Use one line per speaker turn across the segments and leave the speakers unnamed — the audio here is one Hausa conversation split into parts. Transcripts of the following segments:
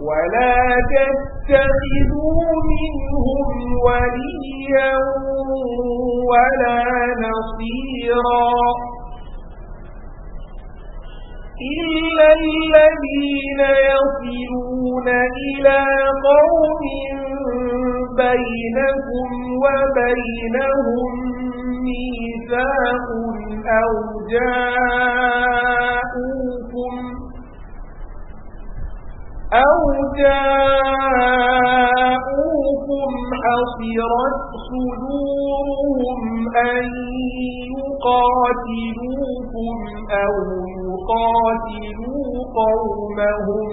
ولا تتخذوا منهم وليا ولا نصيرا إلا الذين يصلون إلى قوم بينكم وبينهم ميثاق أو جاءوكم أو جاءوكم حصرت صدورهم أن يقاتلوكم أو يقاتلوا قومهم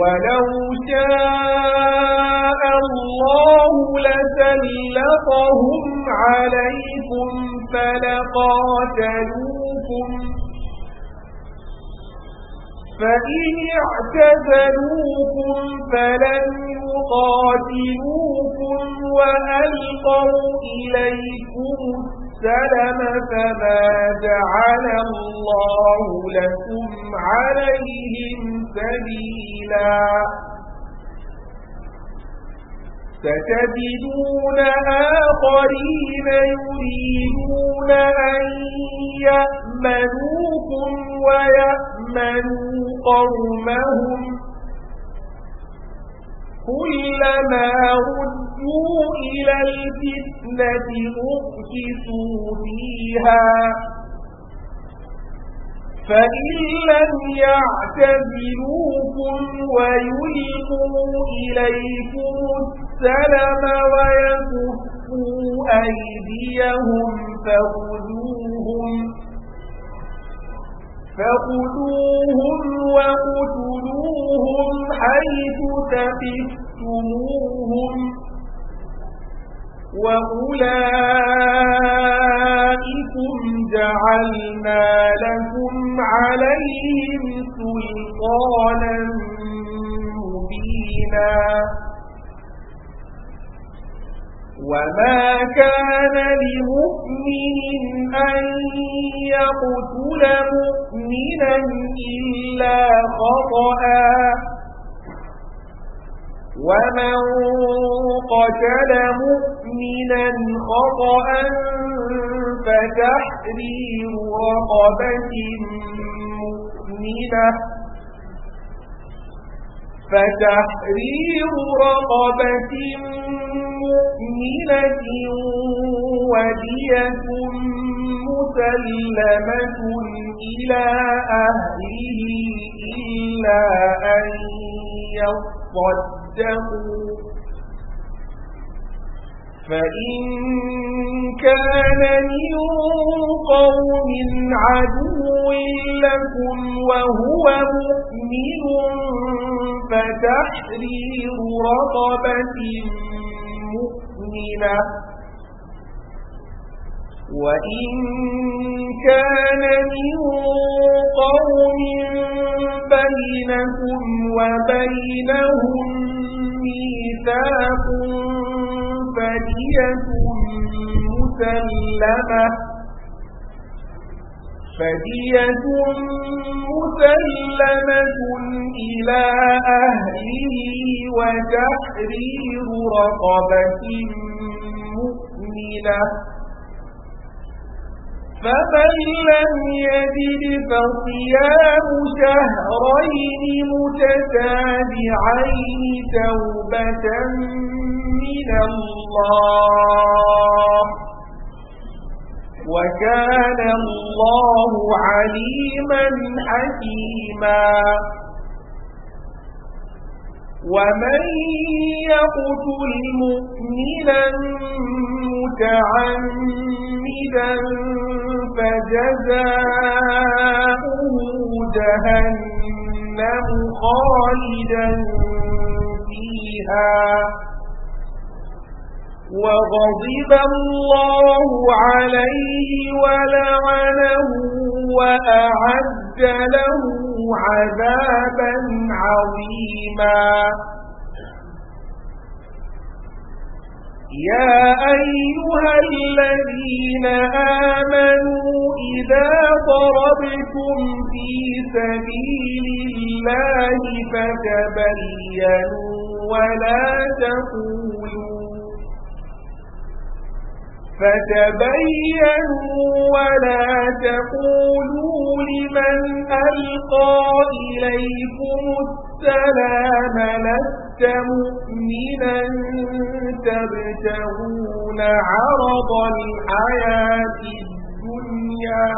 ولو شاء الله لسلطهم عليكم فلقاتلوكم فإن اعتزلوكم فلن يقاتلوكم وألقوا إليكم السلم فما جعل الله لكم عليهم سبيلاً ستجدون آخرين يريدون أن يأمنوكم ويأمنوا قومهم كلما ردوا إلى الفتنة أخسوا فيها فإن لم يعتذروكم ويلقوا إليكم السلم ويكفوا أيديهم فخذوهم فخذوهم وقتلوهم حيث تفتموهم وأولئكم جعلنا لكم عليهم سلطانا مبينا وما كان لمؤمن أن يقتل مؤمنا إلا خطأ ومن قتل مؤمنا خطأ فتحرير رقبة مؤمنة فتحرير رقبة مؤمنة ودية مسلمة إلى أهله إلا أن يصدقوا فإن كان من قوم عدو لكم وهو مؤمن فتحرير رقبة مؤمنة وإن كان من قوم بينكم وبينهم ميثاق فدية مسلمة فدية مسلمة إلى أهله وتحرير رقبة مؤمنة فمن لم يجد فصيام شهرين متتابعين توبة من الله وكان الله عليما حكيما ومن يقتل مؤمنا متعمدا فجزاؤه جهنم خالدا فيها وغضب الله عليه ولعنه وأعد له عذابا عظيما يا أيها الذين آمنوا إذا ضربتم في سبيل الله فتبينوا ولا تقولوا فتبينوا ولا تقولوا لمن ألقى إليكم السلام لست مؤمنا تبتغون عرض الحياة الدنيا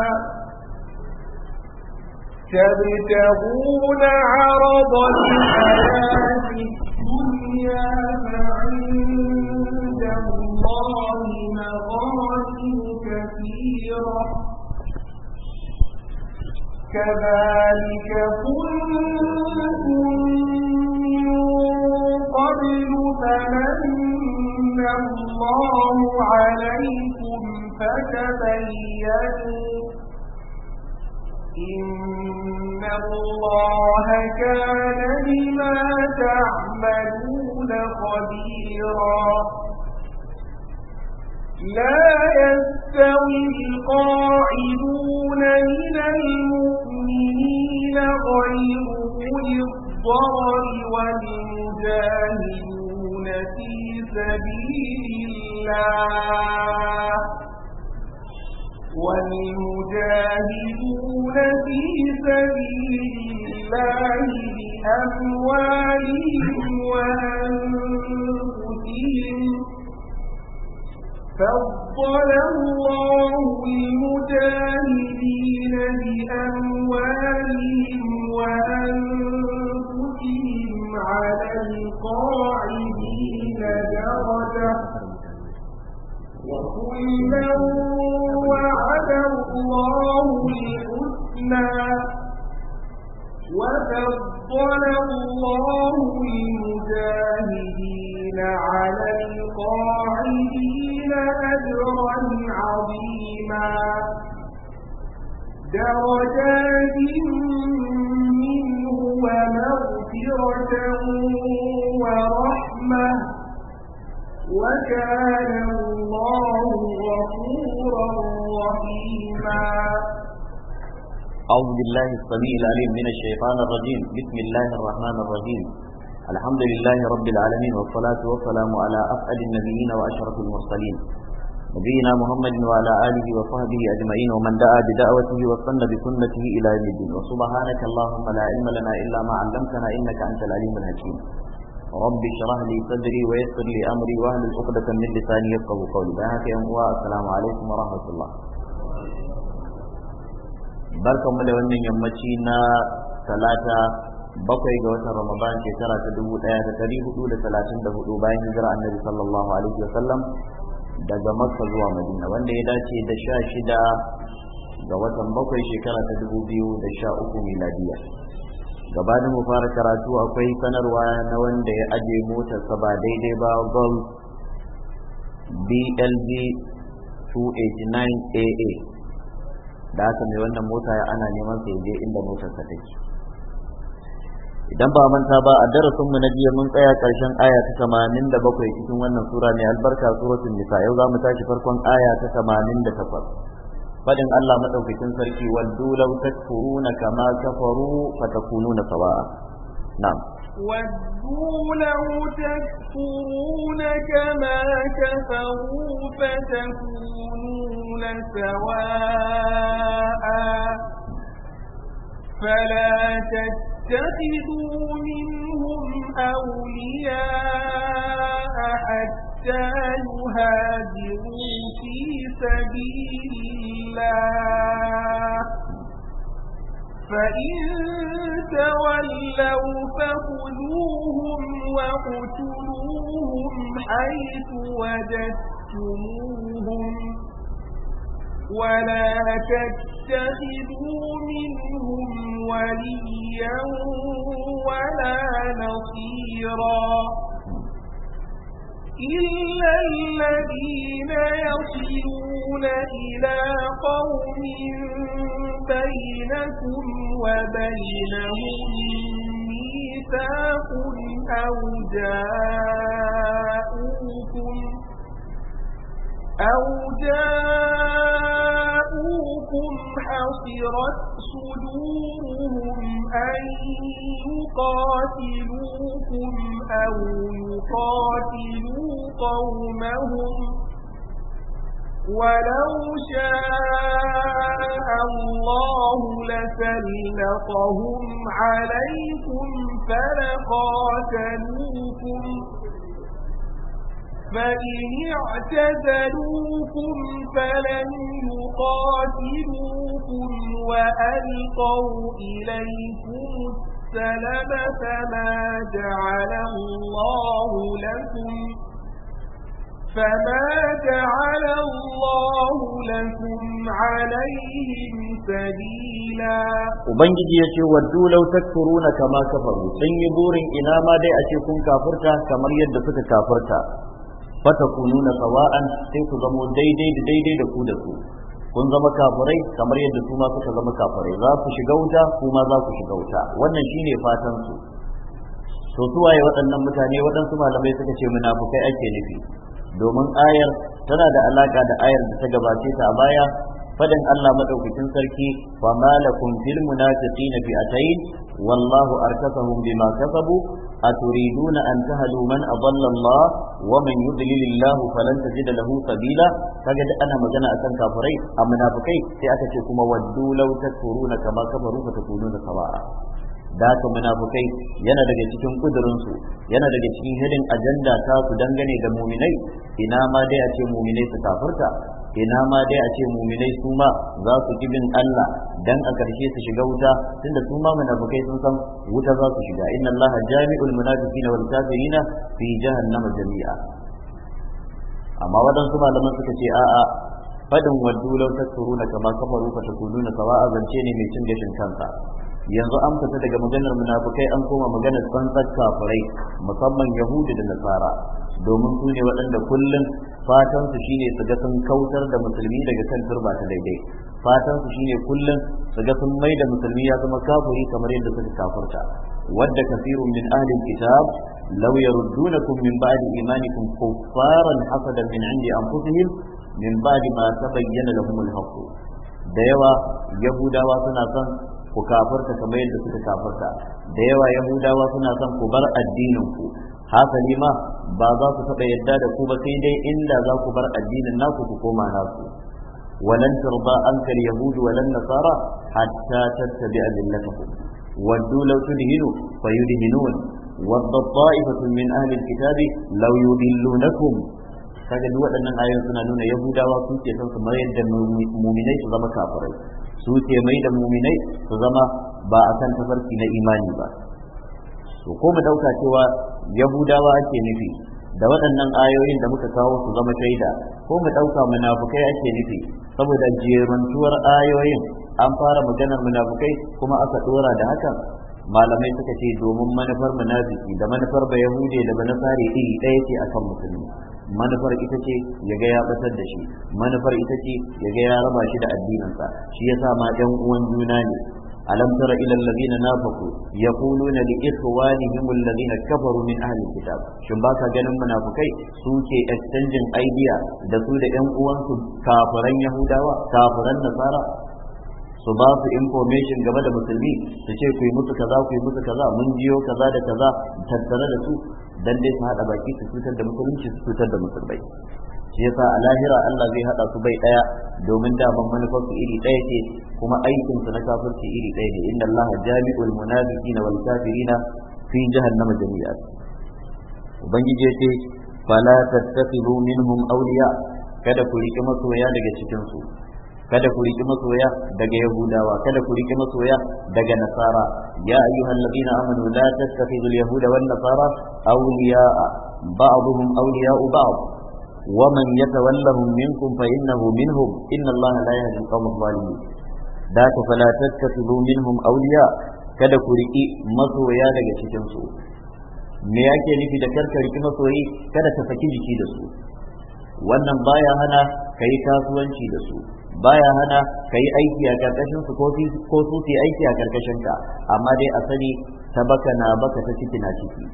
تبتغون عرض الحياة الدنيا فعند الله كثيرة كذلك كنتم من قبل فمن الله عليكم فتبينوا إن الله كان بما تعملون خبيرا لا يستوي القاعدون من المؤمنين غير أولي الضرر والمجاهدون في سبيل الله والمجاهدون في سبيل الله بأموالهم وأنفسهم فضل الله المجاهدين بأموالهم وأنفسهم على القاعدين درجة وكلا وعد الله الحسنى وفضل الله المجاهدين على القاعدين أجرا عظيما درجات منه ومغفرة ورحمة وكان الله غفورا رحيما
أعوذ بالله السميع العليم من الشيطان الرجيم بسم الله الرحمن الرحيم الحمد لله رب العالمين والصلاة والسلام على أفعل النبيين وأشرف المرسلين نبينا محمد وعلى آله وصحبه أجمعين ومن دعا بدعوته وصن بسنته إلى يوم الدين وسبحانك اللهم لا علم لنا إلا ما علمتنا إنك أنت العليم الحكيم رب اشرح لي صدري ويسر لي أمري وأهل العقدة من لساني يفقه قولي بهاك يا السلام عليكم ورحمة الله بركم mu يمتينا ثلاثة bakwai ga watan Ramadan shekara ta dubu ɗaya da dari hudu da talatin da hudu bayan hijira annabi sallallahu alaihi wa sallam daga Makka zuwa Madina wanda ya dace da sha shida ga watan bakwai shekara ta dubu biyu da sha uku miladiya. Gabanin mu fara karatu akwai sanarwa na wanda ya aje motarsa ba daidai ba gol BLB 289AA da aka mai wannan mota ya ana neman sai je inda motarsa take. idan ba manta ba a darasin mu na jiya mun tsaya karshen aya ta 87 cikin wannan sura mai albarka suratul nisa yau zamu tashi farkon aya ta 88 fadin Allah madaukakin sarki wal law takfuruna kama kafaru fatakununa sawa'a na'am
ودوا لو تكفرون كما كفروا فتكونون سواء فلا تَتَّخِذُوا مِنْهُمْ أَوْلِيَاءَ حَتَّى يُهَاجِرُوا فِي سَبِيلِ اللَّهِ فَإِن تَوَلَّوْا فَخُذُوهُمْ وَاقْتُلُوهُمْ حَيْثُ وَجَدتُّمُوهُمْ وَلَا تَتَّبِعُوا تتخذوا منهم وليا ولا نصيرا إلا الذين يصلون إلى قوم بينكم وبينهم ميثاق أو جاءوكم أو جاءوكم حصرت صدورهم أن يقاتلوكم أو يقاتلوا قومهم ولو شاء الله لَسَلَّطَهُمْ عليكم فلقاتلوكم فإن اعتزلوكم فلن يقاتلوكم وألقوا إليكم السلم فما جعل الله لكم فما جعل الله لكم عليهم سبيلا
ubangiji yace waddu law takfuruna kama kafaru sun yi burin ina ma dai a ce kun kamar yadda suka kafirta fatakununa sawa'an sai ku zamo daidai da daidai da ku da su kun zama kafirai kamar yadda su ma suka zama kafirai za ku shiga wuta kuma za ku shiga wuta wannan shine fatan su to su waye waɗannan mutane waɗansu malamai suka ce munafukai ake nufi domin ayar tana da alaka da ayar da ta gabace ta a baya Faɗin Allah maɗaukacin sarki fa malakum fil munafiqina fi'atayn wallahu arkasahum bima kasabu na an tahdu man adalla Allah wa man yudlil Allah falan tajida lahu sabila kaga da ana magana akan kafirai a munafikai sai aka ce kuma waddu law takfuruna kama kafaru fa takununa sawa'a da haka munafukai yana daga cikin kudurinsu yana daga cikin hidin ajanda ta su dangane da muminai ina ma dai a ce muminai su kafirta ina ma dai a ce muminai su ma za su ki bin Allah dan a karshe su shiga wuta tunda su ma munafikai sun san wuta za su shiga inna Allah jami'ul munafiqina wal kafirina fi jahannama jami'a amma waɗansu malaman suka ce a'a fadin waddu law tasfuruna kama kafaru fa takununa sawa'a zance ne mai cin gashin kansa yanzu an fita daga maganar munafukai an koma maganar tsantsar kafirai musamman yahudu da nasara domin su ne waɗanda kullum fatan su shine su ga sun kautar da musulmi daga kan turba ta daidai fatan su shine kullum su ga sun mai da musulmi ya zama kafiri kamar yadda suka kafurta wadda kasirun min ahlil kitab law yaruddunakum min ba'di imanikum kuffaran hasadan min indi anfusihim min ba'di ma tabayyana lahum al-haqq da yawa yahudawa suna son ku kafarta kamar yadda suka kafarta da yawa yahudawa suna son ku bar addinin ku hasali ma ba za ku taɓa yadda da ku ba sai dai inda za ku bar addinin naku ku koma naku walan tarda anka yahudu walan nasara hatta tattabi'a millatakum waddu law tudhinu fayudhinun wadda ta'ifatun min ahli alkitabi law yudillunakum kaga duk waɗannan ayoyin suna nuna yahudawa su ke son su da muminai su zama kafirai su ke mai da muminai su zama ba a kan tafarki na imani ba to ko mu dauka cewa yahudawa ake nufi da waɗannan ayoyin da muka kawo su zama shaida ko mu ɗauka munafukai ake nufi saboda jerantuwar ayoyin an fara maganar munafukai kuma aka ɗora da hakan malamai suka ce domin manufar munafiki da manufar ba yahude da manufari iri ɗaya ce akan musulmi manufar ita ce ya ga ya batar da shi manufar ita ce ya ga ya raba shi da addininsa shi yasa ma ɗan uwan juna ne ألم تر إلى الذين نافقوا يقولون لإخوانهم الذين كفروا من أهل الكتاب شن باكا جنم منافقين سوكي استنجن أيديا دسول أن أوانس كافرين يهودا كافرين نصارى su ba su information game da musulmi su ce ku yi musu kaza ku yi musu kaza mun jiyo kaza da kaza tattare da su dan dai su hada baki su cutar da musulunci su cutar da musulmai shi yasa a lahira Allah zai hada su bai daya domin daman manufar su iri daya ce kuma aikin su na kafirci iri daya ne inna Allah jami'ul munafiqina wal kafirina fi jahannama jami'a ubangiji ya ce fala tattakhidhu minhum awliya kada ku riki masoya daga cikin su kada ku riki masoya daga yahudawa kada ku riki masoya daga nasara ya ayyuhal ladina amanu la tattakhidhu al yahuda wan nasara awliya ba'dhum awliya'u ba'd ومن يتولهم منكم فإنه منهم إن الله لا يهدي القوم الظالمين ذاك فلا تتخذوا منهم أولياء kada ku riƙi masoya daga cikinsu me yake nufi da karka riƙi masoyi kada ka saki jiki da su wannan baya hana ka yi kasuwanci da su baya hana ka yi aiki a karkashin su ko su yi aiki a karkashin ka amma dai a sani ta baka na baka ta ciki na ciki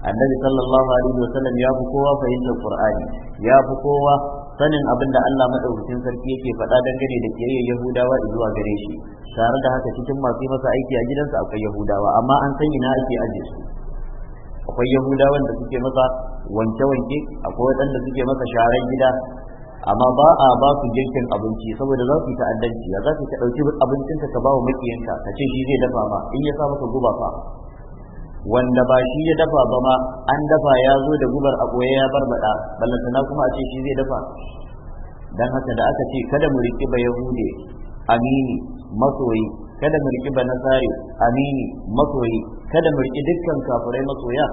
annabi sallallahu alaihi wasallam ya fi kowa fahimtar qur'ani ya fi kowa sanin abin da Allah madaukakin sarki yake faɗa dangane da kiyayyar yahudawa zuwa gare shi tare da haka cikin masu masa aiki a gidansa akwai yahudawa amma an san ina ake aje su akwai yahudawan da suke masa wanke-wanke akwai waɗanda suke masa sharar gida amma ba a ba su girkin abinci saboda za su yi ta'addanci ya za su ta ɗauki abincinka ka ba wa makiyanka ka ce shi zai dafa ma in ya sa maka guba fa wanda ba shi ya dafa ba ma an dafa ya zo da gubar a ɓoye ya barbada ballantana kuma a ce shi zai dafa dan haka da aka ce kada mu riƙi ba yahude amini masoyi kada mu riƙi ba nasari amini masoyi kada mu riƙi dukkan kafirai masoya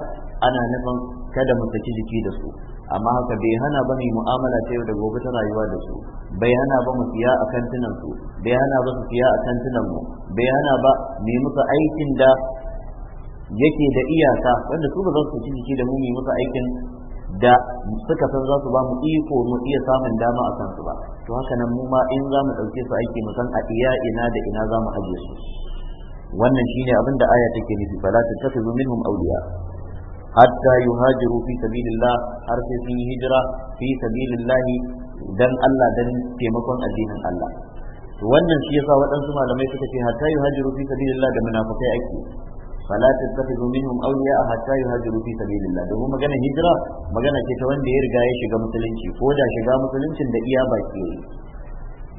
ana nufin kada mu saki jiki da su amma haka bai hana ba mai mu'amala ta yau da gobe ta rayuwa da su bai hana ba mu siya a kantinan su bai hana ba su siya a kantinan mu bai hana ba mu musu aikin da yake da iyaka wanda su ba za su ci da mu yi musu aikin da suka san za su ba mu iko mu iya samun dama a kansu ba to haka nan mu ma in za mu ɗauke su aiki mu san a iya ina da ina za mu aje su wannan shine abin da aya take nufi bala tafi tattakhidhu minhum awliya hatta yuhajiru fi sabilillah har sai sun yi hijira fi sabilillah dan Allah dan taimakon addinin Allah wannan shi yasa waɗansu malamai suka ce hatta yuhajiru fi sabilillah da munafikai ake fala tattakhidhu minhum awliya hatta yuhajiru fi sabilillah domin magana hijira magana ce ta wanda ya riga ya shiga musulunci ko da shiga musuluncin da iya baki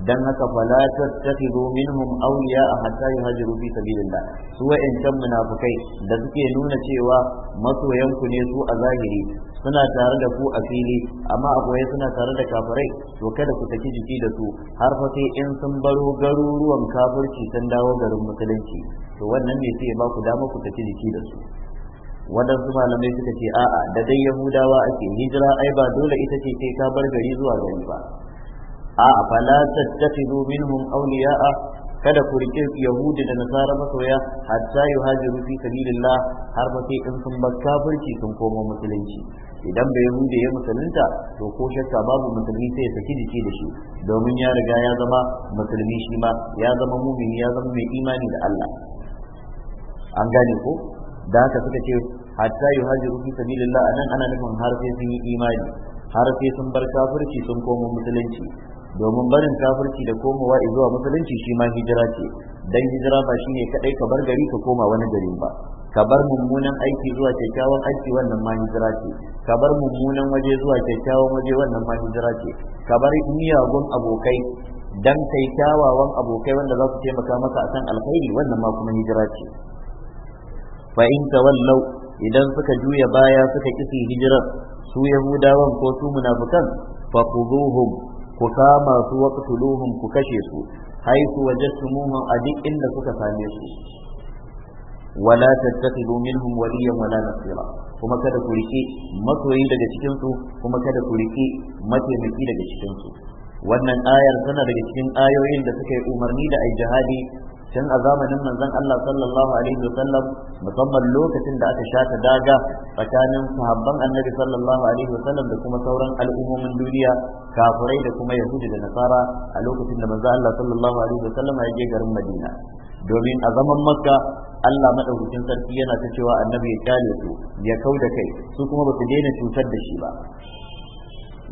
dan haka fala tattakhidu minhum awliya hatta yuhajiru fi sabilillah su kan munafikai da suke nuna cewa masoyan ku ne su a zahiri suna tare da ku a fili amma akwai suna tare da kafirai to kada ku saki jiki da su har fa sai in sun baro garuruwan kafirci sun dawo garin musulunci to wannan ne sai ba ku dama ku saki jiki da su waɗansu malamai suka ce a'a da dai yahudawa ake hijira ai ba dole ita ce sai ka bar gari zuwa gari ba a fala tattakhidu minhum awliya'a kada ku rike yahudi da nasara masoya hatta yuhajiru fi sabilillah har ba sai in sun bar kafirci sun koma musulunci idan bai yahudi ya musulunta to ko shakka babu musulmi sai ya saki jiki da shi domin ya riga ya zama musulmi shi ma ya zama mumini ya zama mai imani da Allah an gane ko da haka suka ce hatta yuhajiru fi sabilillah anan ana nufin har sai sun yi imani har sai sun bar kafirci sun koma musulunci domin barin kafirci da komowa zuwa musulunci shi ma hijira ce dan hijira ba shine kadai ka bar gari ka koma wani gari ba ka bar mummunan aiki zuwa kyakkyawan aiki wannan ma hijira ce ka bar mummunan waje zuwa kyakkyawan waje wannan ma hijira ce ka bar miyagun abokai dan kai kyawawan abokai wanda za su taimaka maka akan alkhairi wannan ma kuma hijira ce fa in tawallau idan suka juya baya suka kisi hijirar su yahudawan ko su munafikan fa khuduhum ku kama su waqtuluhum ku kashe su haitu wajadtumuhum a duk inda kuka same su wala tattakhidu minhum waliyan wala nasira kuma kada ku rike masoyi daga cikin su kuma kada ku rike mataimaki daga cikin su wannan ayar tana daga cikin ayoyin da suka yi umarni da ai jihadi tun a zamanin manzon Allah sallallahu alaihi wasallam musamman lokacin da aka shata daga tsakanin sahabban annabi sallallahu alaihi wasallam da kuma sauran al'ummomin duniya kafirai da kuma yahudi da nasara a lokacin da manzon Allah sallallahu alaihi wasallam ya je garin Madina domin a zaman makka Allah madaukakin sarki yana ta cewa annabi ya kyale su ya kau da kai su kuma ba su daina cutar da shi ba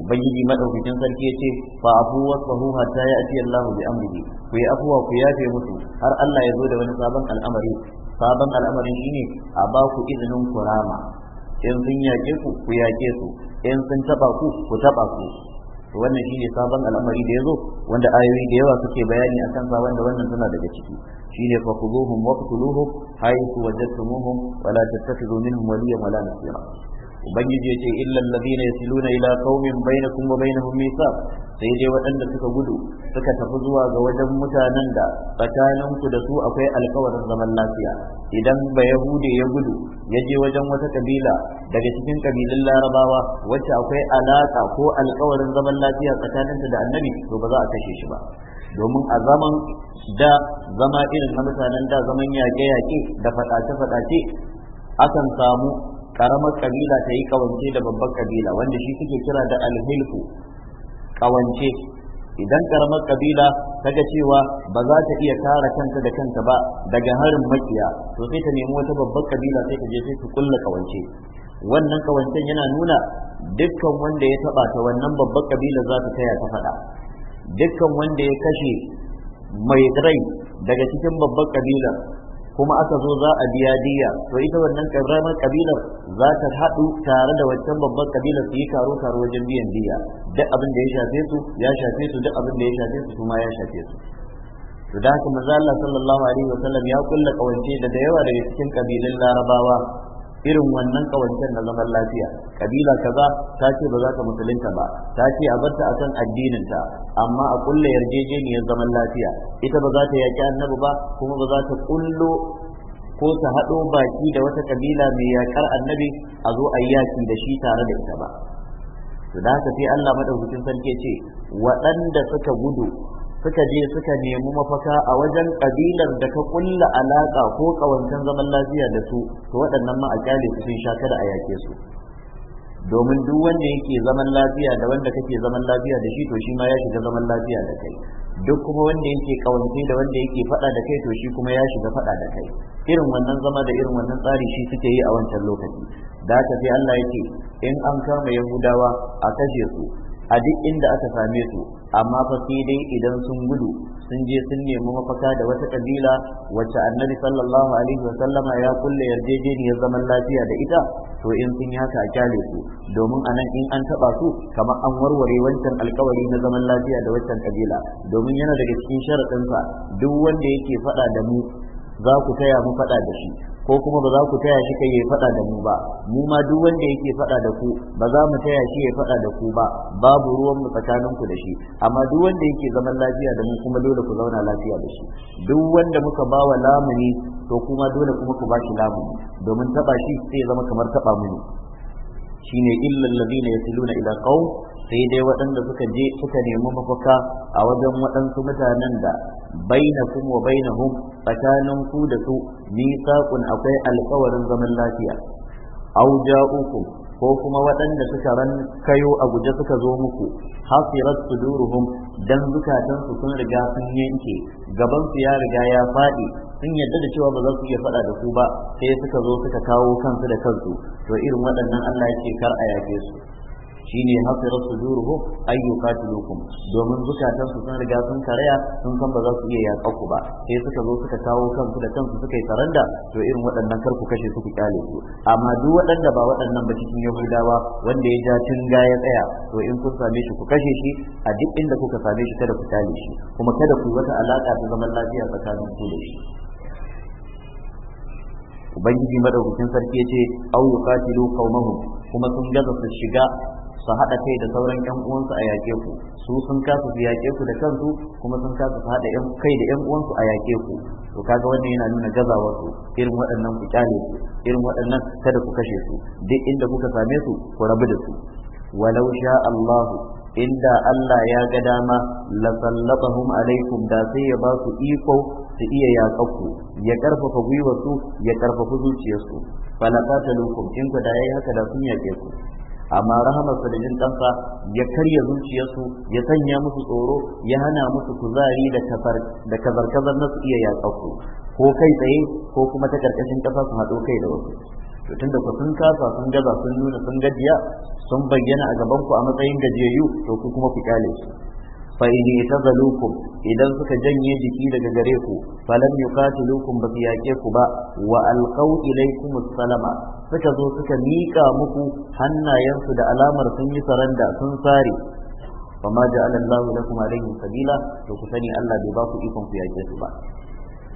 ubangiji madaukakin sarki ya ce fa afu wasfahu hatta ati Allahu bi amrihi ku yi afuwa ku yafe musu har Allah ya zo da wani sabon al'amari sabon al'amarin shine a ba ku izinin kurama in sun yaƙe ku ku yaƙe su in sun taba ku ku taba su to wannan shine sabon al'amari da yazo wanda ayoyi da yawa suke bayani akan sa wanda wannan suna daga ciki shine fa wa qtuluhum haythu wajadtumuhum wa la tattakhidhu minhum waliyyan wa la nasira ubangiji yace illa alladhina yasiluna ila qaumin bainakum wa bainahum mithaq sai dai waɗanda suka gudu suka tafi zuwa ga wajen mutanen da tsakaninku da su akwai alkawarin zaman lafiya idan ba yahude ya gudu ya je wajen wata kabila daga cikin kabilan larabawa wacce akwai alaƙa ko alkawarin zaman lafiya tsakaninta da annabi to ba za a kashe shi ba domin a zaman da zama irin na mutanen da zaman yaƙe-yaƙe da faɗace-faɗace akan samu karamar kabila ta yi kawance da babbar kabila wanda shi suke kira da alhilfu kawance idan karamar kabila ta ga cewa ba za ta iya tara kanta da kanta ba daga harin makiya to sai ta nemi wata babbar kabila sai ta je sai ta kulla kawance wannan kawancen yana nuna dukkan wanda ya taba ta wannan babbar kabila za ta taya ta faɗa dukkan wanda ya kashe mai rai daga cikin babbar kabilar kuma aka zo za a biya diya to ita wannan karamar kabilar za ta haɗu tare da wancan babban kabilar su yi karo karo wajen biyan diya duk abin da ya shafe su ya shafe su duk abin da ya shafe su kuma ya shafe su to da haka manzo Allah sallallahu alaihi wasallam ya kulla kawance da da yawa daga cikin kabilan larabawa irin wannan kawancen na zaman lafiya kabila kaza ta ce ba za ta musulunta ba ta ce a barta addinin addininta amma a kulle yarjejeniyar zaman lafiya ita ba za ta yaki annabi ba kuma ba za ta kullo ko ta haɗo baki da wata kabila mai yakar annabi a zo a yaki da shi tare da ita ba to da haka sai Allah madaukakin sarki ce waɗanda suka gudu suka je suka nemi mafaka a wajen kabilar da ka kulla alaka ko kawancan zaman lafiya da su to waɗannan ma a kyale su sun sha kada a yake su domin duk wanda yake zaman lafiya da wanda kake zaman lafiya da shi to shi ma ya shiga zaman lafiya da kai duk kuma wanda yake kawance da wanda yake faɗa da kai to shi kuma ya shiga faɗa da kai irin wannan zama da irin wannan tsari shi suke yi a wancan lokaci da haka sai Allah yake in an kama Yahudawa a kashe su a duk inda aka same su amma fa sai dai idan sun gudu sun je sun nemi mafaka da wata kabila wacce annabi sallallahu alaihi wa sallama ya kulle yarjejeniyar zaman lafiya da ita to in sun yi haka a kyale su domin anan in an taba su kamar an warware wancan alkawari na zaman lafiya da wancan kabila domin yana daga cikin sharaɗinsa duk wanda yake faɗa da mu za ku taya mu faɗa da shi ko kuma ba za ku taya shi kai ya faɗa da mu ba mu ma duk wanda yake faɗa da ku ba za mu taya shi ya faɗa da ku ba babu ruwan mu tsakanin ku da shi amma duk wanda yake zaman lafiya da mu kuma dole ku zauna lafiya da shi duk wanda muka ba wa lamuni to kuma dole kuma ku ba shi lamuni domin taba shi sai zama kamar taba mu shine illal ladina yasiluna ila qaum sai dai waɗanda suka je suka nemi mafaka a wajen waɗansu mutanen da baina kun wa baina hun tsakanin ku da su ni saƙun akwai alƙawarin zaman lafiya au ja'ukum ko kuma waɗanda suka ran kayo a guje suka zo muku hasirat suduruhum dan zukatan su sun riga sun yanke gaban su ya riga ya faɗi sun yadda da cewa ba za su iya faɗa da su ba sai suka zo suka kawo kansu da kansu to irin waɗannan Allah yake kar a yafe su Shi ne shine hafirat ayyuka ta yuqatilukum domin zukatan su sun riga sun karaya sun san ba za su iya yaƙa ku ba sai suka zo suka kawo kansu da kansu suka yi saranda to irin waɗannan karku kashe su kyale su amma duk waɗanda ba waɗannan ba cikin yahudawa wanda ya ja ga ya tsaya to in kun same shi ku kashe shi a duk inda kuka same shi kada ku kyale shi kuma kada ku wata alaƙa ta zaman lafiya tsakanin ku da shi ubangiji madaukakin sarki ya ce au yuqatilu qaumahum kuma sun gaza su shiga su haɗa kai da sauran ƴan uwansu a yaƙe ku su sun kasa su yaƙe ku da kansu kuma sun kasa su haɗa kai da ƴan uwansu a yaƙe ku to kaga wannan yana nuna gazawa su irin waɗannan ku kyale su irin waɗannan kada ku kashe su duk inda kuka same su ku rabu da su walau sha Allahu inda Allah ya ga dama la sallatahum alaikum da sai ya ba su iko su iya yaƙaku ya ƙarfafa gwiwarsu ya ƙarfafa zuciyarsu falaqatalukum in ku da yayi haka da sun yaƙe ku amma rahamarsa da jin kansa ya karya zuciyarsu ya sanya musu tsoro ya hana musu kuzari da kazarkazar da na su iya yaƙaku ko kai tsaye ko kuma ta karkashin ƙasa su haɗo kai da wasu to tunda ku sun kasa sun gaza sun nuna sun gajiya sun bayyana a gaban ku a matsayin gajiyayyu to ku kuma ku su fa in idan suka janye jiki daga gare ku falam yuqatilukum ba su yake ku ba wa alqaw ilaykum salama suka zo suka mika muku hannayensu da alamar sun yi saranda sun sare fama ja'ala Allahu lakum alaihim sabila to ku sani Allah bai ba ku ikon ku yake ku ba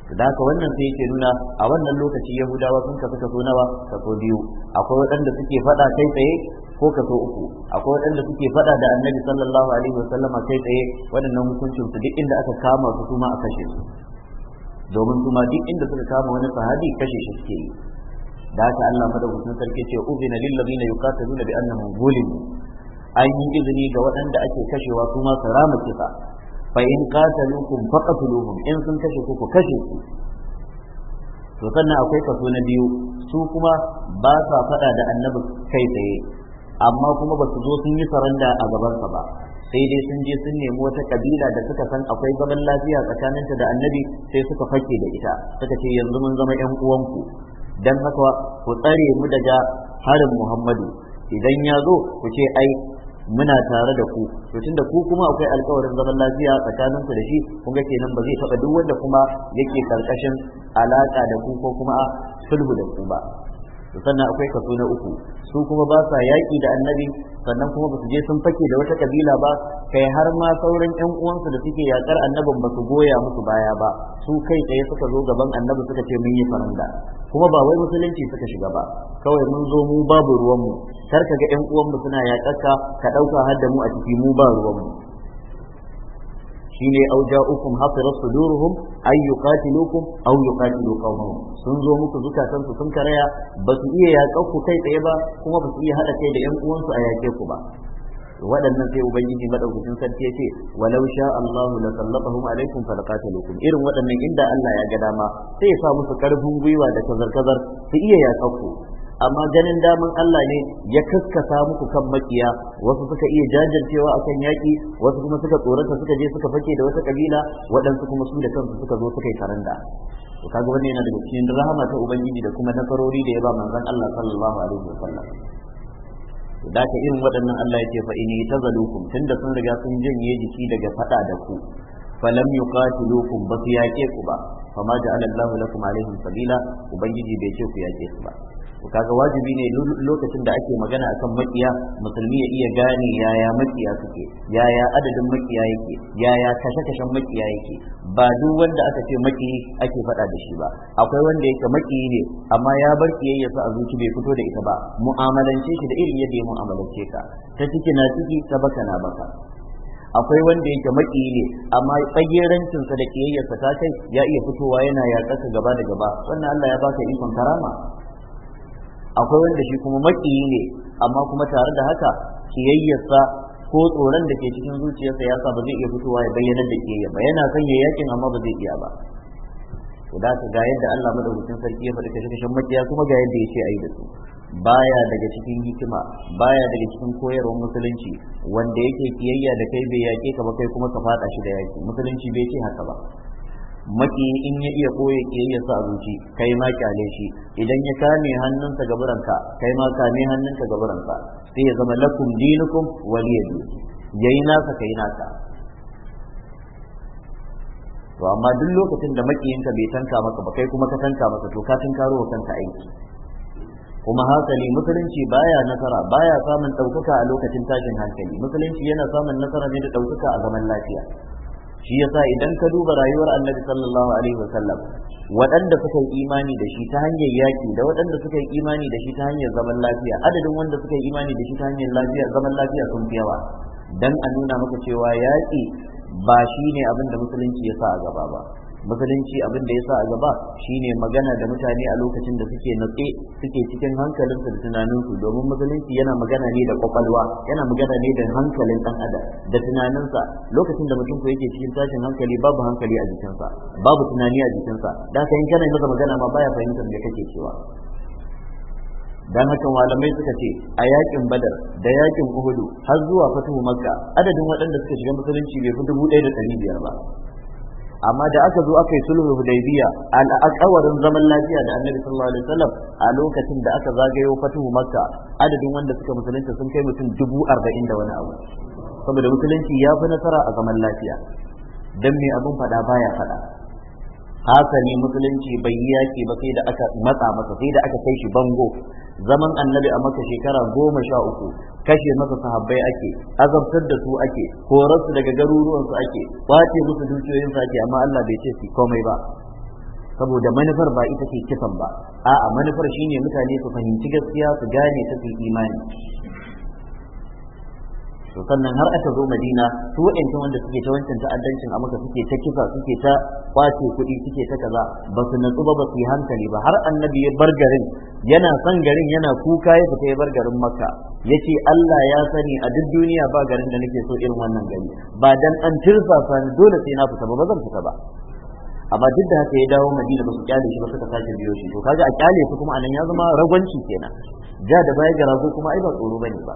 da ka wannan sai yake nuna a wannan lokaci yahudawa sun kasu kaso nawa kaso biyu akwai waɗanda suke faɗa kai tsaye ko kaso uku akwai waɗanda suke faɗa da annabi sallallahu alaihi wasallama kai tsaye waɗannan hukuncin su duk inda aka kama su kuma a kashe su domin su ma duk inda suka kama wani sahabi kashe shi suke yi da haka Allah madaukakin sarki ce ubina lil ladina yuqatiluna bi annahum zulimu an yi izini ga waɗanda ake kashewa su ma su rama kisa fa in qataluukum faqatuluhum in sun kashe ku ku kashe su to sannan akwai kaso na biyu su kuma ba sa faɗa da annabi kai tsaye amma kuma ba su zo sun yi saranda a gabansa ba sai dai sun je sun nemi wata kabila da suka san akwai zaman lafiya tsakaninta da annabi sai suka fake da ita suka ce yanzu mun zama yan uwanku dan haka ku tsare mu daga harin muhammadu idan ya zo ku ce ai muna tare da ku to tunda ku kuma akwai alkawarin zaman lafiya tsakanin da shi kun ga kenan ba zai taba duk wanda kuma yake karkashin alaka da ku ko kuma sulhu da ku ba sannan akwai kaso na uku su kuma ba sa yaƙi da annabi sannan kuma ba su je sun fake da wata kabila ba kai har ma sauran ƴan uwansu da suke yaƙar annabin ba su goya musu baya ba su kai tsaye suka zo gaban annabi suka ce mun yi faranda kuma ba wai musulunci suka shiga ba kawai mun zo mu babu ruwanmu kar ka ga ƴan uwanmu suna yaƙar ka ka ɗauka har da mu a ciki mu ba ruwanmu shine au ja'ukum hasirat suduruhum ay yuqatilukum aw yuqatilu qawmahum sun zo muku zukatan su sun karaya ba su iya yaƙar ku kai tsaye ba kuma ba su iya haɗa kai da ƴan uwansu a yaƙe ku ba waɗannan sai ubangiji maɗaukacin sarki yace walau sha Allahu la sallatahum alaikum falqatalukum irin waɗannan inda Allah ya ga dama sai ya sa musu karfin gwiwa da kazar kazar su iya yaƙar ku amma ganin daman Allah ne ya kaskasa muku kan makiya wasu suka iya jajircewa akan yaƙi, wasu kuma suka tsorata suka je suka fake da wata kabila waɗansu kuma su da kansu suka zo suka yi karanda to kaga wannan yana daga cikin rahama ta ubangiji da kuma nasarori da ya ba manzon Allah sallallahu alaihi wasallam da ka irin waɗannan Allah ya ce fa in tazalukum tunda sun riga sun janye jiki daga fada da ku falam yuqatilukum ba su yaƙe ku ba fama ja'ala lakum alaihim sabila ubangiji bai ce ku yaƙe su ba kaga wajibi ne lokacin da ake magana akan makiya musulmi ya iya gane yaya makiya suke yaya adadin makiya yake yaya kashe-kashen makiya yake ba duk wanda aka ce maki ake faɗa da shi ba akwai wanda yake maki ne amma ya bar kiyayyarsa a zuci bai fito da ita ba mu'amalance shi da irin yadda ya mu'amalance ka ta ciki na ciki ta baka na baka akwai wanda yake maki ne amma sa da sa ta kai ya iya fitowa yana yaƙarsa gaba da gaba wannan Allah ya baka ikon karama akwai wanda shi kuma makiyi ne amma kuma tare da haka kiyayyarsa ko tsoron da ke cikin zuciyarsa ya sa ba zai iya fitowa ya bayyana da ke ba yana son ya yakin amma ba zai iya ba to ka ga yadda Allah madaukakin sarki ya faɗi kashe kashen makiya kuma ga yadda ya ce ayi da su baya daga cikin hikima baya daga cikin koyarwar musulunci wanda yake kiyayya da kai bai yake ka ba kai kuma ka fada shi da yaki musulunci bai ce haka ba maki in ya iya koye ke ya sa zuci kai ma kyale shi idan ya kame hannunsa buranka kai ma kame hannunka buranka sai ya zama lakum dinukum waliyadu yayi nasa kai nasa to amma duk lokacin da makiyinka bai tanka maka ba kai kuma ka tanka maka to ka tunkaro wa kanka aiki kuma hankali musulunci baya nasara baya samun ɗaukaka a lokacin tashin hankali musulunci yana samun nasara ne da ɗaukaka a zaman lafiya shi yasa idan ka duba rayuwar annabi sallallahu alaihi wasallam waɗanda suka yi imani da shi ta hanyar yaki da waɗanda suka yi imani da shi ta hanyar zaman lafiya adadin wanda suka yi imani da shi ta hanyar lafiya zaman lafiya sun fi yawa dan a nuna maka cewa yaki ba shi ne abin da musulunci ya sa a gaba ba musulunci abin da ya sa a gaba shine magana da mutane a lokacin da suke natse suke cikin hankalinsu da tunaninsu domin musulunci yana magana ne da kwakwalwa yana magana ne da hankalin dan adam da tunaninsa lokacin da mutum ko yake cikin tashin hankali babu hankali a jikinsa babu tunani a jikinsa da ka in kana masa magana ma baya fahimtar da kake cewa dan haka malamai suka ce a yakin badar da yakin uhudu har zuwa fatuhu makka adadin waɗanda suka shiga musulunci bai fi dubu ɗaya da ɗari biyar ba amma da aka zo aka yi sulhu hudaybiya al'akawarin zaman lafiya da annabi sallallahu alaihi wasallam a lokacin da aka zagayo fatuhu makka adadin wanda suka musulunta sun kai mutum dubu arba'in da wani abu saboda musulunci ya fi nasara a zaman lafiya dan me abin fada baya fada hasali musulunci bai yaki ba sai da aka matsa masa sai da aka kai shi bango zaman annabi a maka shekara goma sha uku kashe masa sahabbai ake azabtar da su ake horarsu daga garuruwansu ake kwace musu dukiyoyin su ake amma Allah bai ce su komai ba saboda manufar ba ita ce kisan ba a'a manufar shine mutane su fahimci gaskiya su gane ta su imani to sannan har aka zo madina su waɗancan wanda suke ta wancan ta'addancin a maka suke ta kisa suke ta kwace kuɗi suke ta kaza ba su natsu ba ba su yi hankali ba har annabi ya bar garin yana son garin yana kuka ya fita ya bar garin maka ya ce allah ya sani a duk duniya ba garin da nake so irin wannan gari ba dan an tirsasa ni dole sai na fita ba ba zan fita ba amma duk da haka ya dawo madina ba su kyale shi ba suka sake biyo shi to kaga a kyale su kuma anan ya zama ragwanci kenan ja da baya ga rago kuma ai ba tsoro bane ba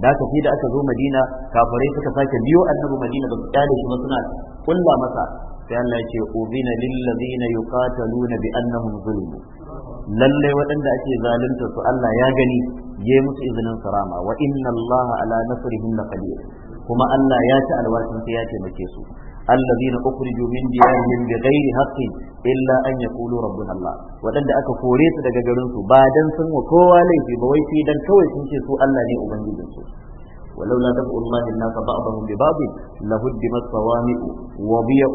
da aka da aka zo madina kafirai suka sake biyo annabi madina ba su kyale shi suna kulla masa sai Allah ya ce ubina lil ladina yuqataluna bi annahum zulimu lalle waɗanda ake zalunta su Allah ya gani yayi musu izinin sarama wa inna Allah ala nasrihim laqadir kuma Allah ya ci alwashin sai ya taimake su الذين أخرجوا من ديارهم بغير حق إلا أن يقولوا ربنا الله وأن أكا كوريس دقا جرنسو بعدن سن وكوا ليفي بويسي دن كوي سنشي سوء الله ني أبنجي جنسو ولولا دفع الله الناس بعضهم ببعض لهدمت صوامع وبيع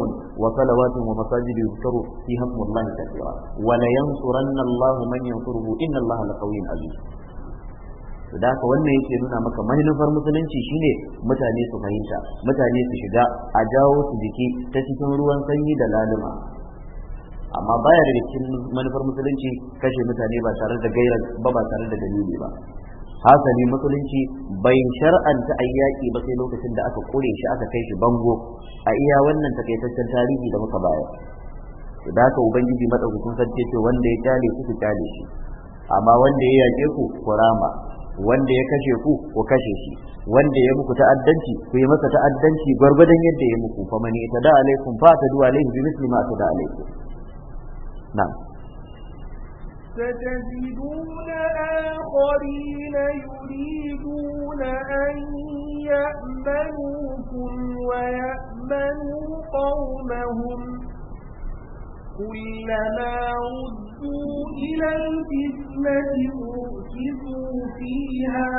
وصلوات ومساجد يذكر فيها اسم الله كثيرا ولينصرن الله من ينصره إن الله لقوي عزيز su da wannan yake nuna maka manufar musulunci shine mutane su fahimta mutane su shiga a jawo su jiki ta cikin ruwan sanyi da laluma amma baya da cikin manufar musulunci kashe mutane ba tare da gairar ba ba tare da dalili ba hasali musulunci bai shar'anta a yaƙi ba sai lokacin da aka kure shi aka kai shi bango a iya wannan takaitaccen tarihi da muka bayar da haka ubangiji madaukakin sarki ce wanda ya kyale su kyale shi amma wanda ya yaƙe ku kurama wanda ya kashe ku ku kashe shi wanda ya muku ta'addanci ku yi masa ta'addanci gwargwadon yadda ya muku fa mani da alaikum fa tadu alaihi bi misli ma tada alaikum na'am
ستجدون آخرين يريدون أن يأمنوكم ويأمنوا قومهم كلما ردوا إلى الفتنة أركضوا فيها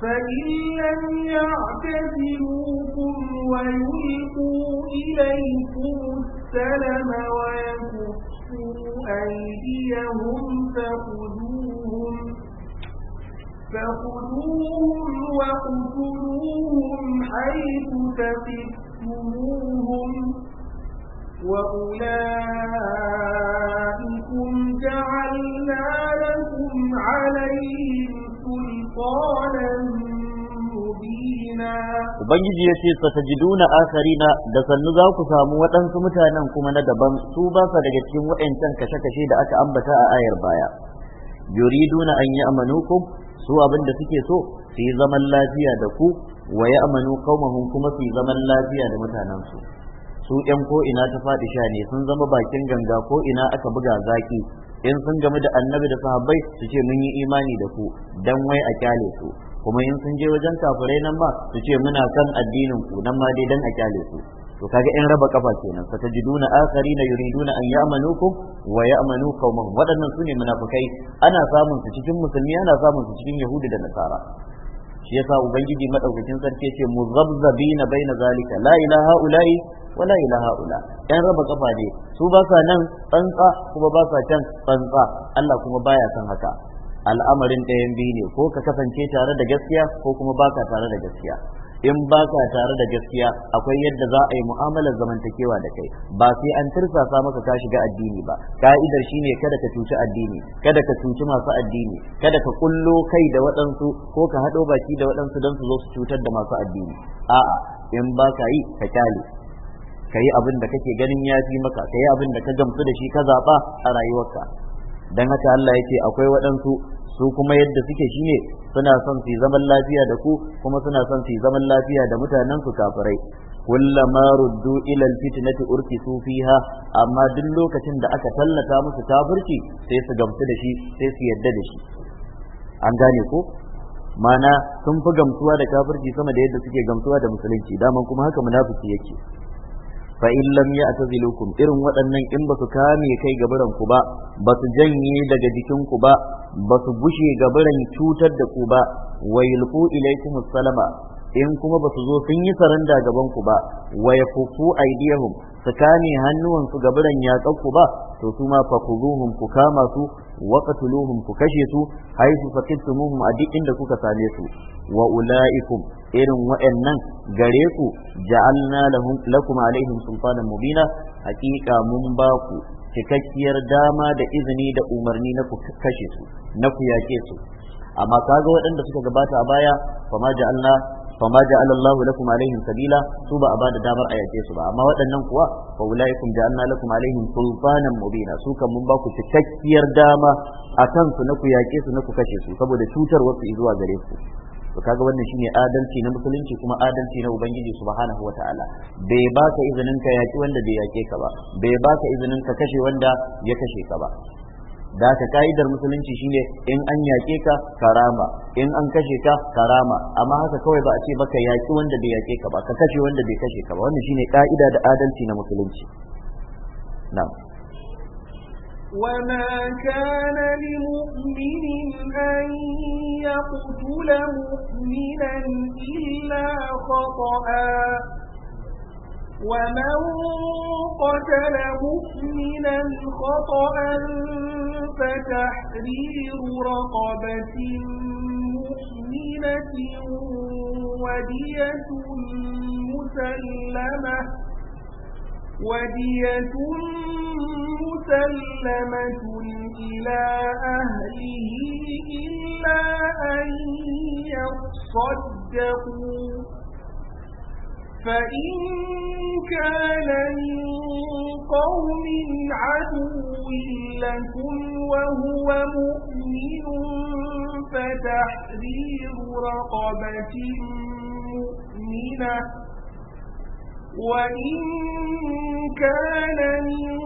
فإن لم يعتذروكم ويلقوا إليكم السلم ويكفوا أيديهم فخذوهم فخذوهم وقتلوهم حيث تفتموهم وأولئكم جعلنا لكم عليهم سلطانا
Ubangiji ya ce satajiduna asarina, da sannu za ku samu waɗansu mutanen kuma na daban su ba sa daga cikin waɗancan kashe-kashe da aka ambata a ayar baya. Yuriduna an yi amanukum su abin da suke so su yi zaman lafiya da ku wa ya amanu kuma su yi zaman lafiya da mutanensu. su yan ko ina ta faɗi sha ne sun zama bakin ganga ko ina aka buga zaki in sun gamu da annabi da sahabbai su ce mun yi imani da ku dan wai a kyale su kuma in sun je wajen kafirai nan ma su ce muna kan addinin ku nan ma dai dan a kyale su to kaga in raba kafa kenan fa tajiduna akharina yuriduna an ya'manukum wa ya'manu qaumahum waɗannan su munafikai ana samun su cikin musulmi ana samun su cikin yahudi da nasara shi yasa ubangiji madaukakin sarki ce muzabzabina baina zalika la ilaha ula'i wala ila haula yan raba kafa ne su ba sa nan tsantsa kuma ba sa can tsantsa Allah kuma baya san haka al'amarin ɗayan biyu ne ko ka kasance tare da gaskiya ko kuma ka tare da gaskiya in ba ka tare da gaskiya akwai yadda za a yi mu'amalar zamantakewa da kai ba sai an tirsasa maka ka shiga addini ba ka'idar shine kada ka cuci addini kada ka cuci masu addini kada ka kullo kai da waɗansu ko ka haɗo baki da waɗansu don su zo su cutar da masu addini a'a in ba ka yi ka kyale ka yi abin da kake ganin ya fi maka ka yi abin da ka gamsu da shi ka zaɓa a rayuwarka don haka Allah ya ce akwai waɗansu su kuma yadda suke shine suna son su zaman lafiya da ku kuma suna son su zaman lafiya da mutanen su kafirai kullama ruddu ila alfitnati urkisu fiha amma duk lokacin da aka tallata musu kafirci sai su gamsu da shi sai su yadda da shi an gane ko mana sun fi gamsuwa da kafirci sama da yadda suke gamsuwa da musulunci dama kuma haka munafiki yake fa in lam ya'tazilukum irin waɗannan in ba su kame kai gabaran ku ba basu su janye daga jikin ku ba ba bushe gabaran cutar da ku ba wa yulqu ilaykum salama in kuma ba su zo sun yi saranda gaban ku ba wa kufu aidiyahum su kame hannuwan su gaburan yaƙar ku ba to su ma kuzuhum ku kama su wa qatuluhum ku kashe su haisu fakittumuhum a duk inda kuka same su wa ulaikum irin wa'annan gare ku ja'alna lahum lakum alaihim sultanan mubina haƙiƙa mun ba ku cikakkiyar dama da izini da umarni na ku kashe su na ku yaƙe su amma kaga waɗanda suka gabata a baya fa ma ja'alna fa ma ja'ala Allahu lakum sabila su ba a bada damar a yake su ba amma waɗannan kuwa fa ulaikum ja'alna lakum alaihim sultanan mubina su kan mun ba ku cikakkiyar dama a kansu na ku yake na ku kashe su saboda cutar wasu zuwa gare su to kaga wannan shine adalci na musulunci kuma adalci na ubangiji subhanahu wataala bai baka izinin ka yaki wanda bai yake ba bai baka izinin ka kashe wanda ya kashe ka ba da ka ka'idar musulunci shine in an yaƙe ka karama in an kashe ka karama amma haka kawai ba a ce baka yaƙi wanda bai yaƙe ka ba ka kashe wanda bai kashe ka ba wannan shine ka'ida da adalci na musulunci na'am
وما كان لمؤمن أن يقتل مؤمنا إلا ومن قتل مؤمنا خطأ فتحرير رقبة مؤمنة ودية مسلمة ودية مسلمة إلى أهله إلا أن يصدقوا فإن كان من قوم عدو لكم وهو مؤمن فتحرير رقبة مؤمنة وإن كان من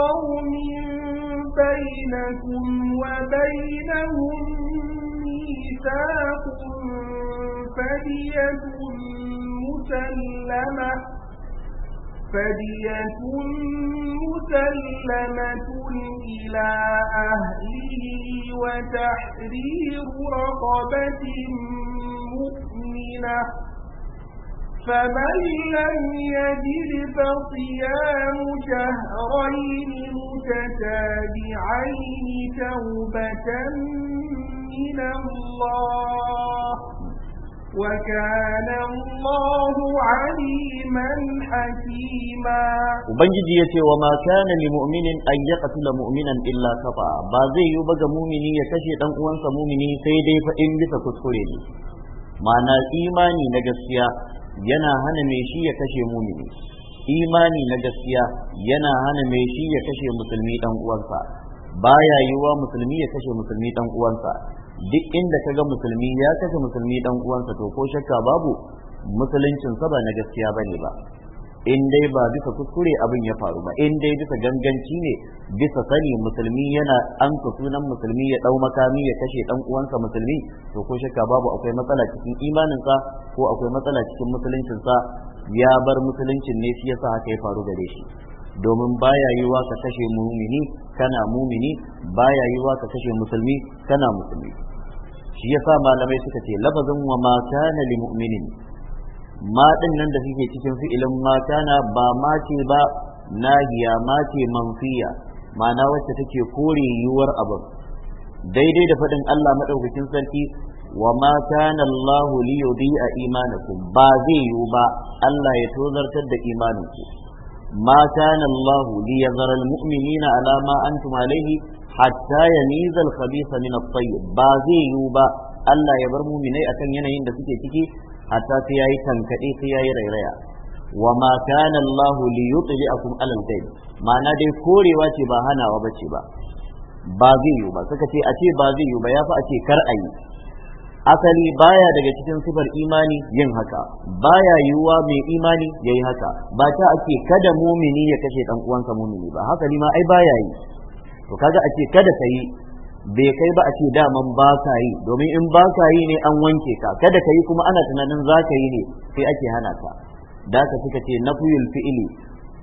قوم بينكم وبينهم ميثاق فدية مسلمة فدية مسلمة إلى أهله وتحرير رقبة مؤمنة فمن لم يجد فصيام شهرين متتابعين توبة من الله Ubangiji
ya ce wa ma li mu'minin an yaqtula mu'minan illa kafa ba zai yi ba ga mumini ya kashe dan uwansa mumini sai dai fa in bisa kuskure ne ma'ana imani na gaskiya yana hana mai shi ya kashe mumini imani na gaskiya yana hana mai shi ya kashe musulmi dan uwansa baya yiwa musulmi ya kashe musulmi dan uwansa duk inda kaga musulmi ya kashe musulmi dan uwansa to ko shakka babu musuluncin sa ba na gaskiya bane ba in dai ba bisa kuskure abin ya faru ba in dai bisa ganganci ne bisa sani musulmi yana anka sunan musulmi ya dau makami ya kashe dan uwansa musulmi to ko shakka babu akwai matsala cikin imanin sa ko akwai matsala cikin musuluncin sa ya bar musuluncin ne shi yasa haka ya faru gare shi domin baya yiwa ka kashe mumini kana mumini baya yiwa ka kashe musulmi kana musulmi shi yasa malamai suka ce lafazin wa mata na lil ma din nan da suke cikin fi'ilin mata na ba ma ce ba nahiya ma ce manfiya ma'ana wacce take kore yiwuwar abin daidai da faɗin Allah madaukakin sarki wa ma kana Allah li yudi'a imanakum ba zai yiwu ba Allah ya tozartar da imaninku ما كان الله ليذر المؤمنين على ما أنتم عليه حتى يميز الخبيث من الطيب بازي يوبا ألا يبر مؤمني أكن ينين دسكي تكي حتى تياي تنكئي تياي ريريا وما كان الله ليطلعكم على الغيب ma'ana dai korewa ce ba hanawa bace ba ba zai yiwu ba suka ce a ce ba zai yiwu ba ya fi a ce kar a yi asali baya daga cikin sifar imani yin haka baya yiwuwa mai imani ya yi haka ba ta ake kada mumini ya kashe dan uwansa mumini ba haka ma ai baya yi to kaga a kada ka yi bai kai ba a ce daman ba ka yi domin in ba ka yi ne an wanke ka kada ka yi kuma ana tunanin za ka yi ne sai ake hana ka da ka suka ce nafiyul fi'ili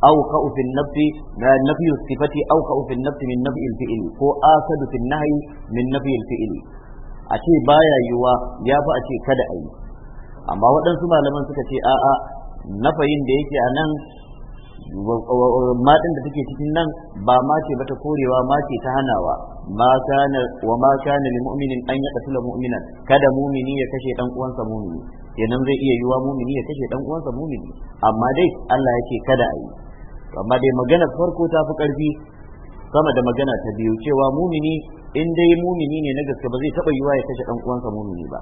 aw ka'u fil nafsi nafiyus sifati aw ka'u fil nafsi min nafiyil fi'ili ko asadu fil nahyi min nafiyil fi'ili a ce baya yiwuwa ya fi a ce kada a yi amma waɗansu malaman suka ce a'a nafayin da yake a nan matin da take cikin nan ba ma ce ta korewa ma ce ta hanawa wa ma kana lil mu'minin an yaqtula mu'minan kada mu'mini ya kashe dan uwansa mu'mini kenan zai iya yiwa mu'mini ya kashe dan uwansa mu'mini amma dai Allah yake kada a yi amma dai magana farko ta fi karfi sama da magana ta biyu cewa mu'mini in dai mumini ne na gaske ba zai taba yiwa ya kashe ɗan uwansa mumini ba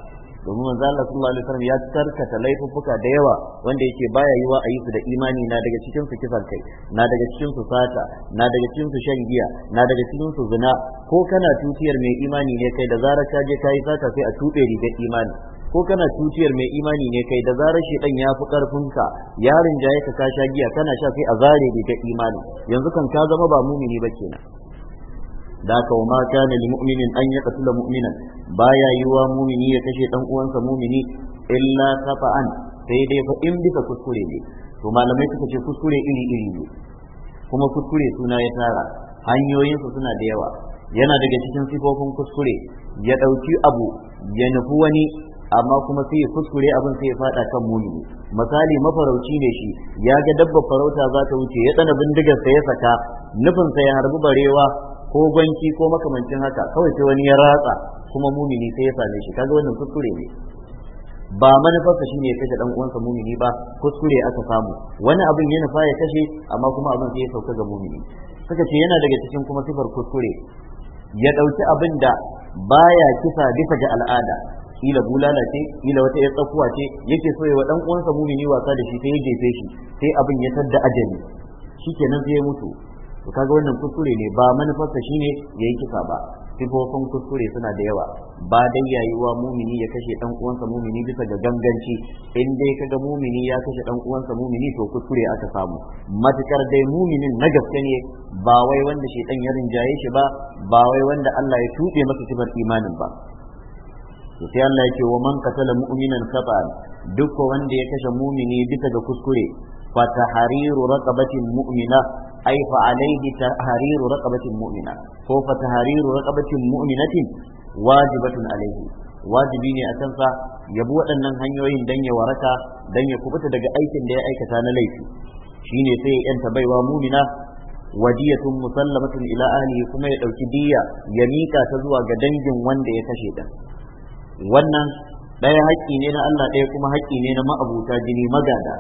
domin manzo Allah sallallahu alaihi wasallam ya tarkata laifuffuka da yawa wanda yake baya yiwa a yi su da imani na daga cikin su kisan kai na daga cikin su sata na daga cikin su shan giya na daga cikin su zina ko kana tutiyar mai imani ne kai da zarar ka je kai sata sai a tube rigar imani ko kana tutiyar mai imani ne kai da zarar shi dan yafi karfin ka yarin jaye ka ka sha giya kana sha sai a zare rigar imani yanzu kan ka zama ba mumini ba kenan da haka wa ma an mu'minin an Ba mu'minan yi wa mu'mini ya kashe dan uwansa mu'mini illa an sai dai fa in bisa kuskure ne to malamai suka ce kuskure iri iri ne kuma kuskure suna ya tara hanyoyinsa suna da yawa yana daga cikin sifofin kuskure ya ɗauki abu ya nufi wani amma kuma sai ya kuskure abin sai ya fada kan mumini misali mafarauci ne shi ya ga dabba farauta za ta wuce ya tsana bindigar sa ya saka nufin sa ya harbi barewa ko gwanki ko makamancin haka kawai sai wani ya ratsa kuma mumini sai ya same shi kaga wannan kuskure ne ba manufarsa shine ya kashe dan uwansa mumini ba kuskure aka samu wani abin ya nufa ya kashe amma kuma abin sai ya sauka ga mumini Saka ce yana daga cikin kuma sifar kuskure ya dauki abin da baya kisa bisa ga al'ada kila bulala ce kila wata yar tsakuwa ce yake so ya wa dan uwansa mumini wasa da shi sai ya jefe shi sai abin ya tadda ajali shikenan sai ya mutu to kaga wannan kuskure ne ba manufarsa shine yi kisa ba sifofin kuskure suna da yawa ba dai yayuwa mumini ya kashe dan uwansa mumini bisa ga ganganci in dai kaga mumini ya kashe dan uwansa mumini to kuskure aka samu matukar dai muminin na gaske ne ba wai wanda shedan ya rinjaye shi ba ba wai wanda Allah ya tuse masa sifar imanin ba to sai Allah yake wa man qatala mu'minan khata'an duk wanda ya kashe mumini bisa ga kuskure fa tahriru raqabatin mu'mina أي فعليه تحرير رقبة مؤمنة هو فتحرير رقبة مؤمنة واجبة عليه wajibi ne a kansa ya bi waɗannan hanyoyin dan ya waraka dan ya kubuta daga aikin da ya aikata na laifi shine sai ya yanta baiwa mumina wadiyatun musallamatun ila ahlihi kuma ya ɗauki diya ya mika ta zuwa ga dangin wanda ya kashe ta wannan ɗaya haƙƙi ne na Allah ɗaya kuma haƙƙi ne na ma'abuta jini magada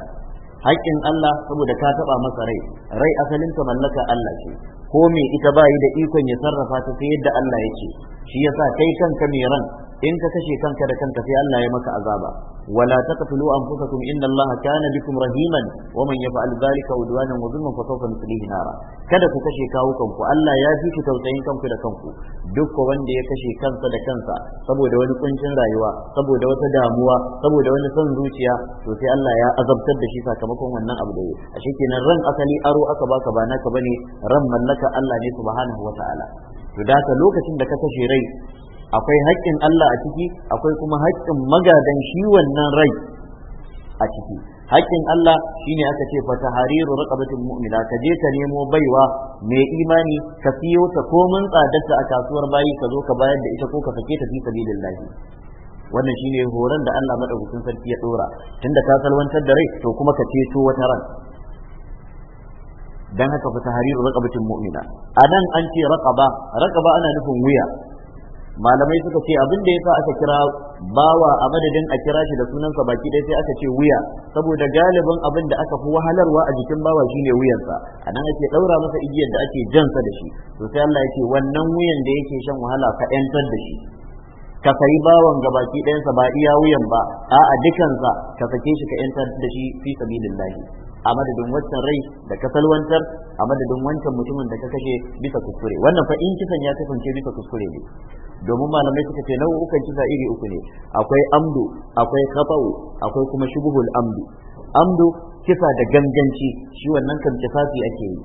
haƙƙin Allah saboda ka taɓa masa rai rai asalin ka mallaka Allah ce ko me ita bayi da ikon ya sarrafa ta sai yadda Allah ya ce shi yasa kai kanka mai ran in ka kashe kanka da kanka sai Allah ya maka azaba wala taqtulu anfusakum inna Allaha kana bikum rahiman wa man yaf'al dhalika udwanan wa dhulman fa sawfa nuslihi nara kada ku kashe kawukan ku Allah ya fi ku tausayin kanku da kanku duk wanda ya kashe kansa da kansa saboda wani kuncin rayuwa saboda wata damuwa saboda wani son zuciya to sai Allah ya azabtar da shi sakamakon wannan abu da yi a kenan ran asali aro aka baka ba naka bane ran mallaka Allah ne subhanahu wa ta'ala to da lokacin da ka kashe rai akwai haƙƙin Allah a ciki akwai kuma haƙƙin magadan shi wannan rai a ciki haƙƙin Allah shine aka ce fa tahariru raqabatil mu'mina ka je ka nemo baiwa mai imani ka siyo ta ko komin tsadarta a kasuwar bayi ka zo ka bayar da ita ko ka sake ta fi sabilillah wannan shine horon da Allah madaukakin sarki ya dora tunda ka salwantar da rai to kuma ka ceto wata ran dan haka fa tahriru raqabatil mu'mina anan an ce raqaba raqaba ana nufin wuya malamai suka ce abin da yasa aka kira bawa a madadin a kira shi da sunansa baki ɗaya sai aka ce wuya saboda galibin abin da aka fi wahalarwa a jikin bawa shine wuyansa a nan ake daura masa igiyar da ake jansa da shi to sai Allah yake wannan wuyan da yake shan wahala ka 'yantar da shi ka sayi bawan ga baki ɗayansa ba iya wuyan ba a'a dukansa ka sake shi ka yantar da shi fi sabilillahi a madadin wancan rai da ka salwantar a madadin wancan mutumin da ka kashe bisa kuskure wannan fa in kisan ya kasance bisa kuskure ne domin malamai suka ce nau'ukan kisa iri uku ne akwai amdu akwai khata'u akwai kuma shubuhul amdu amdu kisa da ganganci shi wannan kan kisasi ake yi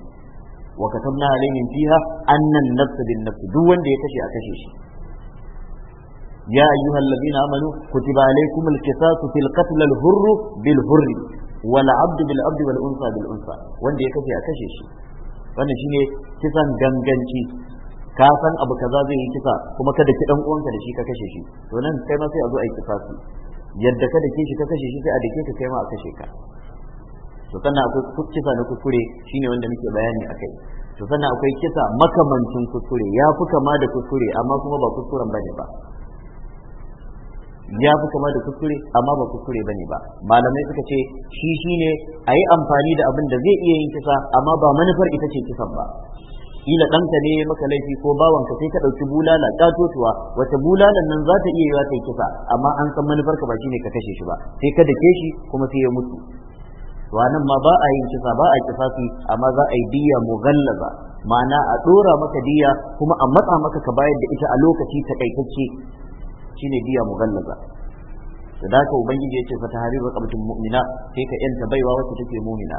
wa katabna alaihim fiha annan nafsu bin nafsu duk wanda ya kashe a kashe shi يا أيها الذين آمنوا كتب عليكم القصاص في القتل الهر بالهر Wala abdu bil abdi wal unsa bil unsa wanda ya kashe a kashe shi wannan shine kisan ganganci ka san abu kaza zai yi kisa kuma kada ki dan uwanka da shi ka kashe shi to nan kai ma sai a zo a yi kisasi yadda ka dake shi ka kashe shi sai a dake ka kai ma a kashe ka to sannan akwai kisa na kuskure shine wanda muke bayani akai to sannan akwai kisa makamancin kuskure ya fi kama da kuskure amma kuma ba kuskuren bane ba ya fi kama da kuskure amma ba kuskure bane ba malamai suka ce shi shine a yi amfani da abin da zai iya yin kisa amma ba manufar ita ce kisan ba ila ɗanka ne maka laifi ko bawanka sai ka ɗauki bulala ƙatotuwa wata bulalan nan za ta iya yiwa ta kisa amma an san manufar ka ba shine ka kashe shi ba sai ka dake shi kuma sai ya mutu nan ma ba a yin kisa ba a kisasi amma za a yi diya mughallaza ma'ana a ɗora maka diya kuma a matsa maka ka bayar da ita a lokaci takaitacce shine diya mughallaza da haka ubangiji yace fa tahrir raqabatul mu'mina sai ka yanta baiwa wacce take mu'mina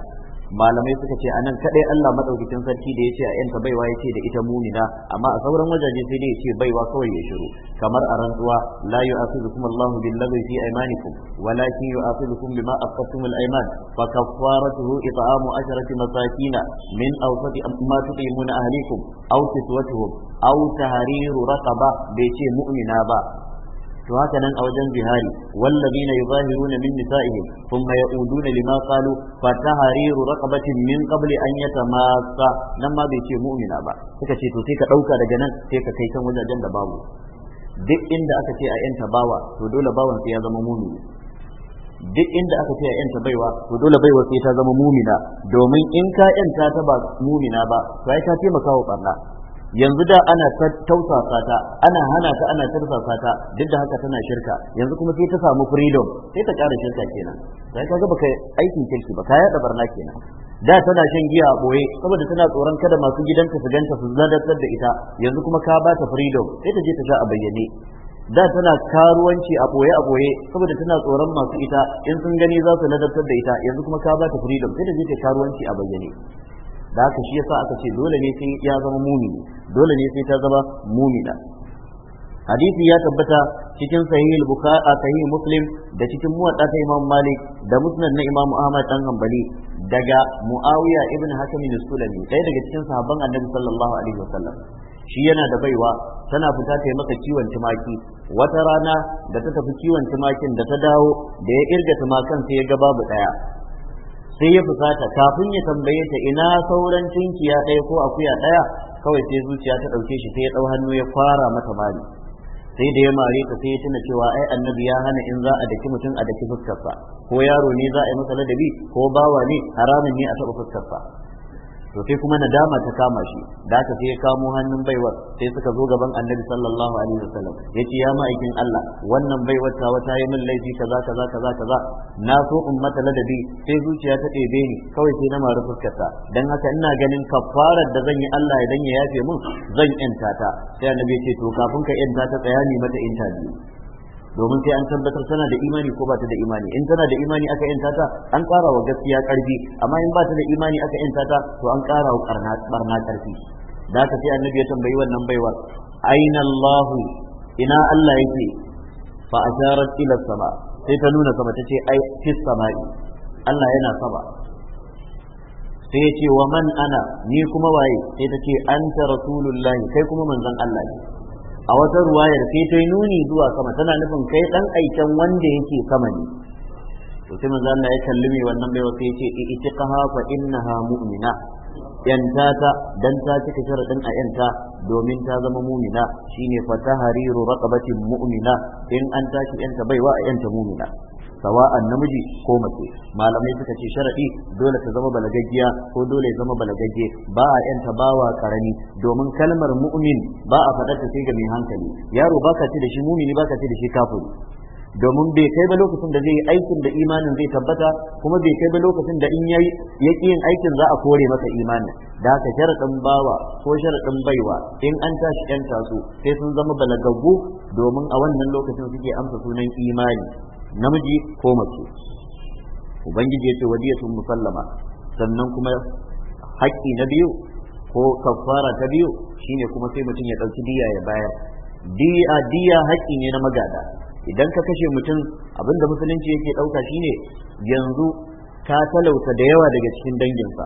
malamai suka ce anan kadai Allah madaukakin sarki da yace a yanta baiwa yace da ita mu'mina amma a sauran wajaje sai dai yace baiwa kawai ya shiru kamar a rantsuwa la yu'akhidhukum Allahu bil lagwi fi aymanikum walakin yu'akhidhukum bima aqadtum al ayman fa kaffaratuhu it'amu asharati masakin min awsati amma tuqimuna ahlikum aw kiswatuhum aw tahriru raqaba bai ce mu'mina ba to haka nan a wajen zihari wallazina yuzahiruna min nisa'ihim thumma ya'uduna lima qalu fa tahriru raqabatin min qabli an yatamassa nan ma bai ce mu'mina ba suka ce to sai ka dauka daga nan sai ka kai kan wajen da babu duk inda aka ce a yanta bawa to dole bawan sai ya zama mu'mini duk inda aka ce a yanta baiwa to dole baiwa sai ta zama mumina domin in ka yanta ta ba mumina ba to ai ta taimaka wa barna yanzu da ana tausasa ta ana hana ta ana tausasa ta duk da haka tana shirka yanzu kuma sai ta samu freedom sai ta ƙara shirka kenan sai ka ga baka aikin kirki ba kaya da barna kenan da tana shan giya a boye saboda tana tsoron kada masu gidanta su ganta su zadatar da ita yanzu kuma ka ba ta freedom sai ta je ta sha a bayyane da tana karuwanci a boye a boye saboda tana tsoron masu ita in sun gani za su ladabtar da ita yanzu kuma ka ba ta freedom sai ta je ta karuwanci a bayyane da haka shi yasa aka ce dole ne sai ya zama mumini dole ne sai ta zama mumina hadisi ya tabbata cikin sahih bukhari sahih muslim da cikin muwadda ta imam malik da musnad na imam ahmad dan hanbali daga muawiya ibn hakim al-sulami ɗaya daga cikin sahabban annabi sallallahu alaihi wasallam shi yana da baiwa tana fita ta yi masa kiwon tumaki wata rana da ta tafi kiwon tumakin da ta dawo da ya irga tumakan sai ya ga babu ɗaya sai ya fusata kafin ya tambaye ta ina sauran tinkiya ɗaya ko akuya ɗaya kawai sai zuciya ta ɗauke shi sai ya ɗau hannu ya fara mata mari sai da ya mare ta sai ya tuna cewa ai annabi ya hana in za a daki mutum a daki fuskarsa ko yaro ne za a yi masa ladabi ko bawa ne haramun ne a taɓa fuskarsa to sai kuma nadama ta kama shi da aka sai ya kamo hannun baiwar sai suka zo gaban annabi sallallahu alaihi wasallam ya ce ya ma'aikin Allah wannan baiwar ta wata yi min laifi kaza kaza kaza kaza na so in mata ladabi sai zuciya ta ɗebe ni kawai sai na mara fuskarta dan haka ina ganin kafarar da zan yi Allah idan ya yafe mun zan yanta ta sai annabi ya ce to kafin ka yanta ta tsaya ni mata interview domin sai an tabbatar tana da imani ko ba ta da imani in tana da imani aka yanta ta an ƙara wa gaskiya ƙarfi amma in ba ta da imani aka yanta ta to an ƙara wa barna ƙarfi da haka sai annabi ya tambayi wannan baiwar aina Allah ina Allah yake fa asharat ila sama sai ta nuna sama tace ai fis sama'i Allah yana sama sai ya ce wa man ana ni kuma waye sai ta ce anta rasulullahi kai kuma manzon Allah ne a wata ruwayar sai ta nuni zuwa sama tana nufin kai dan aiken wanda yake sama ne to sai manzo Allah ya kalli mai wannan baiwa sai ya ce itiqaha fa innaha mu'mina yanta ta dan ta cika sharadin a yanta domin ta zama mu'mina shine fatahariru tahriru raqabatin mu'mina in an tashi yanta baiwa a yanta mu'mina sawa'an namiji ko mace malamai suka ce sharadi dole ta zama balagaggiya ko dole ya zama balagagge ba a yanta bawa karami domin kalmar mu'min ba a faɗar ta sai ga mai hankali yaro baka ce da shi mumini baka ce da shi kafiri domin bai kai ba lokacin da zai yi aikin da imanin zai tabbata kuma bai kai ba lokacin da in yayi ya yin aikin za a kore masa imanin da haka sharaɗin bawa ko sharaɗin baiwa in an tashi yan tasu sai sun zama balagaggu domin a wannan lokacin suke amsa sunan imani namiji ko mace ubangiji ya ce wadiyatun musallama sannan kuma haƙƙi na biyu ko kafara ta biyu shine kuma sai mutum ya ɗauki diya ya bayar diya diya haƙƙi ne na magada idan ka kashe mutum abinda musulunci yake ɗauka shine yanzu ka talauta da yawa daga cikin danginsa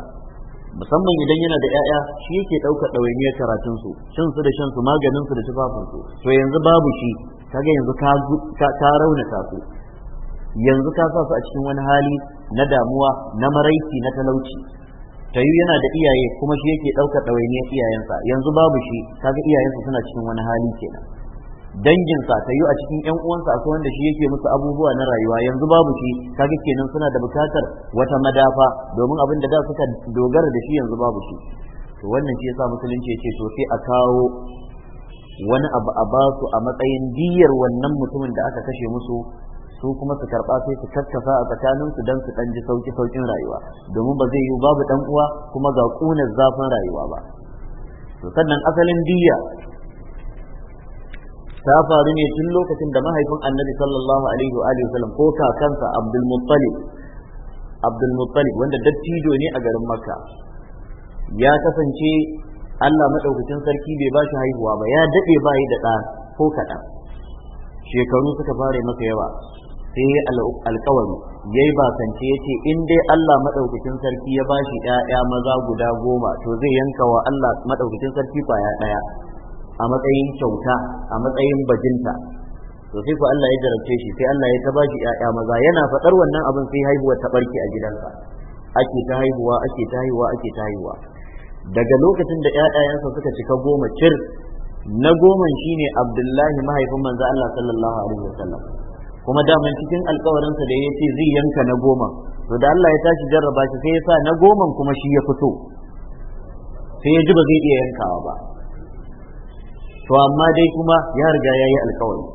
musamman idan yana da 'ya'ya shi yake ɗauka ɗawainiyar karatunsu cin su da shan su maganin su da tufafin su to yanzu babu shi kaga yanzu ka raunata su yanzu ka sa su a cikin wani hali na damuwa na maraiki na talauci ta yi yana da iyaye kuma shi yake ɗaukar ɗawainiyar iyayensa yanzu babu shi kaga iyayensa suna cikin wani hali kenan danginsa ta yi a cikin yan uwansa akwai wanda shi yake musu abubuwa na rayuwa yanzu babu shi kaga kenan suna da bukatar wata madafa domin abin da da suka dogara da shi yanzu babu shi to wannan shi yasa musulunci ce to sai a kawo wani abu a basu a matsayin diyar wannan mutumin da aka kashe musu su kuma su karɓa sai su kakkasa a tsakanin su dan su dan ji sauki saukin rayuwa domin ba zai yi babu ɗan uwa kuma ga kunar zafin rayuwa ba to sannan asalin diyya ta faru ne tun lokacin da mahaifin annabi sallallahu alaihi wa sallam, ko kakansa abdul muttalib abdul wanda dattijo ne a garin makka ya kasance Allah maɗaukacin sarki bai ba shi haihuwa ba ya daɗe ba yi da ɗa ko kaɗan shekaru suka fara masa yawa sai ya alkawari ya yi bakance ya ce in dai Allah maɗaukacin sarki ya bashi ‘ya'ya maza guda goma to zai yanka wa Allah maɗaukacin sarki kwaya ɗaya a matsayin kyauta a matsayin bajinta to sai ku Allah ya jarabce shi sai Allah ya ta bashi ‘ya'ya maza yana faɗar wannan abin sai haihuwa ta barke a gidansa ake ta haihuwa ake ta haihuwa ake ta haihuwa daga lokacin da ‘ya'yayansa suka cika goma cir na goman shine Abdullahi mahaifin manzo Allah sallallahu alaihi wasallam kuma daman cikin alkawarinsa da ya ce zai yanka na goma to da Allah ya tashi jarraba shi sai ya sa na goman kuma shi ya fito sai ya ji ba zai iya yankawa ba to amma dai kuma ya riga ya yi alkawari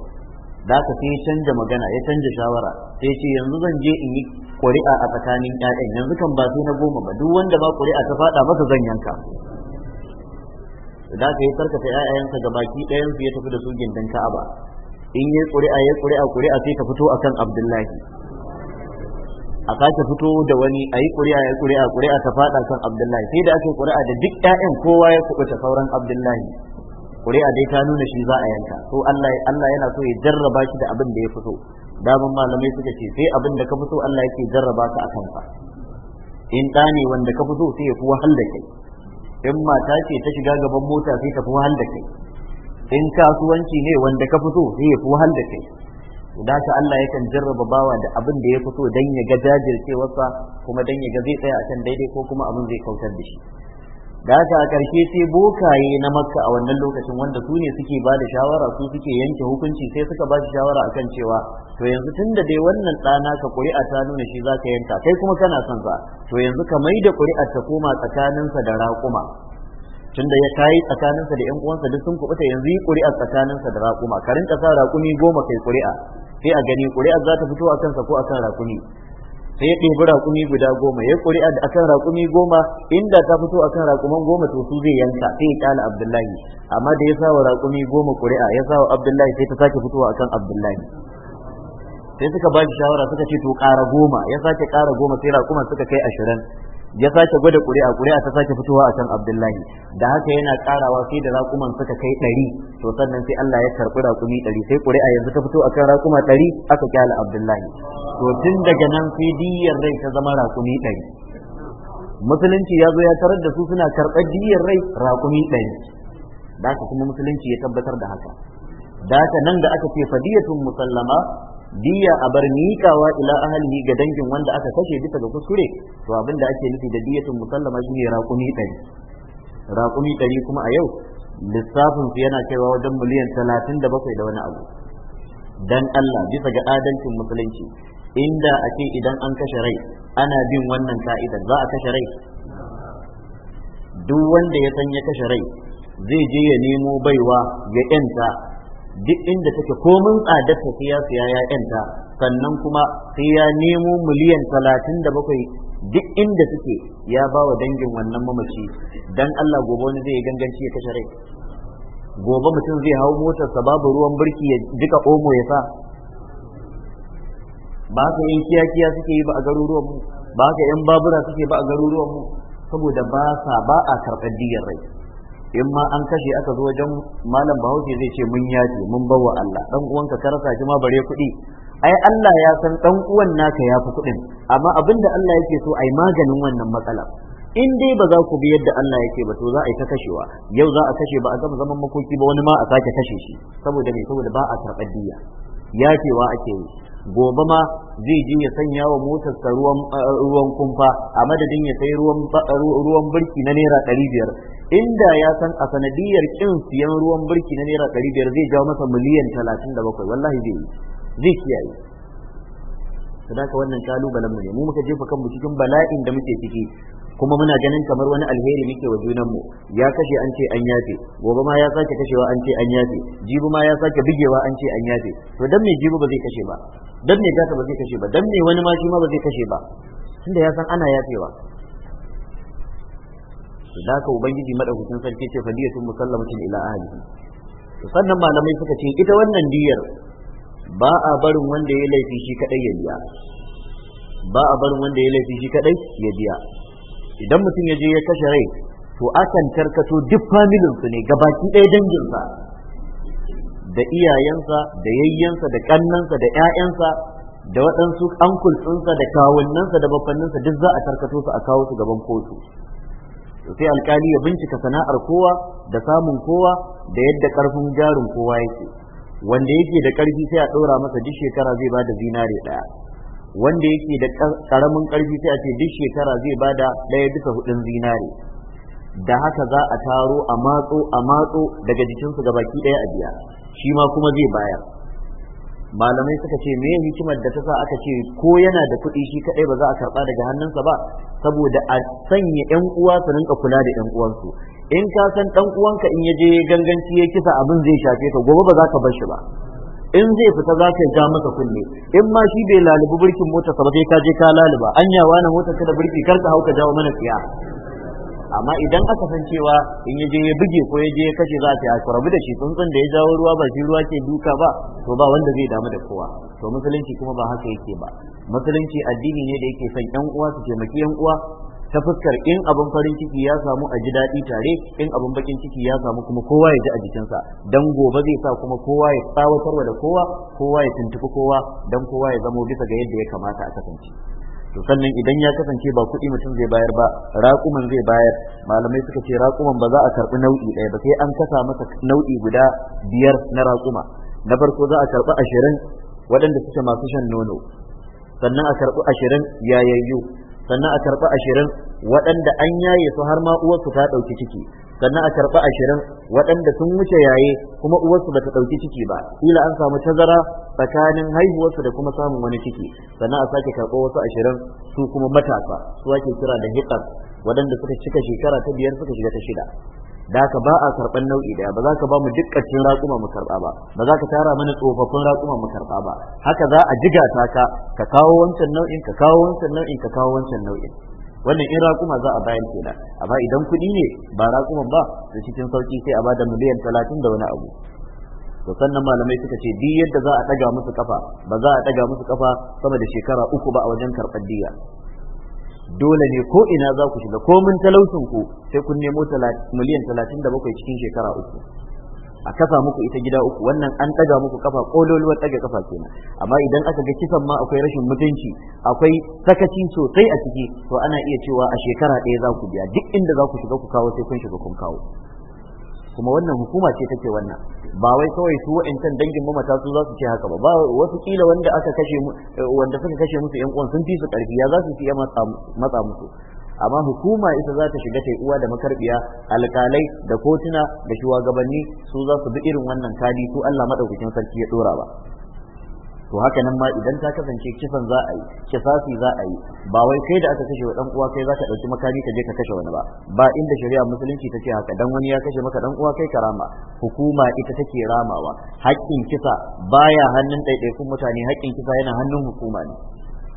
da aka sai ya canja magana ya canja shawara sai ce yanzu zan je in yi ƙuri'a a tsakanin ƴaƴan yanzu kan ba sai na goma ba duk wanda ba ƙuri'a ta faɗa masa zan yanka da aka yi karkata ƴaƴansa ga baki ɗayan su ya tafi da su gindin Ka'aba in yi ƙuri'a ya ƙuri'a ƙuri'a sai ka fito akan abdullahi a sake fito da wani a yi ƙuri'a ya ƙuri'a ƙuri'a ta faɗa kan abdullahi sai da ake ƙuri'a da duk ƴaƴan kowa ya ta sauran abdullahi ƙuri'a dai ta nuna shi za a yanka so Allah Allah yana so ya jarraba shi da abin da ya fito daman malamai suka ce sai abin da ka fito Allah yake jarraba ka a kansa in ɗa ne wanda ka fito sai ya fi wahal da kai in mata ce ta shiga gaban mota sai ta fi wahal da kai in kasuwanci ne wanda ka fito zai yi fuhal da kai da ka Allah yakan jarraba bawa da abin da ya fito dan ya ga jajircewarsa kuma dan ya ga zai tsaya akan daidai ko kuma abin zai kautar da shi da ka a ƙarshe sai bokaye na makka a wannan lokacin wanda su ne suke ba da shawara su suke yanke hukunci sai suka ba shi shawara akan cewa to yanzu tun da dai wannan ɗana ka ƙuri'a ta nuna shi za ka yanka kai kuma kana son sa to yanzu ka mai da ƙuri'a ta koma tsakaninsa da raƙuma tunda ya tayi tsakaninsa da yan uwansa duk sun kubuta yanzu yi ƙuri'a tsakaninsa da raƙuma ka rinka sa raƙumi goma kai ƙuri'a sai a gani ƙuri'a za ta fito a kansa ko a kan raƙumi sai ya ɗebi raƙumi guda goma ya ƙuri'a da akan raƙumi goma inda ta fito akan raƙuman goma to su zai yanka sai ya abdullahi amma da ya sa wa raƙumi goma ƙuri'a ya sa wa abdullahi sai ta sake fitowa akan abdullahi sai suka ba shi shawara suka ce to ƙara goma ya sake ƙara goma sai raƙuman suka kai ashirin ya sake gwada ƙuri'a ƙuri'a ta sake fitowa a can abdullahi da haka yana karawa sai da raƙuman suka kai ɗari to sannan sai allah ya karɓi raƙumi ɗari sai ƙuri'a yanzu ta fito a kan raƙuma ɗari aka kyala abdullahi to tun daga nan sai diyar rai ta zama raƙumi ɗari musulunci ya zo ya tarar da su suna karɓar diyar rai raƙumi ɗari da haka kuma musulunci ya tabbatar da haka da haka nan da aka ce fadiyatun musallama diya a bar miƙawa ila ahlihi ga dangin wanda aka kashe bisa ga kuskure to abin da ake nufi da diyatun musallama ne raƙumi ɗari raƙumi ɗari kuma a yau lissafin su yana kaiwa wajen miliyan talatin da bakwai da wani abu dan Allah bisa ga adalcin musulunci inda a ce idan an kashe rai ana bin wannan ka'idar za a kashe rai duk wanda ya san ya kashe rai zai je ya nemo baiwa ga yanta duk inda take komin tsadarta sai ya siya ya yanta sannan kuma sai ya nemo miliyan talatin da bakwai duk inda suke ya ba wa dangin wannan mamaci dan Allah gobe wani zai ganganci ya kashe rai gobe mutum zai hau motarsa babu ruwan birki ya jika omo ya sa ba ka yan kiyakiya suke yi ba a garuruwan ba ka yan babura suke ba a garuruwan mu saboda ba sa ba a karɓar diyar rai in ma an kashe aka zo wajen malam bahaushe zai ce mun yace mun bawa Allah dan uwanka ka rasa shi ma bare kuɗi ai Allah ya san dan uwan naka ya fi kuɗin amma abinda Allah yake so ai maganin wannan matsala in dai ba za ku bi yadda Allah yake ba to za a yi ta kashewa yau za a kashe ba a gama zaman makoki ba wani ma a sake kashe shi saboda me saboda ba a karɓar diya yacewa ake yi gobe ma zai je ya sanya wa motarsa ruwan eh, kumfa a madadin ya sai ruwan birki na naira ɗari biyar inda ya san a sanadiyar kin siyan ruwan birki na naira ɗari biyar zai jawo masa miliyan talatin da bakwai wallahi zai zai kiyaye ka wannan kalubalen mu ne mu muka jefa kanmu cikin bala'in da muke ciki kuma muna ganin kamar wani alheri muke wa junan mu ya kashe an ce an yafe gobe ma ya sake kashewa an ce an yafe jibi ma ya sake bigewa an ce an yafe to dan me jibi ba zai kashe ba dan me gata ba zai kashe ba dan me wani ma shi ma ba zai kashe ba tunda ya san ana yafewa da haka ubangiji madaukakin sarki ce fadiyatun musallamatin ila ahlihi to sannan malamai suka ce ita wannan diyar ba a barin wanda ya laifi shi kadai ya biya ba a barin wanda ya laifi shi kadai ya biya idan mutum ya je ya kashe rai to akan tarkato duk familin su ne gabaki ɗaya danginsa da iyayensa da yayyensa da kannansa da ƴaƴansa da waɗansu ankul ɗinsa da kawunnansa da bafanninsa duk za a tarkato su a kawo su gaban kotu sai alkali ya bincika sana'ar kowa da samun kowa da yadda karfin jarin kowa yake wanda yake da karfi sai a ɗora masa duk shekara zai bada zinare ɗaya wanda yake da karamin karfi sai a ce duk shekara zai bada ɗaya bisa hudun zinare da haka za a taro a matso a matso daga jikinsu gabaki ɗaya a biya shi ma kuma zai bayar malamai suka ce me hikimar da ta sa aka ce ko yana da kuɗi shi kaɗai ba za a karɓa daga hannunsa ba saboda a sanya ƴan uwa su rinka kula da ƴan uwansu in ka san ɗan uwanka in ya je ganganci ya kisa abin zai shafe ka gobe ba za ka bar shi ba in zai fita za ka ja masa kulle in ma shi bai lalubi birkin motarsa ba sai ka je ka laluba anya wani motar ka da birki kar ka hau ka jawo mana tsiya amma idan aka san cewa in ya je ya buge ko ya je ya kashe za ta ya rabu da shi tsuntsun da ya jawo ruwa ba shi ruwa ke duka ba to ba wanda zai damu da kowa to musulunci kuma ba haka yake ba musulunci addini ne da yake son yan uwa su taimaki yan uwa ta fuskar in abin farin ciki ya samu a ji daɗi tare in abin bakin ciki ya samu kuma kowa ya ji a jikinsa dan gobe zai sa kuma kowa ya tsawatarwa da kowa kowa ya tuntufi kowa don kowa ya zamo bisa ga yadda ya kamata a kasance to sannan idan ya kasance ba kuɗi mutum zai bayar ba raƙuman zai bayar malamai suka ce raƙuman ba za a karɓi nau'i ɗaya ba sai an kasa masa nau'i guda biyar na raƙuma na farko za a karɓi ashirin waɗanda suke masu shan nono sannan a karɓi ashirin yayayyu sannan a karɓi ashirin waɗanda an yaye su har ma uwarsu ta ɗauki ciki sannan a karɓi ashirin waɗanda sun wuce yaye kuma uwarsu bata ɗauki ciki ba kila an samu tazara tsakanin haihuwarsu da kuma samun wani ciki sannan a sake karɓo wasu ashirin su kuma matasa su ake kira da hiƙar waɗanda suka cika shekara ta biyar suka shiga ta shida da ka ba a karɓar nau'i daya ba za ka ba mu dukkanin raƙuma mu karɓa ba ba za ka tara mana tsofaffin raƙuma mu karɓa ba haka za a jigata ka ka kawo wancan nau'in ka kawo wancan nau'in ka kawo wancan nau'in wannan in raƙuma za a bayar kenan amma idan kuɗi ne ba raƙuma ba da cikin sauki sai a bada miliyan talatin da wani abu to sannan malamai suka ce duk yadda za a ɗaga musu kafa ba za a ɗaga musu kafa sama da shekara uku ba a wajen karɓar diya dole ne ko ina za ku shiga komin talaucin ku sai kun nemo miliyan talatin da bakwai cikin shekara uku a kasa muku ita gida uku wannan an ɗaga muku kafa kololuwa ɗaga kafa kenan amma idan aka ga kisan ma akwai rashin mutunci akwai sakaci sosai a ciki to ana iya cewa a shekara ɗaya za ku biya duk inda za ku shiga ku kawo sai kun shiga kun kawo kuma wannan hukuma ce take wannan ba wai kawai su wa'ancan dangin mamata su za su ce haka ba wasu kila wanda aka kashe eh, wanda suka kashe musu yan uwan sun fi su karfi ya za su fiye matsa musu amma hukuma ita za ta shiga ta uwa da makarbiya alkalai da kotuna da shugabanni su za su bi irin wannan kadi su Allah madaukakin sarki ya dora ba to haka nan ma idan ta kasance kisan za a yi kisasi za a yi ba wai kai da aka kashe wa dan uwa kai za ka dauki makami ka je ka kashe wani ba ba inda shari'a musulunci ta ce haka dan wani ya kashe maka dan uwa kai karama hukuma ita take ramawa haƙƙin kisa baya hannun ɗaiɗaikun mutane haƙƙin kisa yana hannun hukuma ne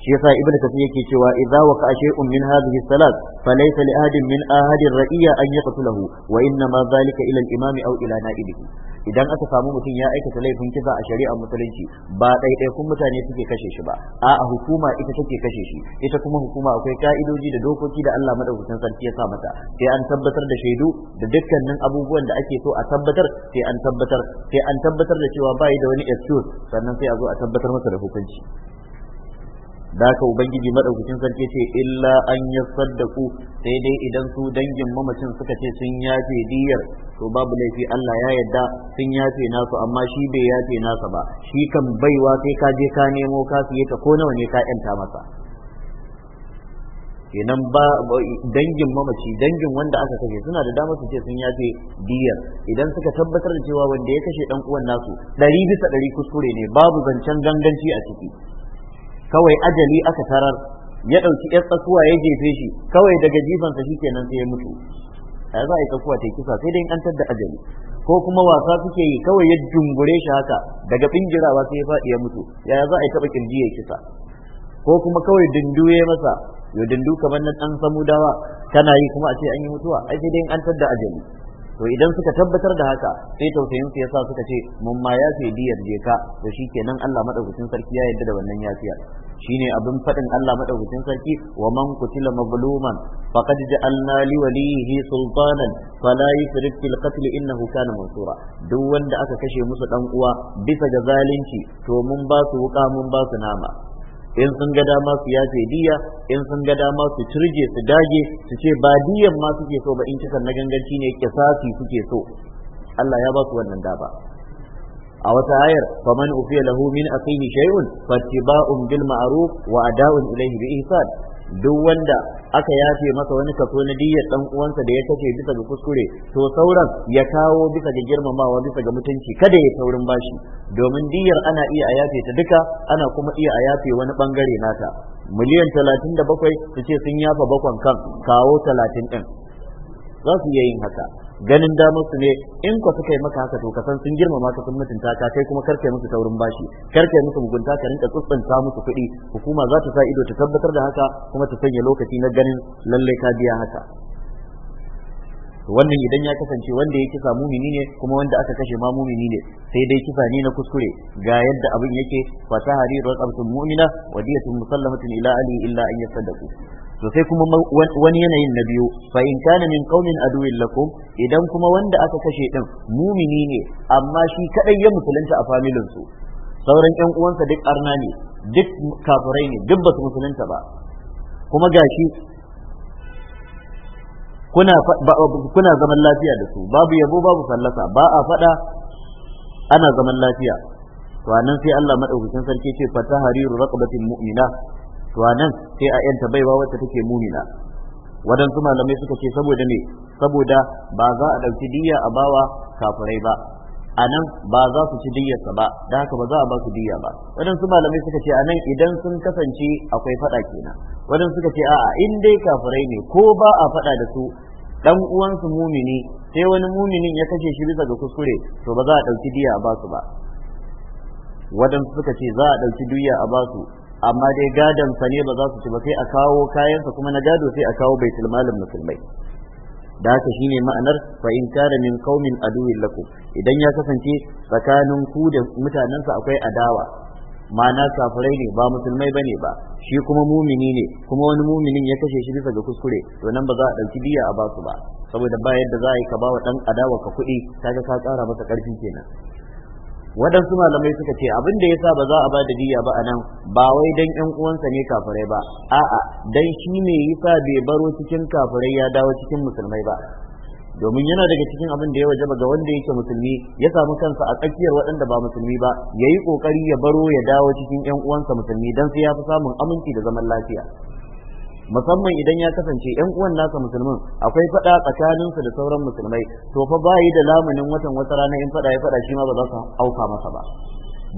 shi yasa ibnu kasir yake cewa idza waka shay'un min hadhihi salat falaysa li ahadin min ahadi ar-ra'iyya an yaqtulahu wa inna ma dhalika ila al-imam aw ila na'ibihi idan aka samu mutum ya aikata laifin kisa a shari'ar musulunci ba ɗaiɗaikun mutane suke kashe shi ba a'a hukuma ita take kashe shi ita kuma hukuma akwai ka'idoji da dokoki da Allah madaukakin sarki ya sa mata sai an tabbatar da shaidu da dukkanin abubuwan da ake so a tabbatar sai an tabbatar sai an tabbatar da cewa bai da wani excuse sannan sai a zo a tabbatar masa da hukunci da haka ubangiji madaukakin sarki ce illa an yasaddaku sai dai idan su dangin mamacin suka ce sun yafe diyar to babu laifi Allah ya yadda sun yafe nasu amma shi bai yafe nasa ba shi kan baiwa sai ka je ka nemo ka fiye ta ko nawa ne ka yanta masa kenan ba dangin mamaci dangin wanda aka kashe suna da damar su ce sun yafe diyar idan suka tabbatar da cewa wanda ya kashe dan uwan nasu ɗari bisa ɗari kuskure ne babu zancen ganganci a ciki kawai ajali aka tarar ya ɗauki ƴar tsakuwa ya jefe shi kawai daga jifansa shi kenan sai ya mutu a za a yi tsakuwa ta kisa sai dai an tadda ajali ko kuma wasa suke yi kawai ya dungure shi haka daga bingirawa sai ya faɗi ya mutu yaya za a yi taɓa kirji ya kisa ko kuma kawai dundu ya masa yau dundu kamar na samu dawa? kana yi kuma a ce an yi mutuwa ai sai dai an tadda ajali to idan suka tabbatar da haka sai tausayin ya yasa suka ce mun ma yafe diyar je ka to kenan Allah madaukakin sarki ya yarda da wannan yafiya shine abin fadin Allah madaukakin sarki wa man kutila mazluman faqad ja'alna li walihi sultanan fala yusrif fil qatl innahu kana mansura duk wanda aka kashe musu dan uwa bisa ga zalunci to mun ba su wuka mun ba su nama in sun ga dama su yafe diya in sun ga dama su turje su dage su ce ba diyan ma suke so ba in kisan na ganganci ne kisasi suke so Allah ya ba su wannan daba a wata ayar faman ufiya lahu min akhihi shay'un fattiba'un bil ma'ruf wa ada'un ilayhi bi ihsan duk wanda aka yafe masa wani kaso na diyyar dan uwansa da ya tafe bisa ga kuskure to sauran ya kawo bisa ga girmamawa bisa ga mutunci kada ya saurin bashi domin diyyar ana iya a yafe ta duka ana kuma iya a yafe wani bangare nata miliyan talatin da bakwai su ce sun yafa bakon kan kawo talatin din za su iya yin haka ganin damar su ne in ka suka yi maka haka to ka san sun girmama ka sun mutunta ka kai kuma karkai musu taurin bashi karkai musu mugunta ka rinka tsuntsunta musu kuɗi hukuma za ta sa ido ta tabbatar da haka kuma ta sanya lokaci na ganin lallai ka biya haka wannan idan ya kasance wanda ya kisa mumini ne kuma wanda aka kashe ma mumini ne sai dai kisa ne na kuskure ga yadda abin yake fasaha rirwar absun mu'mina wa diyatun musallamatun ila ali illa an yasaddaqu to sai kuma wani yanayin na biyu fa in kana min qaumin aduwil lakum idan kuma wanda aka kashe din mumini ne amma shi kadai ya musulunta a familin su sauran yan uwansa duk arna ne duk kafirai ne duk basu musulunta ba kuma gashi kuna kuna zaman lafiya da su babu yabo babu sallasa, ba a fada ana zaman lafiya to anan sai Allah madaukakin sarki ce fatahariru raqabatin mu'mina to nan sai a yanta baiwa wacce take mumina su malamai suka ce saboda ne saboda ba za a ɗauki diyya a bawa kafirai ba a nan ba za su ci diyyarsa ba da haka ba za a ba su diyya ba su malamai suka ce a nan idan sun kasance akwai faɗa kenan wadan suka ce a'a in dai kafirai ne ko ba a faɗa da su dan uwansu mumini sai wani muminin ya kashe shi bisa ga kuskure to ba za a ɗauki diyya a ba su ba waɗansu suka ce za a ɗauki diyya a ba su amma dai gadon sa ne ba za su ci ba sai a kawo kayansa kuma na gado sai a kawo baitul malin musulmai da haka shine ma'anar fa in kana min qaumin aduwwin lakum idan ya kasance tsakanin ku da mutanensa akwai adawa ma'ana safarai ne ba musulmai bane ba shi kuma mumini ne kuma wani muminin ya kashe shi bisa ga kuskure to nan ba za a dauki biya a basu ba saboda ba yadda za a yi ka ba wa dan adawa ka kuɗi kaga ka tsara masa karfi kenan waɗansu malamai suka ce abin da yasa ba za a ba da diya ba a nan ba wai dan ƴan uwansa ne kafirai ba a'a dan shi ne yasa bai baro cikin kafirai ya dawo cikin musulmai ba domin yana daga cikin abin da ya wajaba ga wanda yake musulmi ya samu kansa a tsakiyar waɗanda ba musulmi ba yayi kokari ya baro ya dawo cikin ƴan uwansa musulmi dan sai ya fi samun aminci da zaman lafiya musamman idan ya kasance yan uwan nasa musulmin akwai faɗa tsakanin da sauran musulmai to fa yi da lamunin watan wata rana in fada ya fada shi ma ba za su auka masa ba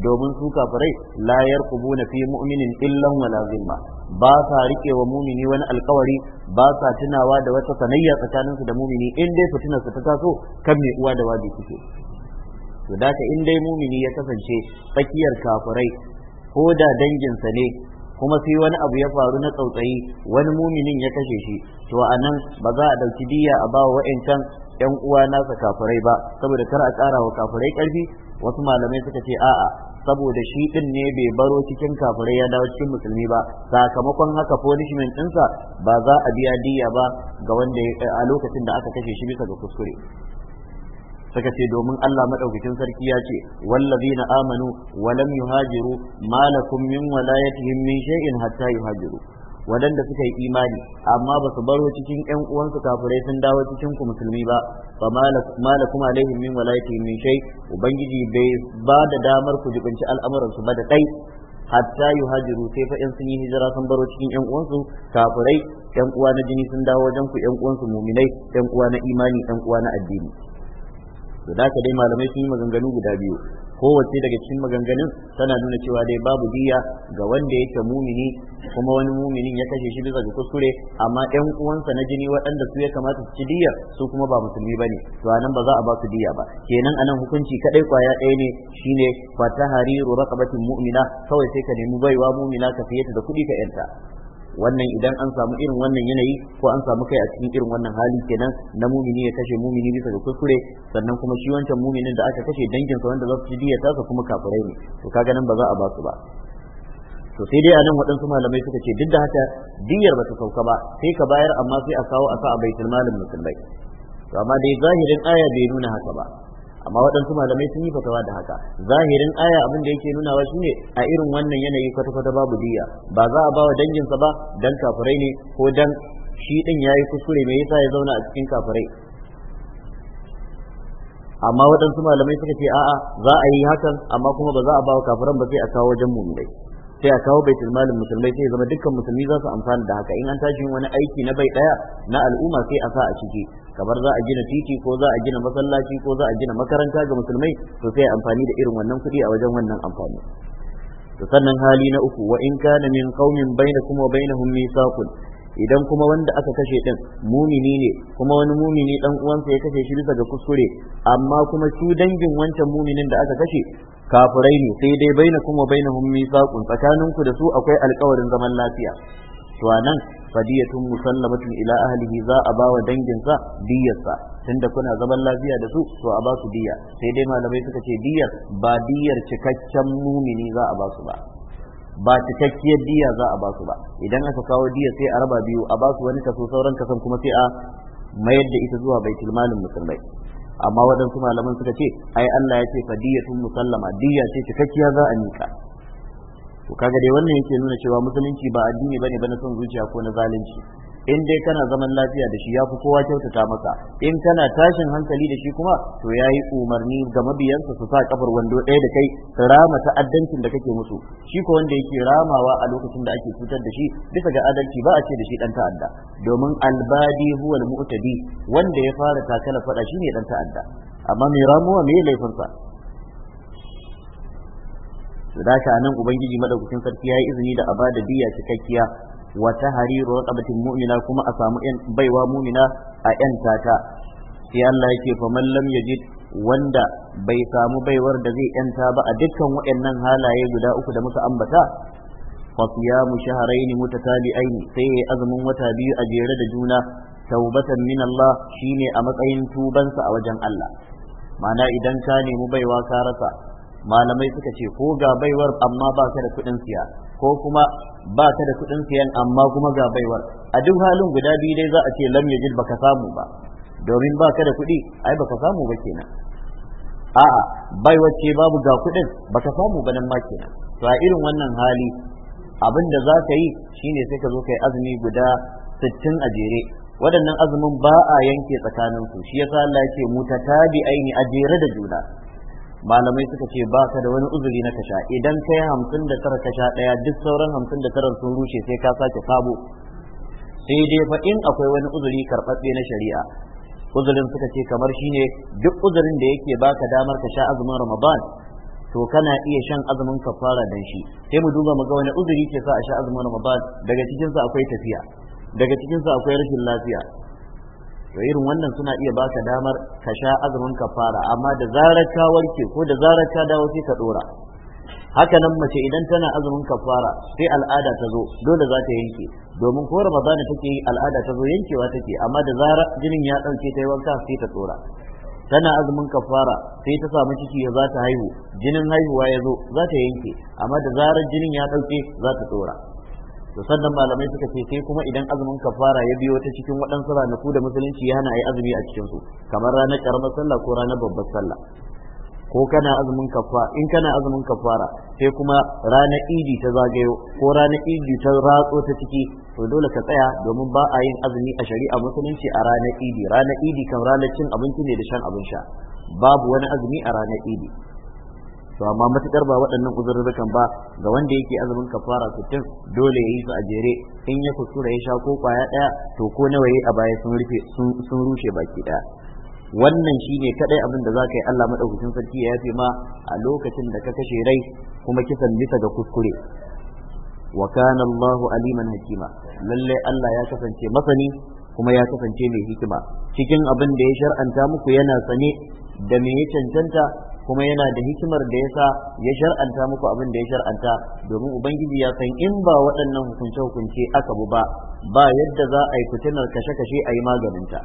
domin su kafirai la yarqubuna fi mu'minin illan wala zimma ba sa rike wa mumini wani alkawari ba sa tunawa da wata sanayya tsakanin su da mumini in dai fitina su ta taso kan mai uwa da wabi kuke to da in dai mumini ya kasance tsakiyar kafirai ko da danginsa ne kuma sai wani abu ya faru na tsautsayi wani muminin ya kashe shi to a nan ba za a ɗauki diya a bawa wa'incan yan uwa nasa kafirai ba saboda kar a ƙara wa kafirai ƙarfi wasu malamai suka ce a'a saboda shi din ne bai baro cikin kafirai ya dawo cikin musulmi ba sakamakon haka punishment ɗinsa ba za a biya diya ba ga wanda a lokacin da aka kashe shi bisa ga kuskure suka ce domin Allah madaukakin sarki ya ce wallazina amanu wa lam yuhajiru malakum min walayatihim min shay'in hatta yuhajiru wadanda suka yi imani amma ba su baro cikin ƴan uwansu kafirai sun dawo cikin ku musulmi ba fa malakum alaihim min walayatihim min shay ubangiji bai ba da damar ku jibinci al'amuran su ba da kai hatta yuhajiru sai fa in sun yi hijira sun baro cikin ƴan uwansu kafirai ƴan uwa na jini sun dawo wajen ku ƴan uwansu muminai ƴan uwa na imani ƴan uwa na addini to da dai malamai sun yi maganganu guda biyu kowace daga cikin maganganun tana nuna cewa dai babu diya ga wanda yake mumini kuma wani muminin ya kashe shi bisa ga kuskure amma ɗan uwansa na jini waɗanda su ya kamata su ci diya su kuma ba musulmi bane to a nan ba za a ba su diya ba kenan anan hukunci kadai kwaya ɗaya ne shine fatahariru raqabatin mu'mina kawai sai ka nemi baiwa mu'mina ka fiye ta da kuɗi ka yanta wannan idan an samu irin wannan yanayi ko an samu kai a cikin irin wannan hali kenan na mumini ya kashe mumini bisa ga kuskure sannan kuma shi wancan muminin da aka kashe dangin sa wanda za su ji ta tasa kuma kafirai ne to kaga nan ba za a ba su ba to sai dai anan waɗansu malamai suka ce duk da haka diyar ba ta sauka ba sai ka bayar amma sai a kawo a sa a baitul malam musulmai to amma dai zahirin aya bai nuna haka ba amma waɗansu malamai sun yi fatawa da haka zahirin aya abin da yake nunawa shine a irin wannan yanayi kwata-kwata babu diya ba za a ba wa danginsa ba dan kafirai ne ko dan shi din yayi kuskure me yasa ya zauna a cikin kafirai amma waɗansu malamai suka ce a'a za a yi hakan amma kuma ba za a ba wa kafiran ba sai a kawo wajen mu'minai sai a kawo baitul malin musulmai sai zama dukkan musulmi za su amfana da haka in an tashi wani aiki na bai daya na al'umma sai a sa a ciki kamar za a gina titi ko za a gina masallaci ko za a gina makaranta ga musulmai to sai amfani da irin wannan kuɗi a wajen wannan amfani to sannan hali na uku wa in kana min qaumin bainakum wa bainahum mithaqun idan kuma wanda aka kashe din mumini ne kuma wani mumini dan uwansa ya kashe shi bisa ga kuskure amma kuma su dangin wancan muminin da aka kashe kafirai ne sai dai baina kuma baina hum mithaqun tsakaninku da su akwai alkawarin zaman lafiya to anan fadiyatun musallamatun ila ahlihi za a bawa danginsa diyarsa tunda kuna zaman lafiya da su to a ba su diya sai dai malamai suka ce diyar ba diyar cikakken mumini za a ba su ba ba cikakkiyar diya za a ba su ba idan aka kawo diya sai a raba biyu a ba su wani kaso sauran kasan kuma sai a mayar da ita zuwa baitul malin musulmai amma waɗansu malaman suka ce ai Allah ya ce fadiyatun musallama diyya ce cikakkiya za a miƙa to kaga dai wannan yake nuna cewa musulunci ba addini bane ba na son zuciya ko na zalunci in dai kana zaman lafiya da shi ya fi kowa kyautata maka in kana tashin hankali da shi kuma to ya yi umarni ga mabiyansa su sa kafar wando ɗaya da kai su rama ta'addancin da kake musu shi ko wanda yake ramawa a lokacin da ake cutar da shi bisa ga adalci ba a ce da shi dan ta'adda domin albadi huwa mu'tadi wanda ya fara takala fada shine dan ta'adda amma mai ramuwa me laifinsa da ka nan ubangiji madaukakin sarki ya yi izini da abada biya cikakkiya wa hariru, raqabatin mu'mina kuma a samu yan baiwa mu'mina a yan tata sai Allah yake fa man lam yajid wanda bai samu baiwar da zai yanta ba a dukkan waɗannan halaye guda uku da muka ambata fa siyamu shahrayn mutatabi'ain sai yayi azumin wata biyu a jere da juna taubatan min Allah shine a matsayin tubansa a wajen Allah Mana idan ka nemi baiwa ka rasa malamai suka ce ko ga baiwar amma ba ka da kuɗin siya ko kuma ba ka da kuɗin siyan amma kuma ga baiwar a duk halin guda biyu dai za a ce lam yajid baka samu ba domin ba ka da kuɗi ai baka samu ba kenan a'a baiwar ce babu ga kuɗin baka samu ba nan ma kenan to a irin wannan hali abin da za ka yi shine sai ka zo ka yi azumi guda sittin a jere waɗannan azumin ba a yanke tsakaninsu shi yasa Allah ya ce tabi aini a jere da juna malamai suka ce ba ka da wani uzuri na kasha idan ka yi hamsin da tara kasha ɗaya duk sauran hamsin da tara sun rushe sai ka sake sabo sai dai fa in akwai wani uzuri karɓaɓɓe na shari'a uzurin suka ce kamar shine duk uzurin da yake ba ka damar ka sha azumin ramadan to kana iya shan azumin kafara dan shi sai mu duba mu ga wani uzuri ke sa a sha azumin ramadan daga cikin sa akwai tafiya daga cikin sa akwai rashin lafiya to irin wannan suna iya baka damar ka sha azumin kafara amma da zarar ka warke ko da zarar ka dawo sai ka dora haka nan mace idan tana azumin kafara sai al'ada ta zo dole za ta yanke domin ko ramadan take yi al'ada ta zo yankewa take amma da zarar jinin ya dauke ta yi wanka sai ta dora tana azumin kafara sai ta samu ciki ya za ta haihu jinin haihuwa ya zo za ta yanke amma da zarar jinin ya dauke za ta dora to sannan malamai suka ce sai kuma idan azumin kafara ya biyo ta cikin waɗansu ranaku da musulunci ya hana a yi azumi a cikinsu kamar ranar karamar sallah ko ranar babbar sallah ko kana azumin kafara in kana azumin kafara sai kuma ranar idi ta zagayo ko ranar idi ta ratso ta ciki to dole ka tsaya domin ba a yin azumi a shari'a musulunci a ranar idi ranar idi kan ranar cin abinci ne da shan abin sha babu wani azumi a ranar idi to amma matukar ba waɗannan uzurrukan ba ga wanda yake azumin kafara sittin dole ya yi su a jere in ya kusura ya sha ko kwaya ɗaya to ko nawa ya a baya sun rufe sun rushe baki ɗaya wannan shine kadai abin da zaka yi Allah madaukakin sarki ya yafe ma a lokacin da ka kashe rai kuma kisan bisa ga kuskure wa kana Allahu aliman hakima lalle Allah ya kasance masani kuma ya kasance mai hikima cikin abin da ya shar'anta muku yana sane da me ya cancanta kuma yana da hikimar da yasa ya shar'anta muku abin da ya shar'anta domin ubangiji ya san in ba waɗannan hukunce hukunce aka bu ba ba yadda za a yi fitinar kashe kashe a yi maganinta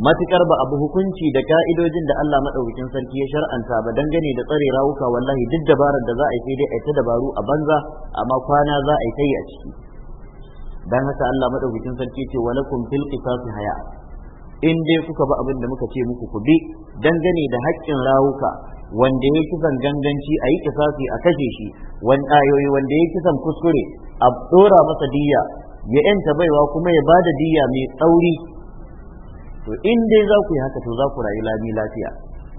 matukar ba abu hukunci da ka'idojin da Allah madaukakin sarki ya shar'anta ba dangane da tsare rawuka wallahi duk dabarar da za a yi sai dai a ta dabaru a banza amma kwana za a yi ta a ciki dan haka Allah madaukakin sarki ce walakum fil qisas haya' in dai kuka ba abin da muka ce muku ku bi dangane da haƙƙin rawuka wanda ya kisan ganganci a yi kisasi a kashe shi wani ayoyi wanda ya kisan kuskure a ɗora masa diya ya yanta baiwa kuma ya bada diya mai tsauri to in dai za ku yi haka to za ku rayu lami lafiya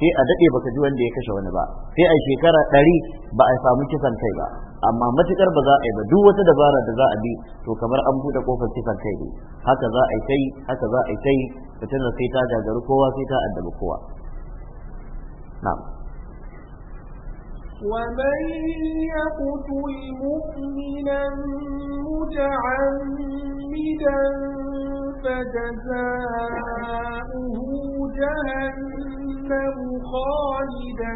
sai a daɗe baka ji wanda ya kashe wani ba sai a shekara ɗari ba a samu kisan kai ba amma matukar ba za a yi ba duk wata dabara da za a bi to kamar an buɗe kofar sifar kai ne haka za a yi kai haka za a yi kai fitinar sai ta gagaru kowa sai ta addabi kowa na'am
ومن يقتل مؤمنا متعمدا فجزاؤه جهنم خالدا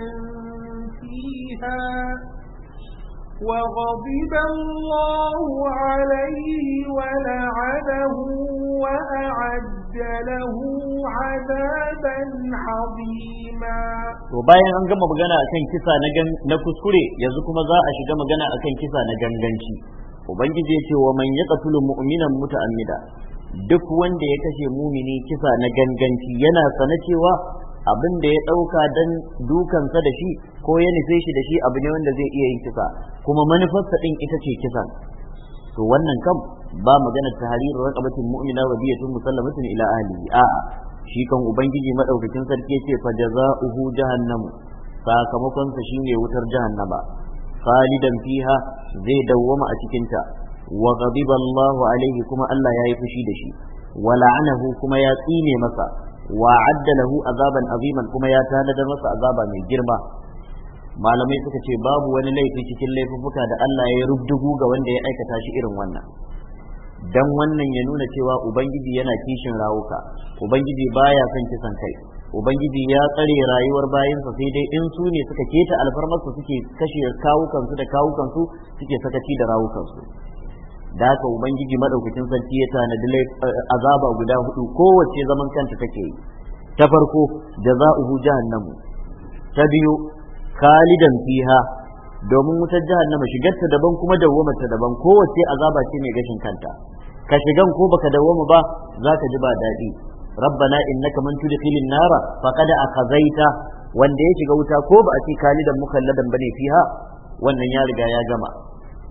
فيها وغضب الله عليه ولعنه وأعد له عذابا عظيما
وباين an gama magana akan kisa na kuskure yanzu kuma za a shiga magana akan kisa na ganganci ubangiji ya ce wa man yaqtulu ta Amida, duk wanda ya kashe mumini kisa na ganganci yana sana cewa abin da ya ɗauka dan dukansa da shi ko ya nufe shi da shi abu ne wanda zai iya yin kisa kuma manufarsa ɗin ita ce kisan to wannan kam ba magana na raqabatin mu'mina wa diyatun musallamatin ila ahlihi a'a shi kan ubangiji madaukakin sarki yace fa jazaohu jahannam sakamakon sa shine wutar jahannama khalidan fiha zai dawwama a cikin ta wa ghadiba Allahu alaihi kuma Allah yayi fushi da shi wa la'anahu kuma ya tsine masa wa adda lahu azaban aziman kuma ya tanadar masa azaba mai girma malamai suka ce babu wani laifi cikin laifuffuka da Allah ya rubdugu ga wanda ya aikata shi irin wannan dan wannan ya nuna cewa ubangiji yana kishin rawuka ubangiji baya son kisan kai ubangiji ya tsare rayuwar bayansa sai dai in su ne suka keta alfarmarsa suke kashe kawukansu da kawukansu suke sakaci da rawukansu da haka ubangiji madaukakin sarki ya tanadi eh, azaba guda hudu kowace zaman kanta take yi ta farko jaza'uhu jahannamu ta biyu khalidan fiha domin wutar jahannama shigarta daban kuma dawwamarta daban kowace azaba ce mai gashin kanta ka shigan ko baka dawwama ba za ka ji ba daɗi rabbana innaka man tudkhilin nara faqad akazaita wanda ya shiga wuta ko ba a ce khalidan mukalladan bane fiha wannan ya riga ya gama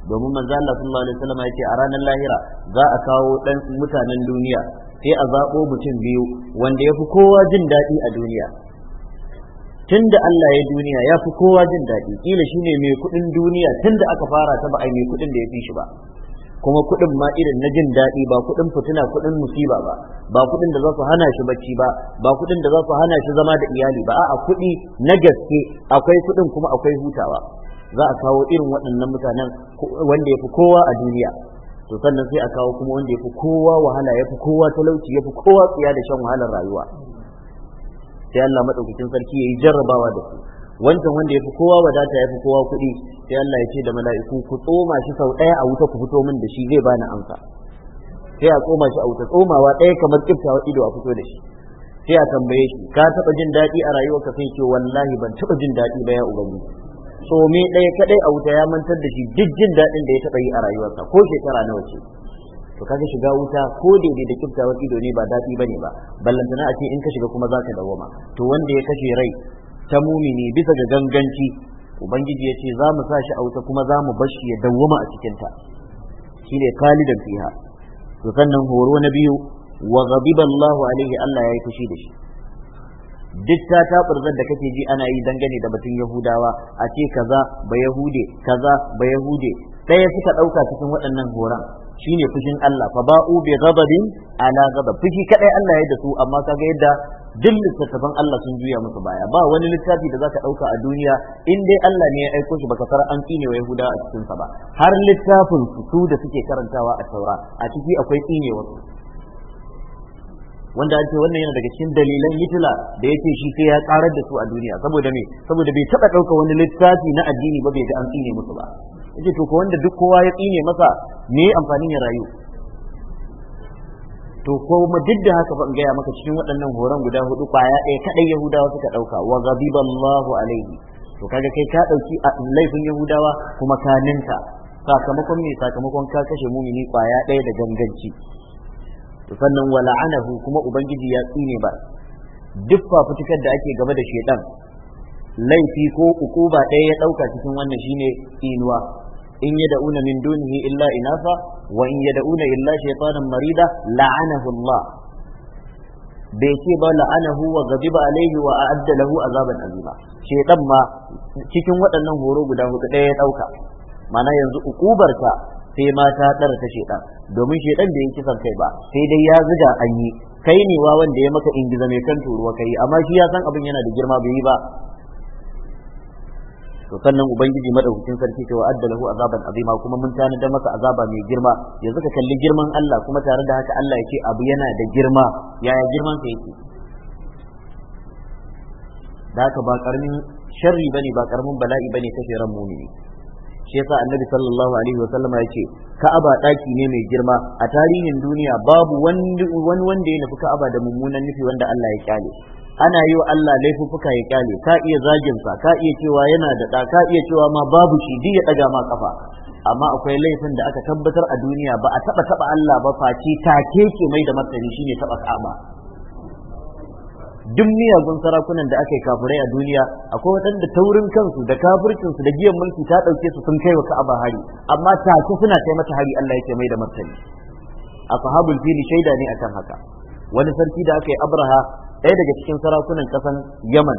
domin manzo Allah sallallahu alaihi wasallam yake a ranar lahira za a kawo dan mutanen duniya sai a zabo mutum biyu wanda yafi kowa jin daɗi a duniya tunda Allah ya duniya ya fi kowa jin daɗi kila shine mai kuɗin duniya tunda aka fara ta ba a mai kuɗin da ya fi shi ba kuma kuɗin ma irin na jin daɗi ba kuɗin fitina kuɗin musiba ba ba kuɗin da za su hana shi bacci ba ba kuɗin da za su hana shi zama da iyali ba a'a kuɗi na gaske akwai kuɗin kuma akwai hutawa za a kawo irin waɗannan mutanen wanda ya fi kowa a duniya to sannan sai a kawo kuma wanda ya fi kowa wahala ya fi kowa talauci ya fi kowa tsaya da shan wahalar rayuwa sai Allah madaukakin sarki ya yi jarrabawa da su wancan wanda ya fi kowa wadata ya fi kowa kuɗi sai Allah ya ce da mala'iku ku tsoma shi sau ɗaya a wuta ku fito min da shi zai bani amsa sai a tsoma shi a wuta tsomawa ɗaya kamar tsiftawa ido a fito da shi sai a tambaye shi ka taɓa jin daɗi a rayuwarka sai ce wallahi ban taɓa jin daɗi ba ya ubangiji me ɗaya kaɗai a wuta ya mantar da shi jijjin jin daɗin da ya taɓa yi a rayuwarsa ko shekara nawa ce to kaga shiga wuta ko daidai da kiftawar ido ne ba daɗi ba ne ba ballantana a ce in ka shiga kuma za ka dawoma to wanda ya kashe rai ta mumini bisa ga ganganci ubangiji ya ce za mu sa shi a wuta kuma za mu bar shi ya dawoma a cikinta shine kalidan fiha to sannan horo na biyu wa ghadiba Allahu alaihi Allah ya yi fushi da shi duk ta taɓurzar da kake ji ana yi dangane da batun yahudawa a ce kaza ba yahude kaza ba yahude ɗaya suka ɗauka cikin waɗannan horon shine fushin Allah fa ba'u bi ghadabin ala ghadab fushi kadai Allah ya da su amma kaga yadda duk littattafan Allah sun juya musu baya ba wani littafi da zaka dauka a duniya in dai Allah ne ya aiko shi baka fara an tsine wa Yahuda a cikin sa ba har littafin su da suke karantawa a Taura a ciki akwai tsine wanda ake wannan yana daga cikin dalilan hitila da yake shi sai ya karar da su a duniya saboda me saboda bai taba dauka wani littafi na addini ba bai ga an tsine musu ba yace to ko wanda duk kowa ya tsine masa me amfanin ya rayu to ko ma duk da haka ban gaya maka cikin waɗannan horon guda hudu kwaya ɗaya kadai yahudawa suka dauka wa ghadiba alaihi to kaga kai ka dauki laifin yahudawa kuma ka ninka sakamakon me sakamakon ka kashe mumini kwaya ɗaya da ganganci sannan wala'anahu kuma ubangiji ya tsine ba duk fafutukar da ake game da shedan laifi ko ukuba ɗaya ya ɗauka cikin wannan shine inuwa? in yad'una min dunihi illa inafa wa in yad'una illa shaytanan marida la'anahu Allah bai ce ba la'anahu wa ghadiba alaihi wa a'adda lahu azaban azima shedan ma cikin waɗannan horo guda hudu ɗaya ya ɗauka mana yanzu ukubarta sai mata tsara ta shaidan domin shaidan da ya kisan kai ba sai dai ya ziga an yi kai ne wa wanda ya maka ingiza mai kan turuwa kai amma shi ya san abin yana da girma bai yi ba to sannan ubangiji madaukakin sarki ce wa adda lahu azaban azima kuma mun tana da masa azaba mai girma yanzu ka kalli girman Allah kuma tare da haka Allah yake abu yana da girma yaya girman sa yake da haka ba karamin sharri bane ba karamin bala'i bane kashe ran mumini shi yasa annabi sallallahu alaihi wa sallama yace ka'aba daki ne mai girma a tarihin duniya babu wani wanda ya nufi ka'aba da mummunan nufi wanda Allah ya kyale ana yi wa Allah laifuffuka ya kyale ka iya zagin sa ka iya cewa yana da da ka iya cewa ma babu shi duk ya daga ma kafa amma akwai laifin da aka tabbatar a duniya ba a taba taba Allah ba face take ke mai da martani shine taba ka'aba duk miyagun sarakunan da aka yi kafirai a duniya akwai waɗanda taurin kansu da kafircinsu da giyan mulki ta ɗauke su sun kai wa ka'aba hari amma take suna kai mata hari Allah yake mai da martani ashabul fili shaida ne akan haka wani sarki da aka yi abraha ɗaya daga cikin sarakunan ƙasan yaman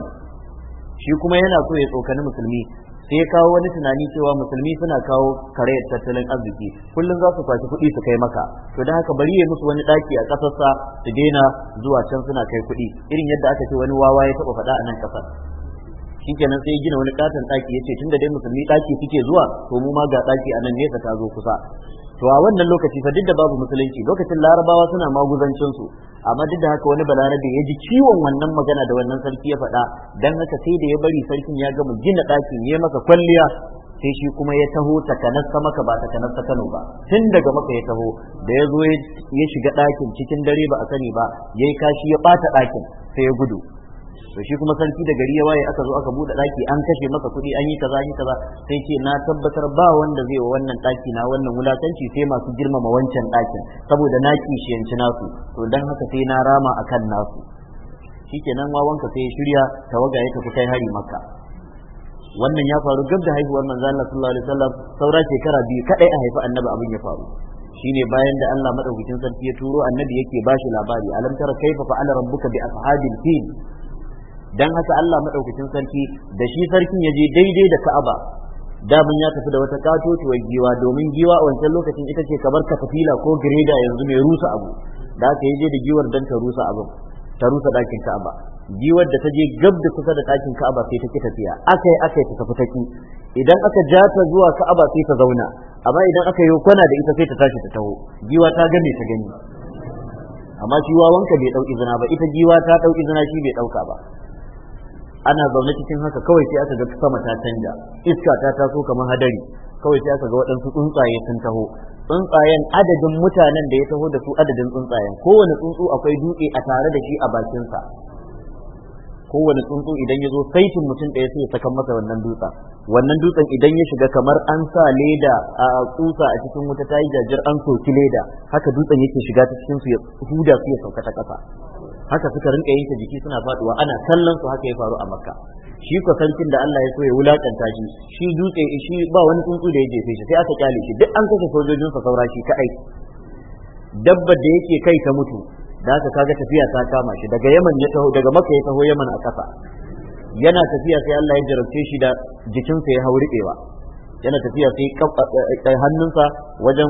shi kuma yana so ya tsokani musulmi sai ya kawo wani tunani cewa musulmi suna kawo kare tattalin arziki kullum za su kwashi kuɗi su kai maka to da haka bari ya musu wani ɗaki a ƙasarsa su daina zuwa can suna kai kuɗi irin yadda aka ce wani wawa ya taɓa faɗa a nan ƙasar shikenan sai ya gina wani katon daki yace tunda dai musulmi daki suke zuwa to mu ma ga daki a nan nesa ta zo kusa to a wannan lokaci fa duk da babu musulunci lokacin larabawa suna maguzancin su amma duk da haka wani balarabe ya ji ciwon wannan magana da wannan sarki ya faɗa dan haka sai da ya bari sarkin ya gama gina ɗakin ya maka kwalliya sai shi kuma ya taho takanasta maka ba takanasta Kano ba tun daga maka ya taho da ya zo ya shiga ɗakin cikin dare ba a sani ba yayi kashi ya ɓata ɗakin sai ya gudu to shi kuma sarki da gari ya waye aka zo aka bude daki an kashe maka kuɗi an yi kaza an yi kaza sai ce na tabbatar ba wanda zai wa wannan daki na wannan wulatanci sai masu girmama wancan dakin saboda na kishiyanci nasu to dan haka sai na rama akan nasu shikenan wawanka sai ya shirya tawaga ya tafi kai hari maka. wannan ya faru gab da haihuwar manzo Allah sallallahu alaihi wasallam saura shekara biyu kadai a haifi annabi abin ya faru shine bayan da Allah madaukakin sarki ya turo annabi yake bashi labari alam tara kaifa fa'ala rabbuka bi ashabil fil dan haka Allah madaukakin sarki da shi sarkin ya je daidai da Ka'aba mun ya tafi da wata katotuwar giwa domin giwa a wancan lokacin ita ce kamar katafila ko gireda yanzu mai rusa abu da aka yi da giwar dan ta rusa abu ta rusa dakin Ka'aba giwar da ta je gab da kusa da dakin Ka'aba sai ta ki tafiya aka yi ta tafi taki idan aka ja ta zuwa Ka'aba sai ta zauna amma idan aka yi kwana da ita sai ta tashi ta taho giwa ta gane ta gani amma shi wawanka bai ɗauki zina ba ita giwa ta ɗauki zina shi bai dauka ba ana zaune cikin haka kawai sai aka ga sama ta canja iska ta taso kamar hadari kawai sai aka ga waɗansu tsuntsaye sun taho tsuntsayen adadin mutanen da ya taho da su adadin tsuntsayen kowane tsuntsu akwai dutse a tare da shi a bakinsa kowane tsuntsu idan ya zo saitin mutum ɗaya sai ya sakan masa wannan dutsen wannan dutsen idan ya shiga kamar an sa leda a tsusa a cikin wuta ta yi jajir an soki leda haka dutsen yake shiga ta cikin su ya huda su ya sauka ta ƙasa haka suka rinka yanke jiki suna faduwa ana kallon su haka ya faru a makka shi ko sarkin da Allah ya so ya wulakanta shi shi dutse shi ba wani tsuntsu da ya jefe shi sai aka kyale shi duk an kashe sojojin sa saura shi kai dabbar da yake kai ta mutu da aka kaga tafiya ta kama shi daga Yaman ya taho daga Makka ya taho Yaman a kasa yana tafiya sai Allah ya jarabce shi da jikinsa ya hauribewa yana tafiya sai hannunsa wajen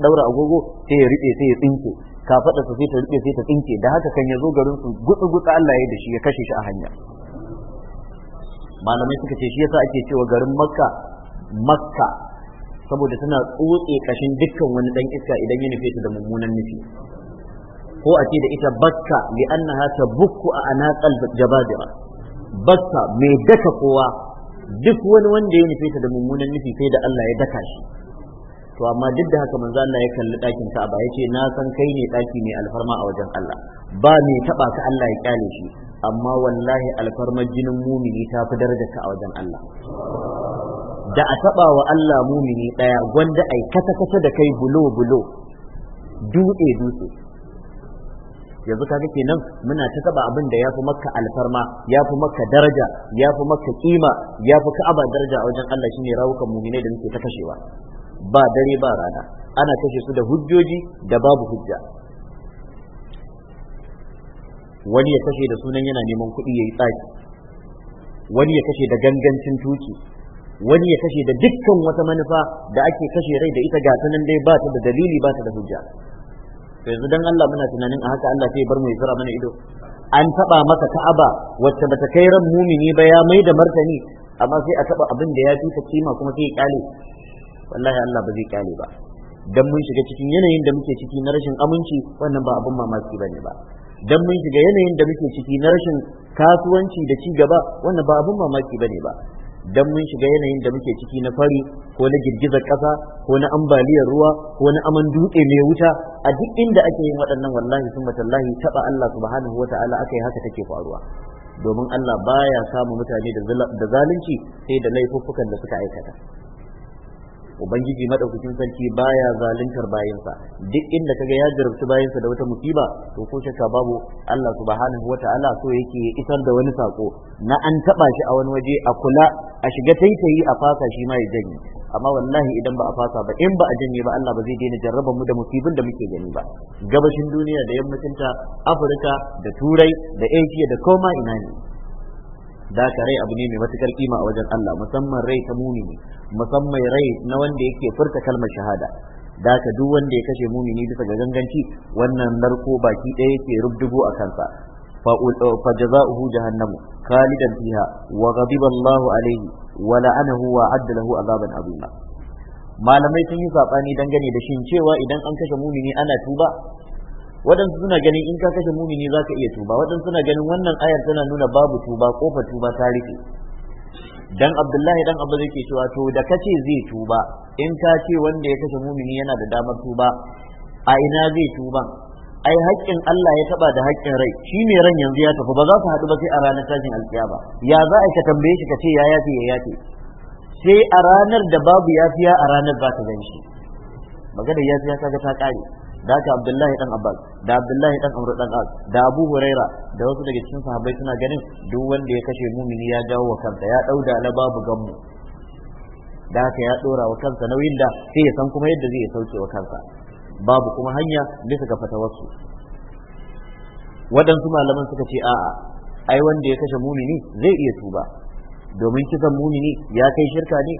daura agogo sai ya rike sai ya tsinke su sai ta rike sai ta tsinke da haka kan ya zo garin su gutsu gutsu Allah ya da shi ya kashe shi a hanya malamai suka ce shi yasa ake cewa garin makka makka saboda tana tsotse kashin dukkan wani dan iska idan ya nufe su da mummunan nufi ko a ce da ita bakka li'annaha tabukku a anaqal jabadira bakka mai daka kowa duk wani wanda ya nufe ta da mummunan nufi sai da Allah ya daka shi to amma duk da haka manzo Allah ya kalli ɗakin Ka'aba yace na san kai ne ɗaki ne alfarma a wajen Allah ba mai taba ka Allah ya kyale shi amma wallahi alfarmar jinin mumini ta fi daraja ka a wajen Allah da a taba wa Allah mumini daya gwanda ai kata kata da kai bulo bulo dutse dutse yanzu kaga kenan muna ta taba abin da yafi makka alfarma yafi makka daraja yafi makka kima yafi ka'aba daraja a wajen Allah shine rawukan mu'minai da muke ta kashewa ba dare ba rana ana kashe su da hujjoji da babu hujja wani ya kashe da sunan yana neman kuɗi yayi tsaki wani ya kashe da gangancin tuki wani ya kashe da dukkan wata manufa da ake kashe rai da ita ga dai ba ta da dalili ba ta da hujja yanzu dan Allah muna tunanin a haka Allah sai bar mu ya mana ido an taba maka ka'aba wacce bata kai ran mumini ba ya mai da martani amma sai a taba abin da ya fi ta kima kuma sai ya kale wallahi Allah ba zai kale ba dan mun shiga cikin yanayin da muke ciki na rashin aminci wannan ba abin mamaki bane ba dan mun shiga yanayin da muke ciki na rashin kasuwanci da ci gaba wannan ba abin mamaki bane ba dan mun shiga yanayin da muke ciki na fari ko na girgizar ƙasa ko na ambaliyar ruwa ko na aman dutse mai wuta a duk inda ake yin waɗannan wallahi sun matallahi taɓa Allah subhanahu wa ta'ala aka haka take faruwa domin Allah baya samu mutane da zalunci sai da laifuffukan da suka aikata ubangiji madaukakin sarki baya zaluntar bayinsa duk inda kaga ya jarabci bayinsa da wata musiba to ko shakka babu Allah subhanahu wataala so yake isar da wani sako na an taba shi a wani waje a kula a shiga taitayi a fasa shi ma ya janye amma wallahi idan ba a fasa ba in ba a janye ba Allah ba zai daina jarraba mu da musibin da muke gani ba gabashin duniya da yammacinta Afirka da Turai da Asia da koma ina ne da ka rai abu ne mai matukar kima a wajen Allah musamman rai ta mumini musamman rai na wanda yake furta kalmar shahada da ka duk wanda ya kashe mumini bisa ga ganganci wannan narko baki ɗaya yake rubdugo a kansa eh, fa jaza'uhu jahannamu khalidan fiha wa ghadiba Allahu alaihi wa la'anahu wa adda lahu azaban azima malamai sun yi sabani dangane da shin cewa idan an kashe mumini ana tuba waɗansu suna ganin in ka kashe mumini za ka iya tuba waɗansu suna ganin wannan ayar tana nuna babu tuba kofa tuba ta rike dan abdullahi dan abu zai ke cewa to da kace zai tuba in ka ce wanda ya kashe mumini yana da damar tuba a ina zai tuba ai haƙƙin Allah ya taba da haƙƙin rai shi ne ran yanzu ya tafi ba za su haɗu ba sai a ranar tashin alƙiyama ya za a ka tambaye shi ka ce ya yafe ya yafe sai a ranar da babu yafiya a ranar za ka gan shi maganar yafiya ga ta ƙare da haka abdullahi dan abbas da abdullahi dan amr dan as da abu huraira da wasu daga cikin sahabbai suna ganin duk wanda ya kashe mumini ya jawo wa kansa ya dauda na babu gammu da haka ya dora wa kansa nauyin da sai ya san kuma yadda zai sauke wa kansa babu kuma hanya bisa ga fatawarsu waɗansu malaman suka ce a'a ai wanda ya kashe mumini zai iya tuba domin kisan mumini ya kai shirka ne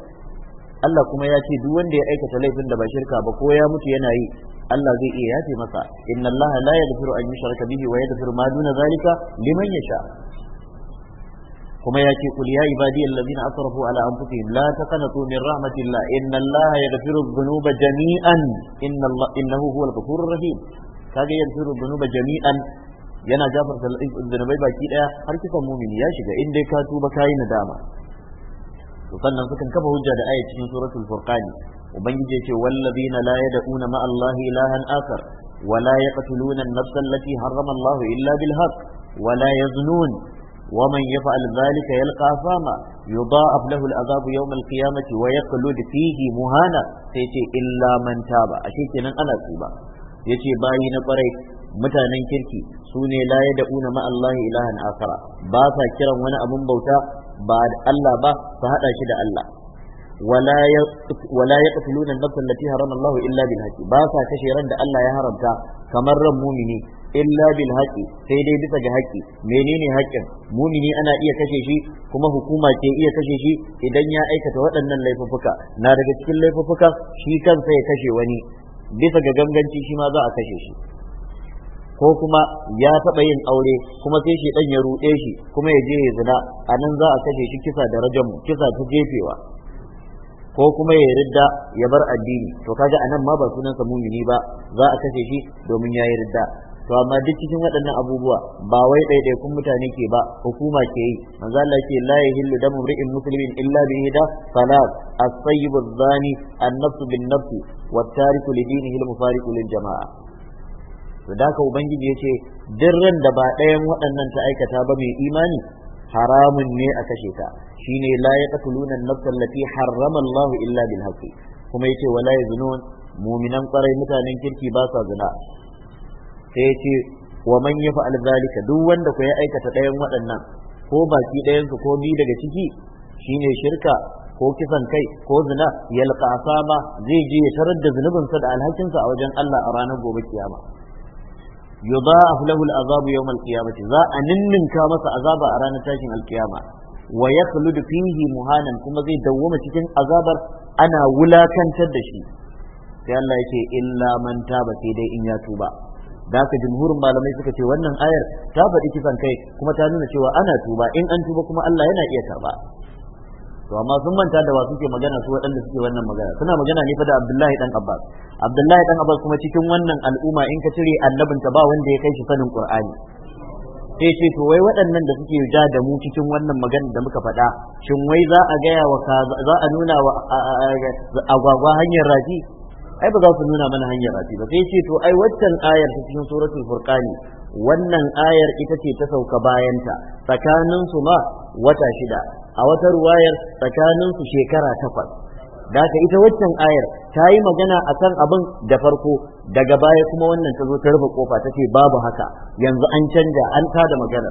Allah kuma ya ce duk wanda ya aikata laifin da ba shirka ba ko ya mutu yana yi Allah zai iya yafe masa inna Allah la yaghfiru an yushraka bihi wa yaghfiru ma duna zalika liman yasha kuma ya ce kul ya ibadi allazina asrafu ala anfusihim la taqnatu min rahmatillah inna Allah yaghfiru dhunuba jami'an inna Allah innahu huwal ghafurur rahim kage yaghfiru dhunuba jami'an yana gafarta zunubai baki daya har kifan mumini ya shiga in dai ka tuba kayi nadama to sannan sukan kafa hujja da aya cikin suratul furqani ubangiji ce wallazina la yad'una ma allahi ilahan akhar wa la yaqtuluna an-nafsa allati harrama allah illa bil haqq wa la yaznun wa man yaf'al dhalika yalqa fama yudha'af lahu al-'adhabu yawm al-qiyamati wa yaqlud fihi muhana sai ce illa man taba ashe kenan ana tuba yace bayi na kwarai mutanen kirki su ne la ya ma Allah ilahan akara ba sa kiran wani abun bauta ba Allah ba su hada shi da Allah wala يقتلون النفس التي حرم الله الا بالحق illa bil haqqi ba sa kashe ran da Allah ya haramta kamar ran mumini illa bil haqi sai dai bisa ga haƙƙi menene haƙƙin mumini ana iya kashe shi kuma hukuma ke iya kashe shi idan ya aikata waɗannan laifuffuka na daga cikin laifuffuka shi kansa ya kashe wani bisa ga ganganci shi ma za a kashe shi ko kuma ya taɓa yin aure kuma sai shi ɗan ya ruɗe shi kuma ya je ya zina a nan za a kashe shi kisa da rajamu kisa ta jefewa ko kuma ya ridda ya bar addini to kaga anan ma ba sunan sunansa mumini ba za a kashe shi domin ya yi ridda to amma duk cikin waɗannan abubuwa ba wai kun mutane ke ba hukuma ke yi manzo Allah ke la yahillu damu ri'in muslimin illa bi hida salat as-sayyib az-zani an-nafs bin-nafs wa tariku li dinihi al-mufariqu lil-jama'a to da ka ubangiji yace duk ran da ba ɗayan waɗannan ta aikata ba mai imani haramun ne a kashe ta shine la yaqtuluna an-nafs allati harrama Allah illa bil haqqi kuma yace wala yazunun mu'minan kwarai mutanen kirki ba sa zina sai yace wa man yaf'al zalika duk wanda ku ya aikata ɗayan waɗannan ko baki ɗayan ko bi daga ciki shine shirka ko kisan kai ko zina yalqa asaba zai je ya tarar da zunubinsa da alhakinsa a wajen Allah a ranar gobe kiyama yudha'af lahu al'azabu yawm al-qiyamati za a ninninka masa azaba a ranar tashin alkiyama wa yakhlud fihi muhanan kuma zai dawwama cikin azabar ana wulakantar da shi sai Allah yake illa man ba sai dai in ya tuba daka haka malamai suka ce wannan ayar ta faɗi kisan kai kuma ta nuna cewa ana tuba in an tuba kuma Allah yana iya karba to amma sun manta da wasu ke magana su waɗanda suke wannan magana suna magana ne fa da Abdullahi dan Abbas Abdullahi dan Abbas kuma cikin wannan al'umma in ka cire ta ba wanda ya kai shi sanin Qur'ani sai ce to wai waɗannan da suke ja da mu cikin wannan magana da muka faɗa shin wai za a gaya wa za a nuna wa agwagwa hanyar rafi ai ba za su nuna mana hanyar rafi ba sai ce to ai waccan ayar ta cikin suratul furqani wannan ayar ita ce ta sauka bayanta tsakanin su ma wata shida a wata ruwayar tsakaninsu shekara takwas da ka ita waccan ayar ta yi magana a kan abin da farko daga baya kuma wannan ta zo ta rufe kofa ta ce babu haka yanzu an canja an da magana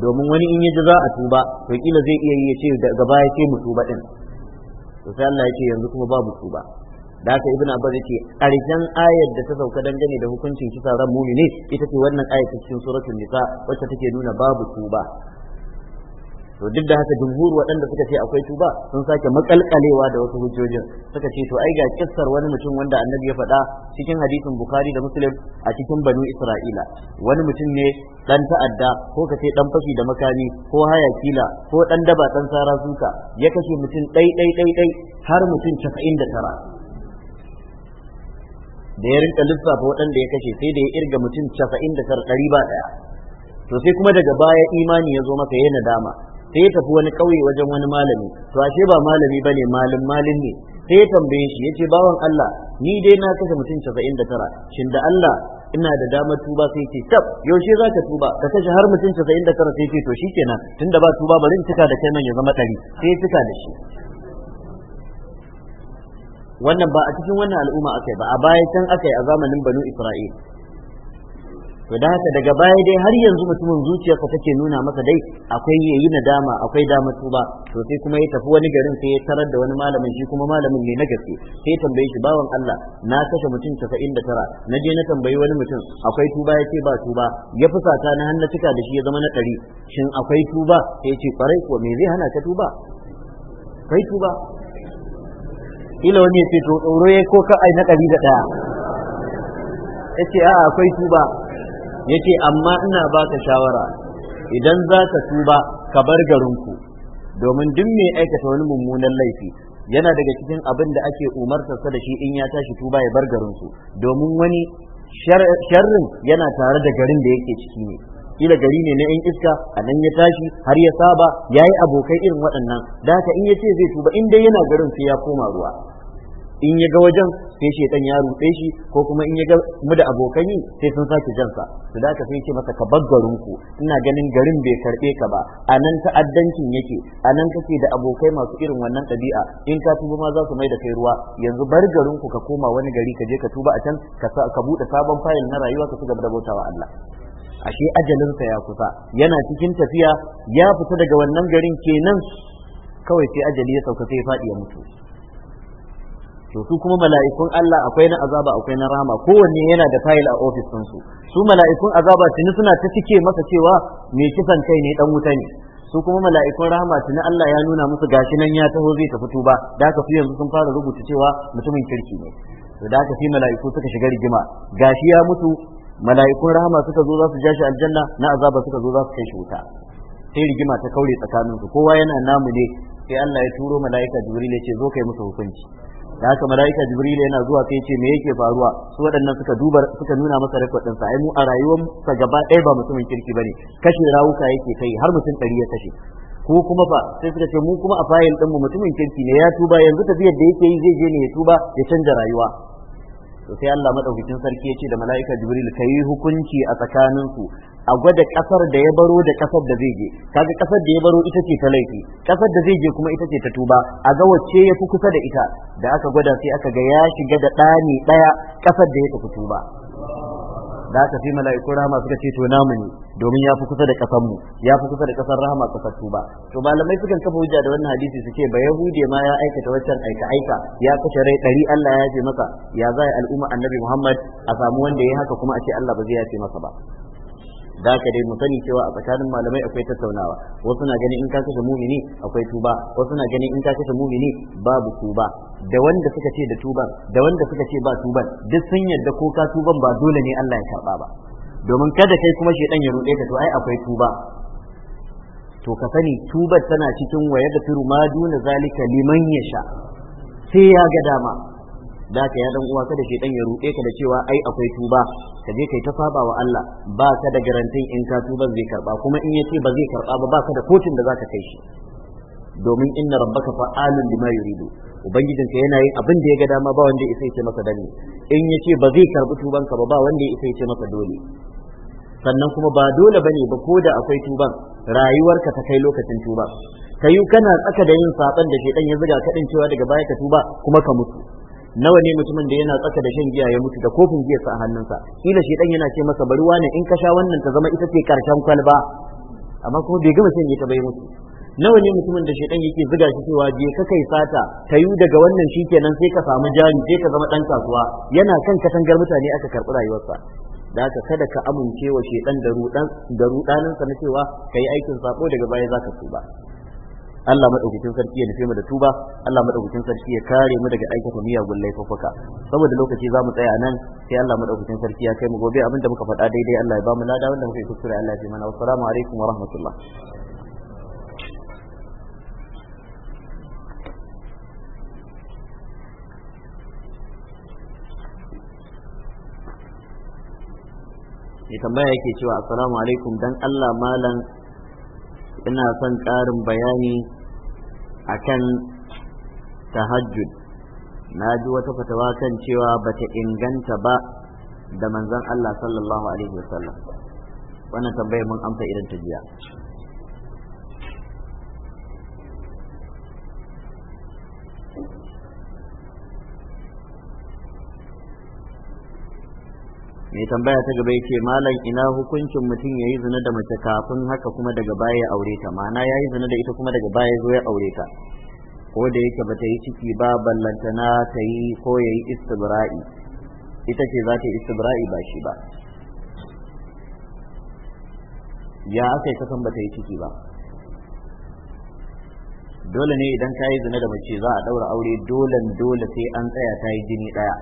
domin wani in yi ji za a tuba to kila zai iya yi ya ce daga baya ce mu tuba din to sai Allah ya ce yanzu kuma babu tuba da ka ibn abbas yace karshen ayar da ta sauka dangane da hukuncin kisa ran mumini ita ce wannan ayar cikin suratul nisa wacce take nuna babu tuba to duk da haka jumhur waɗanda suka ce akwai tuba sun sake makalkalewa da wasu hujjojin suka ce to ai ga kissar wani mutum wanda annabi ya faɗa cikin hadisin bukhari da muslim a cikin banu isra'ila wani mutum ne dan ta'adda ko ka ce dan fashi da makami ko haya kila ko dan daba dan sara suka ya kashe mutum ɗai ɗai ɗai ɗai har mutum 99 da tara da ya rinka lissafa waɗanda ya kashe sai da ya irga mutum 99 da ɗari ba ɗaya to sai kuma daga baya imani ya zo maka ya dama sai ya tafi wani kauye wajen wani malami to ashe ba malami bane malin malin ne sai ya tambaye shi yace bawan Allah ni dai na kashe mutum 99 shin da Allah ina da damar tuba sai ce tab yaushe za ka tuba ka kashe har mutum 99 sai ce to shikenan tunda ba tuba bari in cika da kai nan ya zama ɗari sai ya cika da shi wannan ba a cikin wannan al'umma akai ba a baya can akai a zamanin banu Isra'il to da haka daga baya dai har yanzu mutumin zuciyarsa take nuna masa dai akwai yayi nadama akwai dama tuba to sai kuma ya tafi wani garin sai ya tarar da wani malamin shi kuma malamin ne na gaske sai tambaye shi bawan Allah na kashe mutum 99 na je na tambayi wani mutum akwai tuba ya ce ba tuba ya fusata na hannu tuka da shi ya zama na ɗari shin akwai tuba sai ya ce kwarai ko me zai hana ka tuba kai tuba ila wani ya ce to tsoro ya ko ka ai na ɗari da ɗaya ya ce a'a akwai tuba yace amma ina baka shawara idan za ka tuba ka bar garinku domin duk mai aikata wani mummunan laifi yana daga cikin abin da ake umartarsa da shi in ya tashi tuba ya bar garinsu domin wani sharrin yana tare da garin da yake ciki ne kila gari ne na yan iska a nan ya tashi har ya saba ya yi abokai irin waɗannan da haka in ya ce zai tuba in dai yana garin sai ya koma ruwa in ya ga wajen sai shaitan ya ruɗe shi ko kuma in ya ga mu da abokai yi sai sun sake jansa su da aka sai ce masa ka bar ku ina ganin garin bai karɓe ka ba a nan ta'addancin yake a nan kake da abokai masu irin wannan ɗabi'a in ka tuba ma za su mai da kai ruwa yanzu bar garinku ka koma wani gari ka je ka tuba a can ka buɗe sabon fayil na rayuwa ka cigaba da bautawa Allah ashe ajalinsa ya kusa yana cikin tafiya ya fita daga wannan garin kenan kawai sai ajali ya sauka sai ya faɗi ya mutu to su kuma mala'ikun Allah akwai na azaba akwai na rahama kowanne yana da fayil a ofis su su mala'ikun azaba tuni suna ta cike masa cewa me kisan kai ne dan wuta ne su kuma mala'ikun rahama tuni Allah ya nuna musu gashi nan ya taho zai tafi tuba da haka su yanzu sun fara rubuta cewa mutumin kirki ne to da haka sai mala'iku suka shiga rigima gashi ya mutu mala'ikun rahama suka zo za su ja shi aljanna na azaba suka zo za su kai shi wuta sai rigima ta kaure tsakaninsu kowa yana namu ne sai Allah ya turo mala'ika Jibril ya ce zo kai musu hukunci da haka mala'ika jibril yana zuwa sai yace me yake faruwa su waɗannan suka duba suka nuna masa rekod sa ai mu a rayuwar sa gaba ɗaya ba mutumin kirki bane kashe rawuka yake kai har mutum ɗari ya kashe ko kuma fa sai suka ce mu kuma a fayil ɗin mu mutumin kirki ne ya tuba yanzu tafiyar da yake yi zai je ne ya tuba ya canza rayuwa to sai Allah madaukakin sarki ya ce da mala'ika jibril kai hukunci a tsakaninsu a gwada kasar da ya baro da kasar da zai je kaga kasar da ya baro ita ce ta laifi kasar da zai je kuma ita ce ta tuba a ga wacce ya fi kusa da ita da aka gwada sai aka ga ya shiga da ɗani ɗaya kasar da ya tafi tuba da aka fi mala'iku rahama suka ce to namu ne domin ya fi kusa da kasar mu ya fi kusa da kasar rahama kasar tuba to malamai sukan kafa hujja da wannan hadisi suke ce ba yahude ma ya aikata waccan aika aika ya kashe rai ɗari Allah ya ce masa ya za al'umma annabi Muhammad a samu wanda ya haka kuma a ce Allah ba zai ya ce masa ba da ka dai mu sani cewa a tsakanin malamai akwai tattaunawa wasu na ganin in ka kashe mumini akwai tuba wasu na ganin in ka kashe mumini babu tuba da wanda suka ce da tuban da wanda suka ce ba tuban duk sun yarda ko ka tuban ba dole ne Allah ya karba ba domin kada kai kuma shedan ya rude ka to ai akwai tuba to ka sani tubar tana cikin waya da firu ma duna zalika liman yasha sai ya ga dama da ka ya dan uwa kada shi dan ya ruɗe ka da cewa ai akwai tuba ka je kai ta saba wa Allah ba ka da garantin in ka tuba zai karba kuma in yace ba zai karba ba ba ka da za da zaka kai shi domin inna rabbaka fa'alun lima yuridu ka yana yin abin da ya ga dama ba wanda ya ce masa dani in yace ba zai karbi tubanka ba ba wanda ya ce masa dole sannan kuma ba dole bane ba ko da akwai tuban rayuwarka ta kai lokacin tuban kayu kana tsaka da yin saban da shedan ya zuga ka cewa daga baya ka tuba kuma ka mutu nawa ne mutumin da yana tsaka da shan giya ya mutu da kofin giya sa a hannunsa kila shi dan yana ce masa bari wani in ka sha wannan ta zama ita ce karshen kwalba amma kuma bai gama shan giya ta bai mutu nawa ne mutumin da shedan yake zuga shi cewa je ka kai sata ta yi daga wannan shikenan sai ka samu jari sai ka zama dan kasuwa yana kan katangar mutane aka karɓi rayuwarsa da haka kada ka amince wa shedan da rudan da rudaninsa na cewa kai aikin sako daga baya zaka tuba Allah madaukakin sarki ya nufe mu da tuba Allah madaukakin sarki ya kare mu daga aikata miyagun laifuffuka saboda lokaci za mu tsaya nan sai Allah madaukakin sarki ya kai mu gobe abin da muka faɗa daidai Allah ya ba mu lada wanda muka yi kuskure Allah ya ji mana wassalamu alaikum wa rahmatullah mai tambaya yake cewa assalamu alaikum dan Allah malam ina son ƙarin bayani akan tahajjud na ji wata fatawa kan cewa bata inganta ba da manzon Allah sallallahu alaihi wasallam wannan tambayar mun amsa irin ta jiya mai tambaya ta gaba yace malam ina hukuncin mutum yayi zina da mace kafin haka kuma daga baya ya aure ta ma'ana yayi zina da ita kuma daga baya zo ya aure ta ko da yake bata yi ciki ba ballantana ta yi ko yayi istibra'i ita ce za ta yi istibra'i ba shi ba ya aka yi kasan bata yi ciki ba dole ne idan ka yi zina da mace za a daura aure dole dole sai an tsaya ta yi jini ɗaya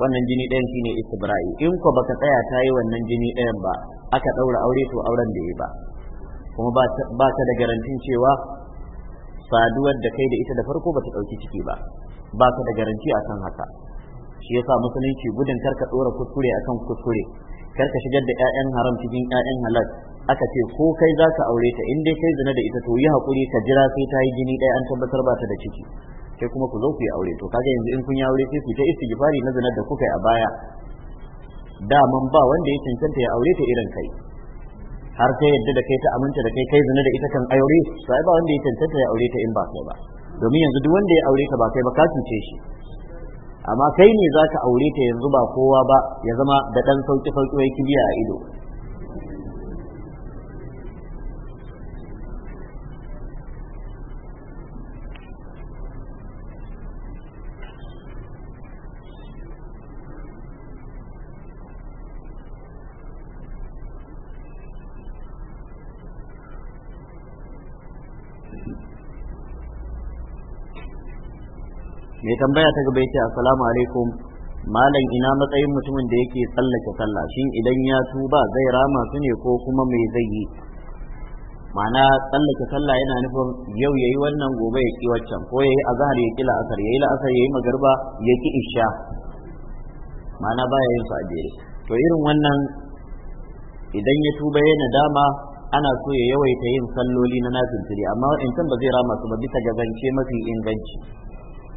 wannan jini ɗayan shine istibra'i in ko baka tsaya ta yi wannan jini ɗayan ba aka ɗaura aure to auren da yi ba kuma ba ka da garantin cewa saduwar da kai da ita da farko ba ta ɗauki ciki ba ba ka da garanti akan haka shi ya sa musulunci gudun karka ɗora kuskure akan kuskure karka shigar da 'ya'yan haram cikin 'ya'yan halal aka ce ko kai za ka aure ta in dai kai zina da ita to yi haƙuri ka jira sai ta yi jini ɗaya an tabbatar ba ta da ciki sai kuma ku zo ku yi aure to kaga yanzu in kun yi aure sai ku ta istighfari na zinar da kuka yi a baya daman ba wanda ya cancanta ya aure ta irin kai har sai yadda da kai ta aminta da kai kai zina da ita kan aure to ba wanda ya cancanta ya aure ta in ba kai ba domin yanzu duk wanda ya aure ta ba kai ba ka cuce shi amma kai ne zaka aure ta yanzu ba kowa ba ya zama da ɗan sauki sauki wai kibiya a ido mai tambaya ta gaba yace assalamu alaikum malam ina matsayin mutumin da yake tsallake sallah shin idan ya tuba zai rama su ne ko kuma me zai yi ma'ana tsallake sallah yana nufin yau yayi wannan gobe ya ki waccan ko yayi azhar ya ki la'asar yayi la'asar yayi magarba ya ki isha ma'ana baya yin su to irin wannan idan ya tuba ya dama ana so ya yawaita yin salloli na nafil amma wa'ancan ba zai rama su ba bisa ga zance mafi inganci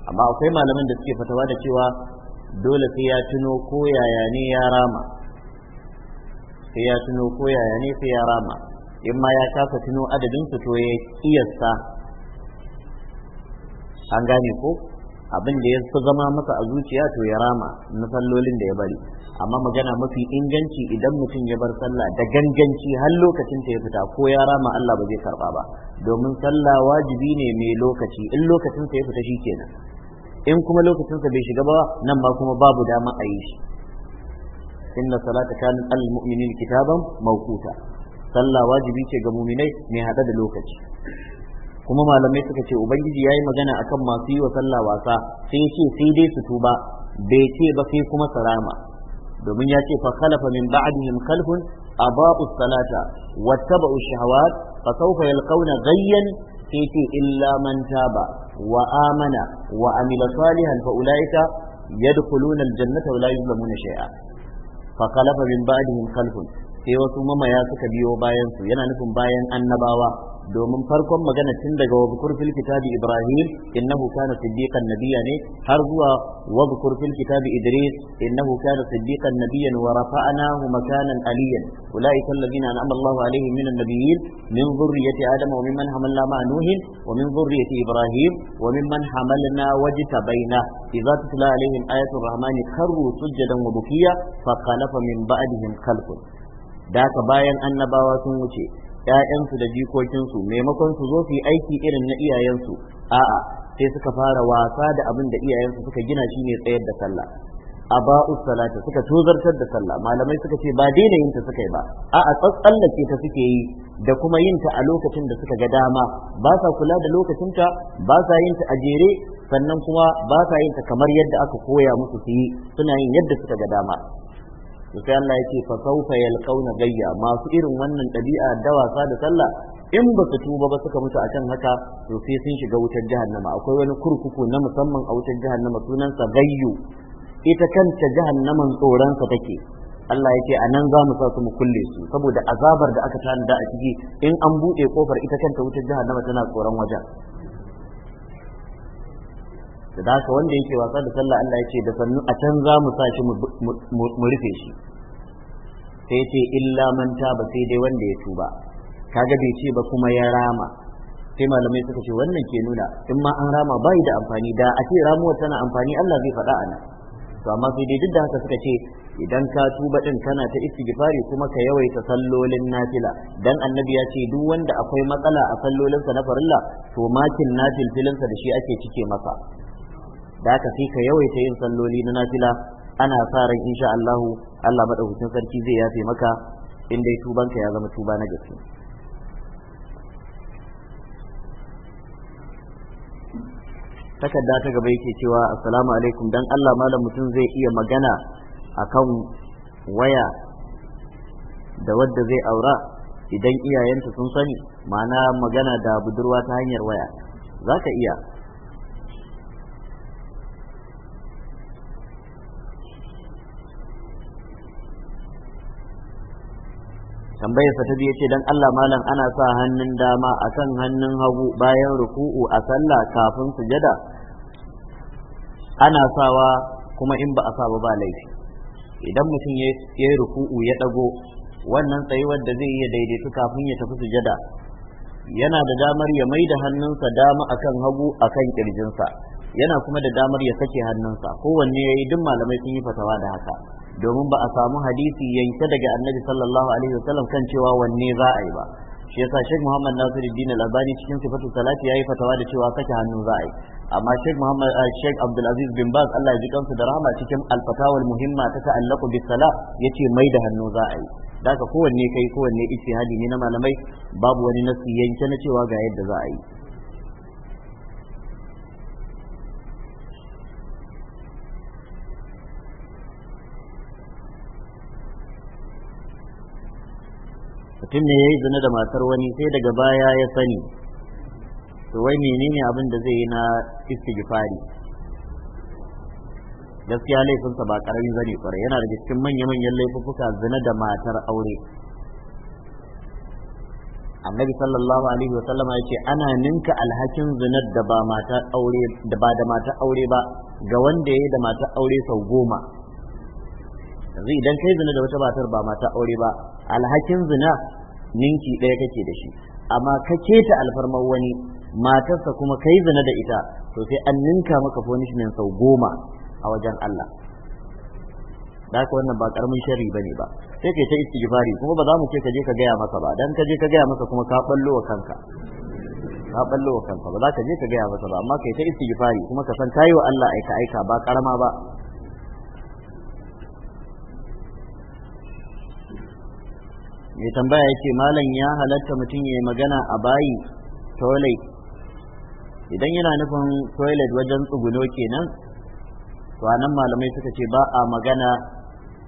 amma akwai malamin da suke fatawa da cewa dole sai ya tuno ko yaya ne ya rama sai ya tuno ko yaya ne sai ya rama in ma ya kasa tuno adadin su to ya kiyasta an gane ko abin da ya fi zama masa a zuciya to ya rama na da ya bari amma magana mafi inganci idan mutum ya bar sallah da ganganci har lokacin ta ya fita ko ya rama Allah ba zai karba ba domin sallah wajibi ne mai lokaci in lokacin ta ya fita shi kenan. in kuma lokacinsa bai shiga ba nan ma kuma babu dama a yi shi inna salata kanin al-mu'minin kitaban mawquta sallah wajibi ce ga muminai mai hada da lokaci kuma malamai suka ce ubangiji yayi magana akan masu yi wa sallah wasa sai ce sai dai su tuba bai ce ba sai kuma sarama domin ya ce fa khalafa min ba'dihim khalfun aba'u salata wattaba'u shahawat fa sawfa yalqawna ghayyan sai ce illa man taba wa amana wa amila salihan fa ulaika yadkhuluna aljannata wa la yuzlamuna shay'a fa khalafa min ba'dihim sai wasu mamaya suka biyo bayansu, yana nufin bayan annabawa domin farkon magana tun daga wazkur fil kitabi ibrahim innahu kana siddiqan nabiyya ne har zuwa wazkur fil kitabi idris innahu kana siddiqan nabiyyan wa rafa'nahu makanan aliyan ulaika alladhina an'ama Allahu alaihim minan nabiyyin min dhurriyyati adam wa mimman hamalna ma'a nuh wa min dhurriyyati ibrahim wa mimman hamalna wajtabaina idza tutla alaihim ayatu rahmani kharru sujadan wa bukiya fa khalafa min ba'dihim khalqun da ka bayan annabawa sun wuce 'ya'yansu da jikokinsu maimakon su zo su yi aiki irin na iyayensu a'a sai suka fara wasa da abin da iyayensu suka gina shi ne tsayar da sallah a ba'u salata suka tozartar da sallah malamai suka ce ba daina yin ta suka yi ba a'a ce ta suke yi da kuma yin ta a lokacin da suka ga dama ba sa kula da lokacinta ba sa yin ta a jere sannan kuma ba sa yin ta kamar yadda aka koya musu su yi suna yin yadda suka ga dama to sai Allah yake fa sawfa yalqauna gayya masu irin wannan ɗabi'a da wasa da sallah in ba su tuba ba suka mutu a akan haka to sai sun shiga wutar jahannama akwai wani kurkuku na musamman a wutar jahannama sunansa gayyu ita kanta jahannaman tsoronsa take Allah yake a nan za mu sa su mu kulle su saboda azabar da aka tanada a ciki in an buɗe kofar ita kanta wutar jahannama tana tsoron wajen da haka wanda yake wasa da sallah Allah ya ce da sannu a can za mu sa mu rufe shi sai ce illa man ba sai dai wanda ya tuba kaga bai ce ba kuma ya rama sai malamai suka ce wannan ke nuna in ma an rama bai da amfani da a ce ramuwa tana amfani Allah zai faɗa ana to amma sai dai duk da haka suka ce idan ka tuba din kana ta istighfari kuma ka yawaita sallolin nafila dan annabi ya ce duk wanda akwai matsala a sallolinsa na farilla to makin nafil filinsa da shi ake cike masa da aka fi ka yawaita yin salloli na nafila ana sa ran insha Allah Allah madaukakin sarki zai yafe maka in dai tubanka ya zama tuba na gaske takarda ta gaba yake cewa assalamu alaikum dan Allah malam mutum zai iya magana akan waya da wadda zai aura idan iyayenta sun sani ma'ana magana da budurwa ta hanyar waya za ka iya tambayarsa ta biye ce dan Allah malam ana sa hannun dama akan hannun hagu bayan ruku'u a sallah kafin sujada ana sawa kuma in ba a sa ba ba laifi idan mutum ya yi ruku'u ya dago wannan tsayuwar da zai iya daidaitu kafin ya tafi sujada yana da damar ya mai da hannunsa dama akan hagu akan kirjinsa yana kuma da damar ya sake hannunsa kowanne ya yi duk malamai sun yi fatawa da haka domin ba a samu hadisi yanke daga annabi sallallahu alaihi wasallam kan cewa wanne za a yi ba shi yasa Sheikh Muhammad Nasiruddin Al-Albani cikin sifatu salati yayi fatawa da cewa kake hannu za a yi amma Sheikh Muhammad eh, Sheikh Abdul Aziz bin Baz Allah ya ji kansu da rahama cikin al-fatawal muhimma ta ta'allaqu bis salat yace mai da hannu za a yi da haka kowanne kai kowanne ijtihadi ne na malamai babu wani nasi yanke na cewa ga yadda za a yi mutum ne ya yi zina da matar wani sai daga baya ya sani to wai menene abin da zai yi na istighfari gaskiya laifinsa ba karami zane kwarai yana da cikin manya-manyan laifuka zina da matar aure annabi sallallahu alaihi wa sallama ya ce ana ninka alhakin zinar da ba matar aure da ba da matar aure ba ga wanda ya yi da matar aure sau goma yanzu idan kai zina da wata matar ba matar aure ba alhakin zina ninki ɗaya kake da shi amma ka keta alfarmar wani matarsa kuma ka yi zina da ita to sai an ninka maka punishment sau goma a wajen Allah da haka wannan ba karamin sharri bane ba sai kai ta istighfari kuma ba za mu ce ka je ka gaya masa ba dan ka je ka gaya masa kuma ka ballo wa kanka ka ballo wa kanka ba za ka je ka gaya masa ba amma kai ta istighfari kuma ka san tayi wa Allah aika aika ba karama ba mai tambaya ya ce malam ya halatta mutum ya yi magana a bayi toilet idan yana nufin toilet wajen tsuguno kenan to nan malamai suka ce ba a magana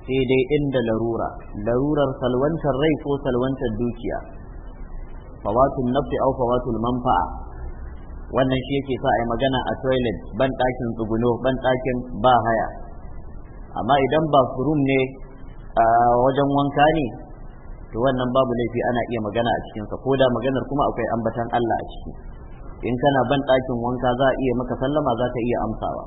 sai dai inda larura larurar salwantar rai ko salwantar dukiya fawatul nafsi au fawatul manfa'a wannan shi yake sa a yi magana a toilet ban ɗakin tsuguno ban ɗakin ba haya amma idan ba furum ne a wajen wanka ne to wannan babu laifi ana iya magana a cikinsa ko da maganar kuma akwai ambatan Allah a ciki in kana ban ɗakin wanka za a iya maka sallama za ka iya amsawa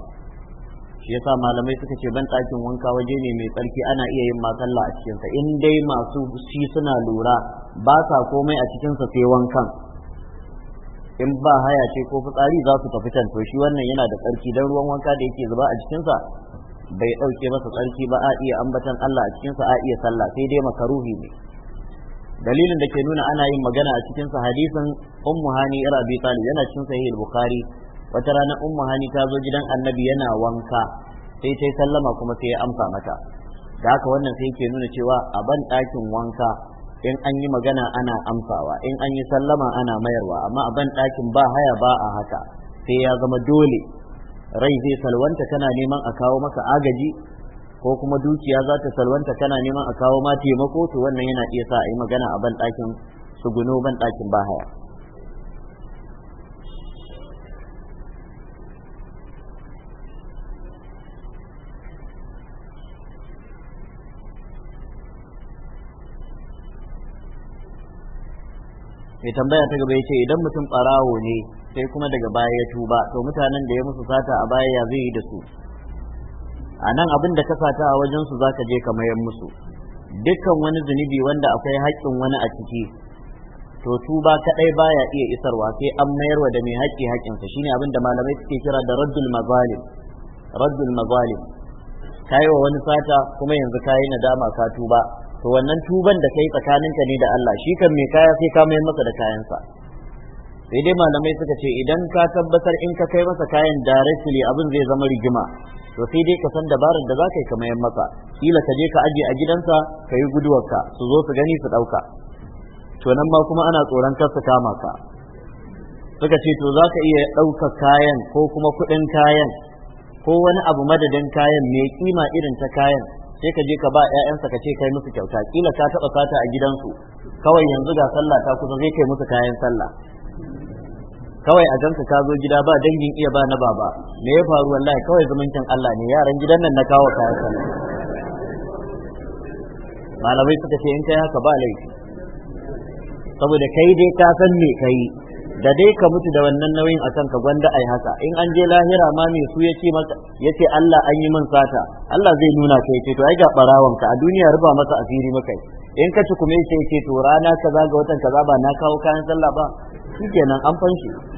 shi yasa malamai suka ce ban ɗakin wanka waje ne mai tsarki ana iya yin masalla a cikinsa in dai masu shi suna lura ba sa komai a cikinsa sai wankan in ba haya ce ko fitsari za su tafi can to shi wannan yana da tsarki dan ruwan wanka da yake zuba a cikinsa bai ɗauke masa tsarki ba a iya ambatan Allah a cikinsa a iya sallah sai dai makaruhi ne dalilin da ke nuna ana yin magana a cikin sa hadisin ummu hani ira bi talib yana cikin sahih bukhari wata rana ummu hani ta zo gidan annabi yana wanka sai ta sallama kuma sai ya amsa mata da haka wannan sai ke nuna cewa a ban ɗakin wanka in an yi magana ana amsawa in an yi sallama ana mayarwa amma a ban ɗakin ba haya ba a haka sai ya zama dole rai zai salwanta kana neman a kawo maka agaji ko kuma dukiya za ta salwanta kana neman a kawo ma taimako to wannan yana iya sa a yi magana a ban ɗakin suguno ban ɗakin ba mai tambaya ta gaba ya ce idan mutum ɓarawo ne sai kuma daga baya ya tuba to mutanen da ya musu sata a baya ya zai yi da su a nan abin da ka sata a wajen su zaka je ka mayar musu dukkan wani zunubi wanda akwai haƙƙin wani a ciki to tuba kaɗai baya iya isarwa sai an mayarwa da mai haƙƙi haƙƙinsa shine abin da malamai suke kira da raddul mazalim raddul mazalim kai wa wani sata kuma yanzu kai nadama ka tuba to wannan tuban da kai tsakaninka ne da Allah shi kan mai kaya sai ka mayar masa da kayansa sai dai malamai suka ce idan ka tabbatar in ka kai masa kayan directly abin zai zama rigima to sai dai ka san dabarar da za ka yi ka masa kila ka je ka aje a gidansa ka yi ka, su zo su gani su ɗauka to nan ma kuma ana tsoron kar su kama ka suka ce to za ka iya ɗauka kayan ko kuma kuɗin kayan ko wani abu madadin kayan mai kima irin ta kayan sai ka je ka ba 'ya'yansa ka ce kai musu kyauta kila ka taɓa sata a gidansu kawai yanzu ga sallah ta kusa zai kai musu kayan sallah kawai a ganka ka zo gida ba dangin iya ba na baba me ya faru wallahi kawai zumuncin Allah ne yaran gidan nan na kawo ka sallah malamai suka ce in kai haka ba laifi saboda kai dai ka san me kai da dai ka mutu da wannan nauyin a kanka gwanda ai haka in an je lahira ma me su yace maka yace Allah an yi min sata Allah zai nuna kai ce to ai ga barawon ka a duniya ruba masa asiri maka in ka tukume sai yace to rana kaza ga watan kaza ba na kawo kayan sallah ba shikenan an fanshi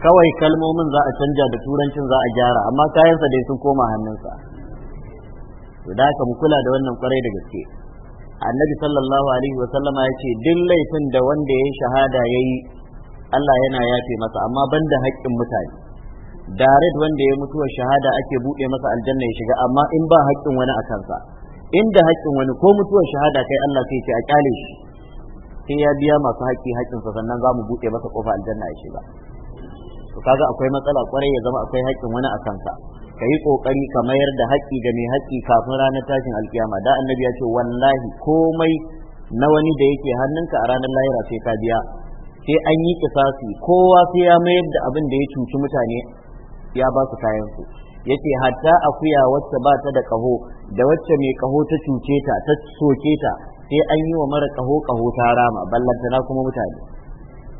kawai kalmomin za a canja da turancin za a gyara amma kayansa dai sun koma hannunsa to da haka mu kula da wannan kwarai da gaske annabi sallallahu alaihi wa sallama ya ce duk laifin da wanda ya yi shahada ya yi Allah yana yafe masa amma banda haƙƙin mutane daret wanda ya mutuwa shahada ake buɗe masa aljanna ya shiga amma in ba haƙƙin wani a kansa inda haƙƙin wani ko mutuwar shahada kai Allah sai ce a kyale shi sai ya biya masu haƙƙi haƙƙinsa sannan za mu buɗe masa ƙofa aljanna ya shiga to kaga akwai matsala kwarai ya zama akwai haƙƙin wani a kansa ka yi ƙoƙari ka mayar da haƙƙi ga mai haƙƙi kafin ranar tashin alkiyama da annabi ya ce wallahi komai na wani da yake hannunka a ranar lahira sai ka biya sai an yi kisasi kowa sai ya mayar da abin da ya cuci mutane ya ba su kayan su yace hatta akuya wacce ba ta da kaho da wacce mai kaho ta cuce ta ta soke ta sai an yi wa mara kaho kaho ta rama ballantana kuma mutane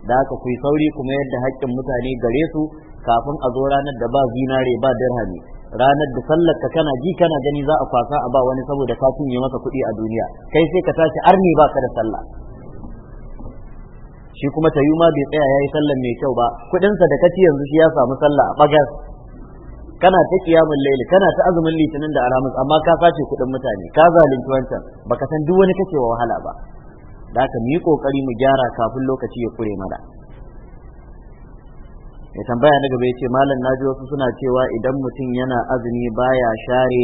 da haka kuyi yi sauri kuma yadda haƙƙin mutane gare su kafin a zo ranar da ba zinare ba dirhami ranar da sallar ka kana ji kana gani za a kwasa a ba wani saboda ka kunye maka kuɗi a duniya kai sai ka tashi arni ba ka da sallah shi kuma ta ma bai tsaya ya yi sallar mai kyau ba kuɗinsa da kaci yanzu shi ya samu sallah a bagas kana ta kiyamun laili kana ta azumin litinin da alhamis amma ka sace kuɗin mutane ka zalunci wancan baka san duk wani kake wa wahala ba da ka mi kokari mu gyara kafin lokaci ya kure mana ya tambaya na gaba ya ce malam naji wasu suna cewa idan mutum yana azumi baya share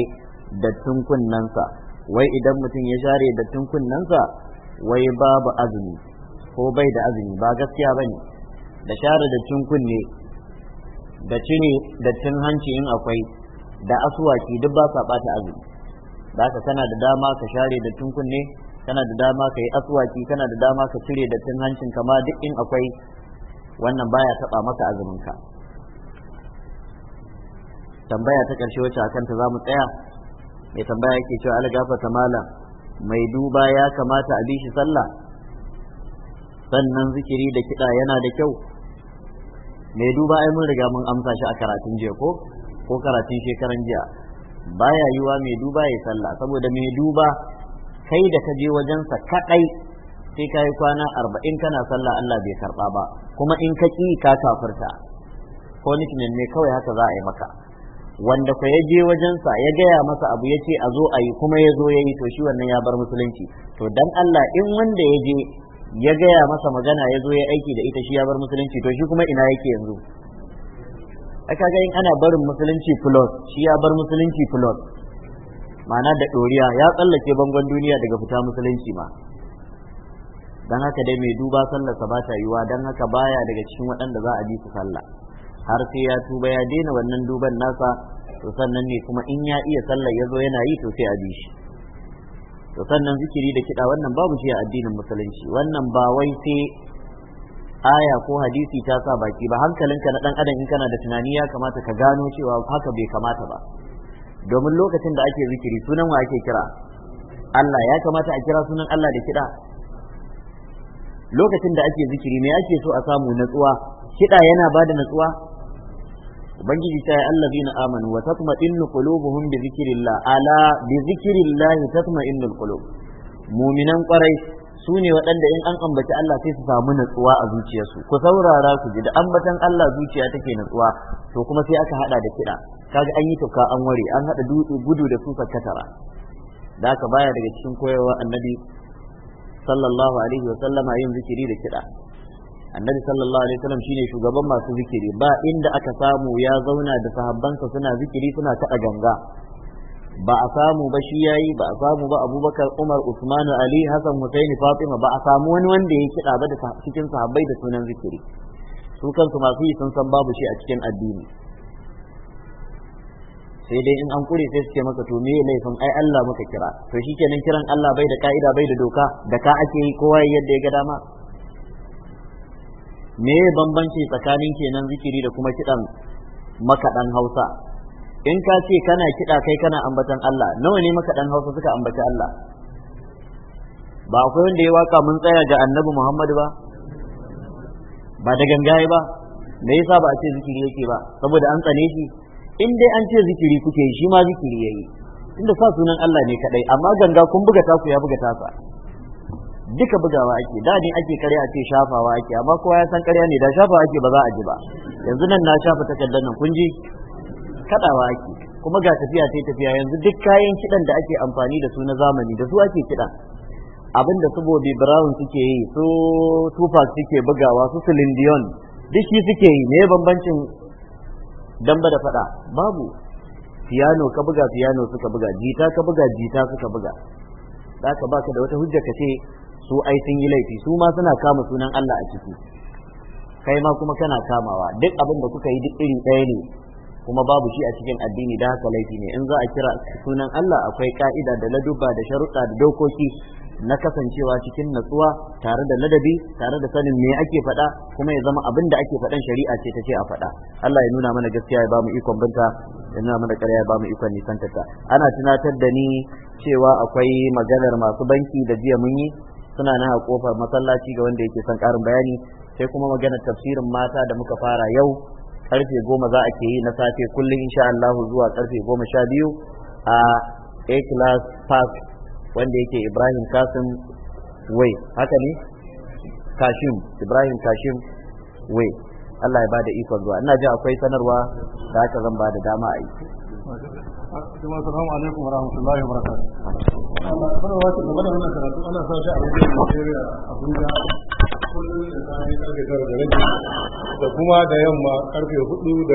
dattin kunnensa wai idan mutum ya share dattin kunnensa wai babu azumi ko bai da azumi ba gaskiya bane da share dattin kunne da dattin hanci in akwai da asuwaki duk ba sa bata azumi da ka sana da dama ka share dattin kunne kana da dama ka yi aswaki kana da dama ka cire dattin hancin kama duk in akwai wannan baya taba maka azumin ka tambaya ta karshe wacce akan ta zamu tsaya mai tambaya yake cewa algafa ta malam mai duba ya kamata a bishi sallah sannan zikiri da kiɗa yana da kyau mai duba ai mun riga mun amsa shi a karatun jiya ko ko karatun shekaran jiya baya yiwa mai duba ya sallah saboda mai duba kai da ka je wajensa kaɗai sai ka kwana arba'in kana sallah Allah bai karɓa ba kuma in ka ƙi ka kafirta punishment ne kawai haka za a yi maka wanda ku ya je wajensa ya gaya masa abu ya ce a zo a yi kuma ya zo ya yi to shi wannan ya bar musulunci to dan Allah in wanda ya je ya gaya masa magana ya zo ya aiki da ita shi ya bar musulunci to shi kuma ina yake yanzu Aka ga in ana barin musulunci plus shi ya bar musulunci plus ma'ana da ɗoriya ya tsallake bangon duniya daga fita musulunci ma don haka dai mai duba sallarsa ba ta yiwa don haka baya daga cikin waɗanda za a bi su sallah har sai ya tuba ya daina wannan duban nasa to sannan ne kuma in ya iya sallar ya zo yana yi to sai a bi shi to sannan zikiri da kiɗa wannan babu shi a addinin musulunci wannan ba wai sai aya ko hadisi ta sa baki ba hankalinka na ɗan adam in kana da tunani ya kamata ka gano cewa haka bai kamata ba domin lokacin da ake zikiri sunan wa ake kira Allah ya kamata a kira sunan Allah da kiɗa lokacin da ake zikiri me ake so a samu natsuwa kiɗa yana ba bada natsuwa ubangiji ta yi na amanu wa tatma'innu qulubuhum bi zikrillah ala bi zikrillah tatma'innul qulub mu'minan kwarai su ne waɗanda in an ambaci Allah sai su samu natsuwa a zuciyarsu ku saurara ku ji da ambatan Allah zuciya take natsuwa to kuma sai aka hada da kiɗa kaga an yi tuka an ware an hada gudu da susar katara da aka baya daga cikin koyarwa annabi sallallahu alaihi wa sallama yin zikiri da kiɗa annabi sallallahu alaihi wasallam shine shugaban masu zikiri ba inda aka samu ya zauna da sahabbansa suna zikiri suna kaɗa ganga ba a samu ba shi yayi ba a samu ba abubakar umar usmanu ali hasan husaini fatima ba a samu wani wanda ya kiɗa ba da cikin sahabbai da sunan zikiri su kansu masu yi sun san babu shi a cikin addini sai dai in an kure sai suke masa, maka to meye laifin ai Allah muka kira to shikenan kiran Allah bai da ka'ida bai da doka da ka ake yi kowa yadda ya ga dama Meye bambanci tsakanin kenan zikiri da kuma kiɗan makaɗan Hausa in ka ce kana kiɗa kai kana ambatan Allah nawa ne maka dan Hausa suka ambaci Allah ba akwai wanda ya waka mun tsaya ga Annabi Muhammad ba ba da gangaye ba me yasa ba a ce zikiri yake ba saboda an tsane shi in dai an ce zikiri kuke yi shi ma zikiri yayi tunda sa sunan Allah ne kadai amma ganga kun buga ku ya buga tasa duka bugawa ake da ne ake karya a ce shafawa ake amma kowa ya san karya ne da shafawa ake ba za a ji ba yanzu nan na shafa takardar nan kun ji kadawa ake kuma ga tafiya sai tafiya yanzu duk kayan kidan da ake amfani da su na zamani da su ake kidan abinda da su Brown suke yi su Tupac suke bugawa su Celine duk shi suke yi ne bambancin damba da fada babu piano ka buga piano suka buga jita ka buga jita suka buga zaka baka da wata hujja ka ce su ai sun yi laifi su ma suna kama sunan Allah a ciki kai ma kuma kana kamawa duk abin da kuka yi duk iri ɗaya ne kuma babu shi a cikin addini da haka laifi ne in za a kira sunan Allah akwai ka'ida da ladubba da sharuɗa da dokoki na kasancewa cikin natsuwa tare da ladabi tare da sanin me ake faɗa kuma ya zama abin da ake faɗan shari'a ce ta ce a faɗa Allah ya nuna mana gaskiya ya bamu ikon binta ya nuna mana ƙarya ya bamu ikon ta. ana tunatar da ni cewa akwai maganar masu banki da jiya mun yi suna nan a kofar masallaci ga wanda yake son karin bayani sai kuma maganar tafsirin mata da muka fara yau karfe goma za a ke yi na safe kullum insha Allah zuwa karfe goma sha biyu a a class park wanda yake ibrahim kasim way haka ne kashim ibrahim kashim way Allah ya bada ikon zuwa ina ji akwai sanarwa da aka zan da dama a yi jama'a wa rahmatullahi wa
barakatuh ana sa a kuma da yamma karfe